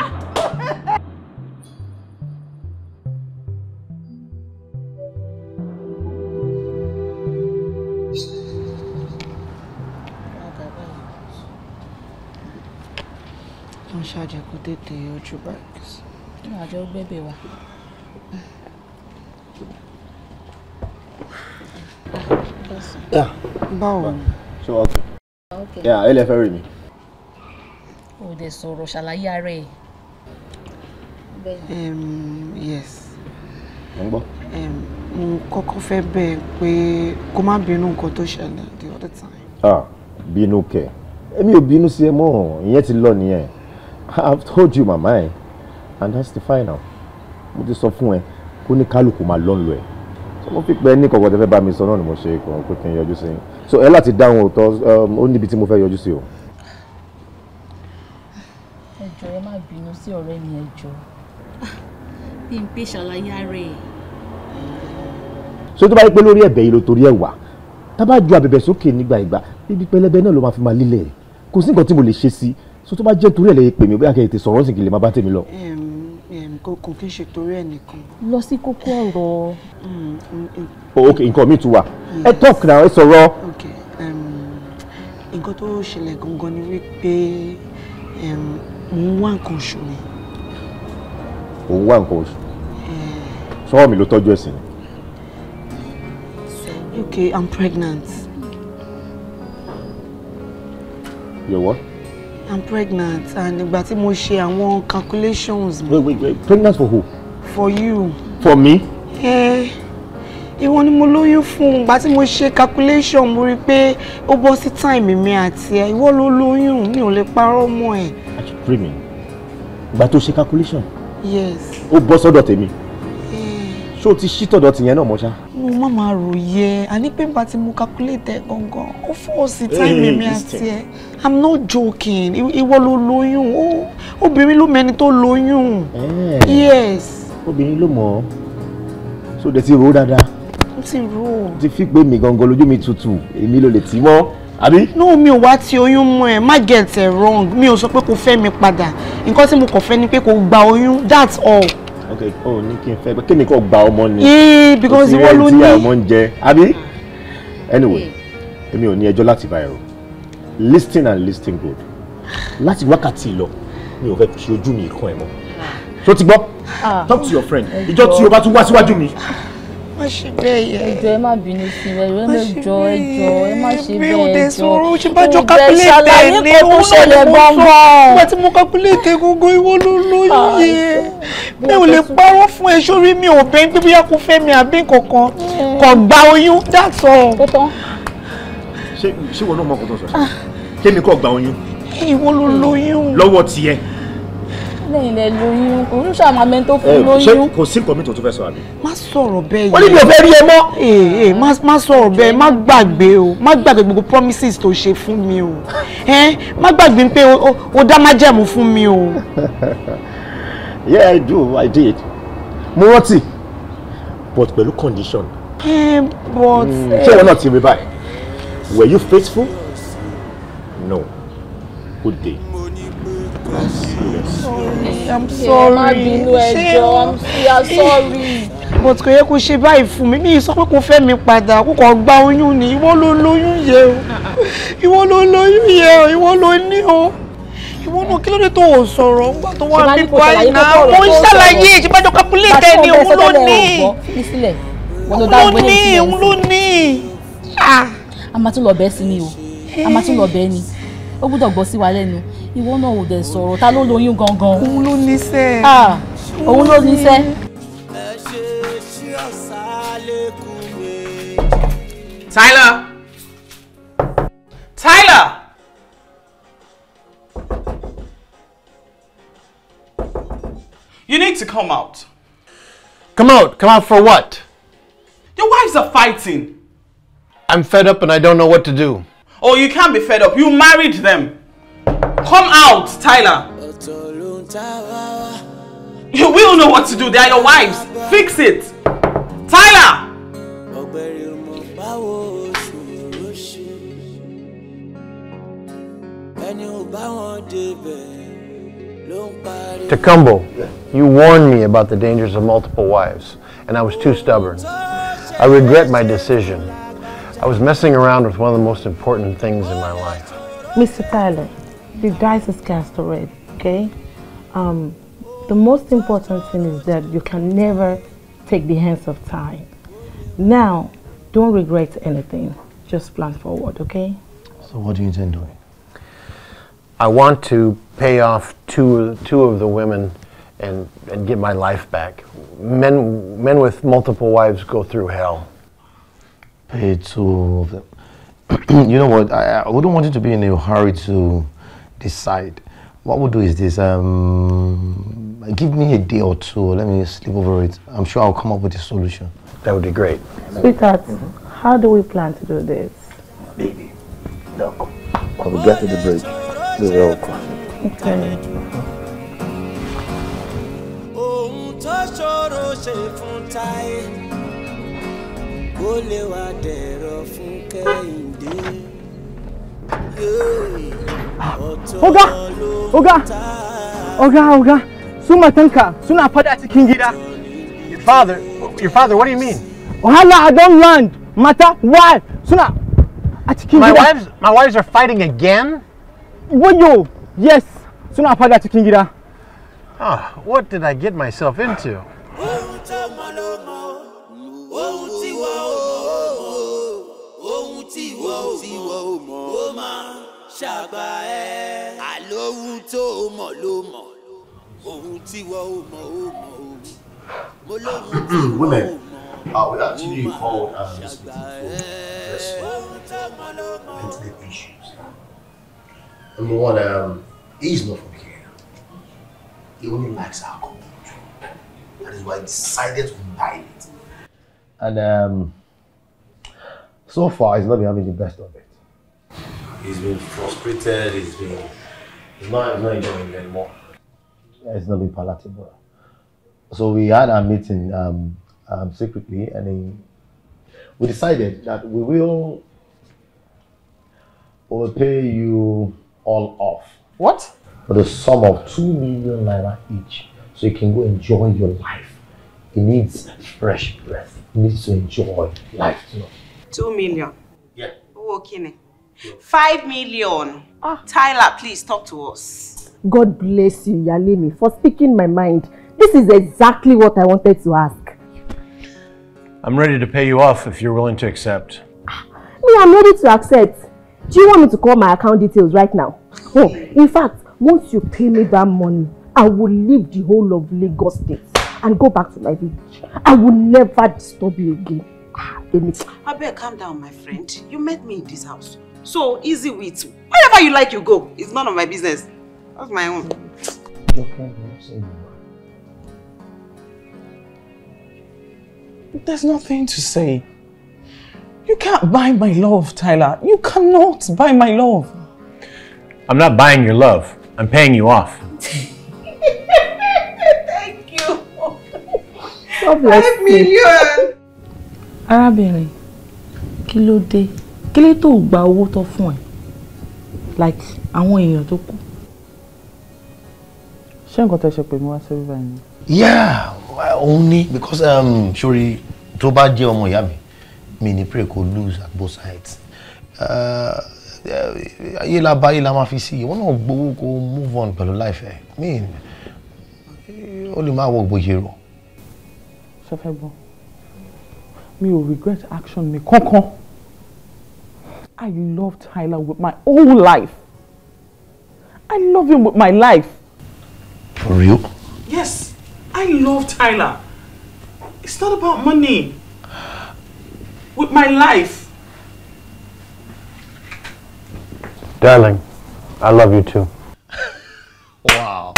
ń your tètè bags. báyìí. àjọ gbẹ́bẹ̀ wa. báwo ni. ṣé wọ́n kù. ẹ lè fẹ́ rí mi. o dẹ sọ̀rọ̀ ṣàlàyé ara ẹ̀. yes. mo ń gbọ́. mo kọ́kọ́ fẹ́ bẹ́ẹ̀ pé kó má bínú nǹkan tó ṣẹlẹ̀ the other time. ah bínú kẹ èmi ò bínú sí ẹ mọ́ ìyẹn ti lọ nìyẹn i have told you my mind and that's the final mo ti sọ fún ẹ kó ní kálukú máa lọ́nlọ́ ẹ̀ so mo fi pẹ́ ní kọ̀kọ́ tẹ́ fẹ́ bá mi sọ náà ni mo ṣe kàn pé kí n yọjú sí i so ẹ láti dáhùn òótọ́ ó níbi tí mo fẹ́ yọjú sí o. ẹ jọ̀ọ́ ẹ má bínú sí ọ̀rẹ́ mi ẹ jọ̀ọ́ bí n pè ṣàlàyé ara ẹ. so tó bá yẹ pé lórí ẹ̀bẹ̀ yìí ló torí ẹ̀ wá tá a bá ju àbẹ̀bẹ̀ sókè nígbà ìgbà ibi pẹlẹbẹ náà ló máa fi máa lílẹ̀ kò sí nǹkan tí mo lè ṣe sí so tó bá jẹ́ torí ẹ̀ lè pè mí bóyá kẹ́ ẹ̀ tẹ sí kí lè má bá tèmi lọ nǹkan kan kì í ṣe torí ẹnìkan. lọ sí kókó ọ̀rọ̀. Mm, mm, mm. Oh, ok nǹkan mi tún wà ẹ talk now ẹ sọ̀rọ̀. ok nǹkan tó ṣẹlẹ̀ gangan ni wípé mò ń wá nǹkan oṣù mi. ò ń wá nǹkan oṣù sọ́wọ́ eh. mi ló tọ́jú ẹ̀sìn. ok i'm pregnant. you're what? I'm pregnant and ìgbà tí mo ṣe àwọn calculations. Wait, wait, wait. Pregnant for who? For you. For me? Yeah, ìwọ ni mo lóyún fún ìgbà tí mo ṣe calculation mo rí pé ó bọ́ sí time mi àti ẹ̀ ìwọ ló lóyún mi ò lè parọ́ mọ́ ẹ̀. Àti pray me. Ìgbà tó ṣe calculation? Yes. Ó bọ́ sọ́dọ̀ tèmi ṣó ti ṣí tọ̀dọ̀ tìyẹn náà mọ́ṣá. mo má máa ròyẹ àní pé bá ti mo calculate ẹ gangan ó fọ́ọ̀sì táìmì mi àti ẹ i'm not joking ìwọ ló lóyún obìnrin ló mẹni tó lóyún eh. yes. obìnrin ló mọ̀ ọ́ so dẹ̀ ti rò ó dáadáa. ó ti rò ó. ti fi pé mi gangan lójú mi tutù èmi ló lè tì mọ́ àbí. no mi ò wá ti oyún mọ́ ẹ má get it wrong mi ò sọ pé kò fẹ́ mi padà nǹkan tí mo kàn fẹ́ ni pé kò gba oyún that's all ok o ní kí n fẹ́ pé kémi kò gba ọmọ ni because ìwọ ló ní ọmọ ń jẹ Abi. Ah. anyway èmi ò ní ẹjọ́ láti bá ẹ̀rọ listen and listen good láti wákàtí lọ mi ò fẹ́ fi ojú mi kàn ẹ̀ mọ́ tó ah. ti gbọ́ ah. talk to your friend ìjọ tí o bá tún wá síwájú mi má ṣe bẹ́ẹ̀ yẹ. ẹjọ ẹ má bínú sí ẹ ẹ mẹjọ ẹjọ ẹ má ṣe bẹ́ẹ̀ ẹjọ. mi ò dé sọ̀rọ̀ ṣe bá jọ kápẹ́lẹ́tẹ̀ ní owó náà ni mo sọ nígbà tí mo kápẹ́lẹ́tẹ̀ gbogbo ìwọ ló lóye mi ò lè parọ́ fún ẹ sórí mi ò bẹ́ẹ̀ pé bóyá kò fẹ́ mi àbí kankan kò gba oyún that's ṣé ìwọ náà mọ ọkọ tó sọ ṣé kémi kò gba oyún. ìwọ ló lóyún. lọ́wọ́ tiẹ̀ lẹ́yìn lẹ lóyún òun ṣáà máa mẹ́ni tó fún eh, lóyún. kò sí nǹkan mi tó tún fẹ́ sọ àbí. má sọ̀rọ̀ bẹ́ẹ̀ yìí. wọ́n ní mi ò fẹ́ rí ẹ mọ́. ee eh, eh, má sọ̀rọ̀ bẹ́ẹ̀ má gbàgbé o má gbàgbé gbogbo promises tó ṣe fún mi o má gbàgbé pé o dá májẹ̀mú fún mi o. yeah i do i did mo rántí but pẹ̀lú condition. but. Hmm. ṣé ìwọ náà ti rí báyìí were you faithful? no good day i'm sorry má bínú ẹjọ́ i'm sorry. but kò yẹ kó ṣe báyìí fún mi mi sọ pé kò fẹ́ mi padà kó kàn gba oyún ni ìwọ ló lóyún yẹ o ìwọ ló lóyún yẹ o ìwọ ló ní o ìwọ náà kí ló dé tó o sọ̀rọ̀ nígbà tó wà ní báyìí náà mo ń ṣàlàyé ìṣèpájọ kápúlẹ̀tì ẹni òun ló ní òun ló ní òun ló ní. a máa tún lọ bẹ́ẹ̀ sí ni o a máa tún lọ bẹ́ẹ̀ ni ó gbọ́dọ̀ gbọ́ sí wa lẹ́nu ìwọ náà ò dẹ̀ sọ̀rọ̀ ta ló lóyún gangan. òun ló níṣẹ́. òun ló níṣẹ́. Tyler Tyler. You need to come out. Come out? Come out for what? Your wives are fighting. I'm fed up and I don't know what to do. Oh, you can't be fed up. You married them. Come out, Tyler. You will know what to do. They are your wives. Fix it. Tyler! Tacumbo, you warned me about the dangers of multiple wives, and I was too stubborn. I regret my decision. I was messing around with one of the most important things in my life. Mr. Tyler, the dice is cast already, okay? Um, the most important thing is that you can never take the hands of time. Now, don't regret anything. Just plan forward, okay? So what do you intend doing? I want to pay off two, two of the women and, and get my life back. Men, men with multiple wives go through hell. Pay two of them. you know what? I, I wouldn't want you to be in a hurry to decide. What we'll do is this, um, give me a day or two, let me sleep over it. I'm sure I'll come up with a solution. That would be great. Sweetheart, mm -hmm. how do we plan to do this? Baby, look, i we get to the bridge, we will plan. Okay. Oga, oga, oga, oga, su matanka suna fada cikin gida. Your father, your father, what do you mean? Wahala, I don't land. Mata, why? Suna a cikin gida. My wives, my wives are fighting again? Wayo, yes, suna fada cikin gida. Ah, what did I get myself into? ṣàgbà ẹ. àlọ́ ohun tó o mọ̀ ló mọ̀ ohun tí wọ́n ò mọ̀ ò mọ̀ o. mo lóhun tí hmm, wọ́n ò mọ̀ I ah, would actually call and speak for mental issues. Number one, um, he's not from here. He only likes our alcohol. That is why I decided to buy it. And um, so far, he's not been having the best of it. He's been frustrated, he's been... He's not, he's not enjoying it anymore. Yeah, it's not been palatable. So we had our meeting um, um, secretly and then we decided that we will will pay you all off. What? For the sum of two million naira each, so you can go enjoy your life. He needs fresh breath. He needs to enjoy life. You know? Two million. Yeah. okay. Five million. Ah. Tyler, please talk to us. God bless you, Yalini, for speaking my mind. This is exactly what I wanted to ask. I'm ready to pay you off if you're willing to accept. me, I'm ready to accept. Do you want me to call my account details right now? Oh, in fact, once you pay me that money, I will leave the whole of Lagos State and go back to my village. I will never disturb you again. Ah, Abeg, calm down, my friend. You met me in this house. So, easy with. Wherever you like, you go. It's none of my business. That's my own. There's nothing to say. You can't buy my love, Tyler. You cannot buy my love. I'm not buying your love. I'm paying you off. Thank you. Five million. kilo day. kí lè tó gba owó tó fún ẹ like àwọn èèyàn tó kú. ṣé nǹkan tẹ ṣe pé mo wá sí rúbà yẹn. yeah òun ni because um, sori tó bá jẹ́ ọmọ ìyá mi mi ni pray kó lose at both sides uh, ayé la bá ayé la máa fi sí ìwọ náà gbowó kó move on pẹ̀lú life ẹ̀ mi ó lè máa wọ ògbóye rò. sọ fẹ́ gbọ́ mi ò regret action mi kankan. I love Tyler with my whole life. I love him with my life. For real? Yes, I love Tyler. It's not about money. With my life. Darling, I love you too. wow.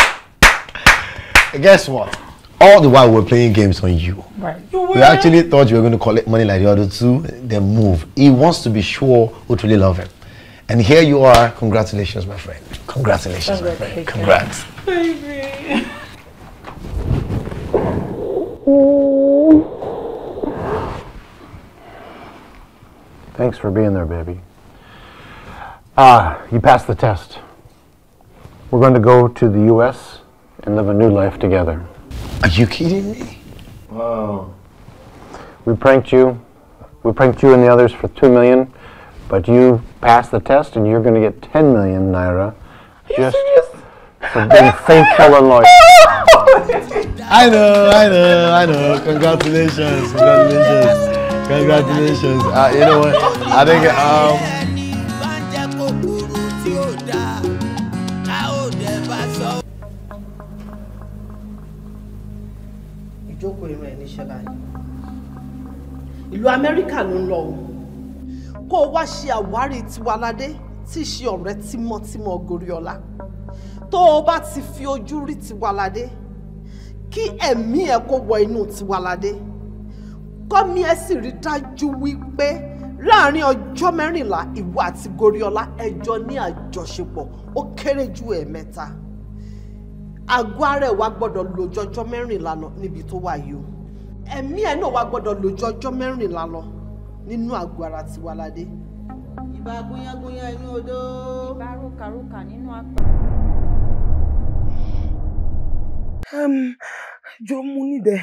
guess what? All the while we're playing games on you. Right. We actually thought you were going to collect money like the other two, then move. He wants to be sure who truly love him. And here you are. Congratulations, my friend. Congratulations, my friend. Congrats. Baby. Thanks for being there, baby. Ah, uh, you passed the test. We're going to go to the U.S. and live a new life together. Are you kidding me? Wow. We pranked you. We pranked you and the others for two million, but you passed the test and you're going to get 10 million naira. just serious? For being faithful and loyal. I know, I know, I know. Congratulations, congratulations, congratulations. Uh, you know what? I think. Um, jókòó irun ẹ̀ níṣẹ́ báyìí ìlú amẹ́ríkà ló ń lọ o kó o wá ṣe àwárí Tiwaládé tí í ṣe ọ̀rẹ́ tímọ́tímọ́ Goriola tó o bá ti fi ojú rí Tiwaládé kí ẹ̀mí ẹ̀ kó wọ inú Tiwaládé kọ́mi ẹ̀ sì rí dájú wípé láàárín ọjọ́ mẹ́rìnlá ìwọ àti Goriola ẹjọ́ ní àjọṣepọ̀ ó kéré ju ẹ̀mẹ́ta. E àgọ́ ara ẹ̀ wá gbọ́dọ̀ lójú ọjọ́ mẹ́rìnlá lọ níbi tó wà yìí o ẹ̀mí ẹ̀ náà wá gbọ́dọ̀ lójú ọjọ́ mẹ́rìnlá lọ nínú àgọ́ ara Tiwaládé. ìbà gúnyángúnyán inú odó. ìbà rókàrókà nínú apá. jọ mú nídẹ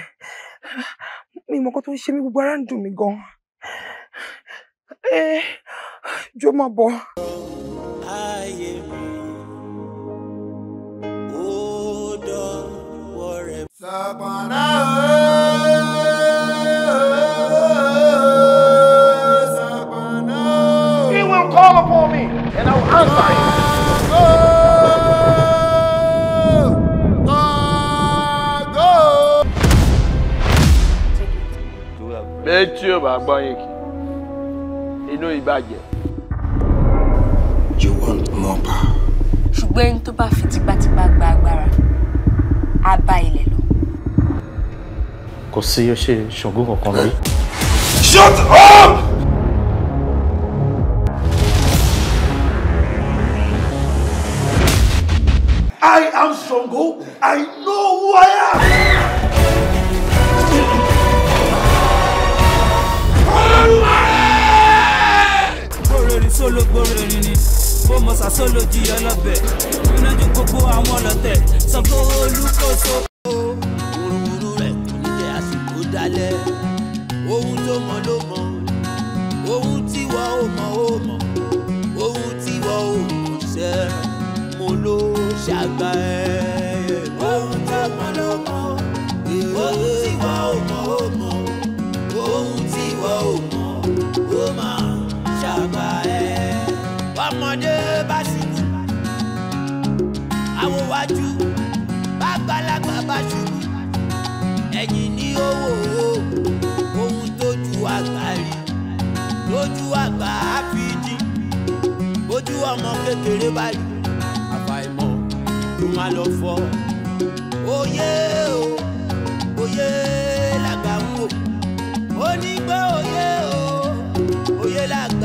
mi mọ̀ tó ń ṣe mí gbogbo ara ń dùn mí gan eh, jọ máa bọ̀. ayé sọ̀pọ̀nà He will call upon me and I will answer him. bẹ́ẹ̀ tí o bá gbọ́ yín kì inú ìbàjẹ́. you want more power. ṣùgbọ́n ẹni tó bá fi tipátipá gba agbára á bá ilẹ̀ lọ kò sí ó ṣe ṣògùn kankan lórí. shut up. I am Ṣàngó. I know who I am. Gbòrèrè sólò gbòrèrè ni, bó mọ̀ sá sólò jiyàn lọ́bẹ̀, inú ju gbogbo àwọn ọlọ́tẹ̀, Ṣàngó Olúkòso lálẹ́ ohun tó mọ̀ ló mọ̀ ohun tí wọ́n ò mọ̀ ò mọ̀ ohun tí wọ́n ò mọ̀ ṣe mo ló ṣàgbà ẹ̀. ohun tó mọ̀ ló mọ̀ ohun tí wọ́n ò mọ̀ ò mọ̀ ohun tí wọ́n ò mọ̀ ó máa ṣàgbà ẹ̀. ọmọdé bá sì kú àwòwájú bá gbalagbà bá ṣubú ẹ̀yìn owó ohun tójú àgbà rí lójú àgbà á fi dí bójú ọmọ kékeré bá rí àfàìmọ̀ ló máa lọ fọ́ oyè o oyè làgbà ń wò ó ní gbọ́ oyè o oyè làgbà.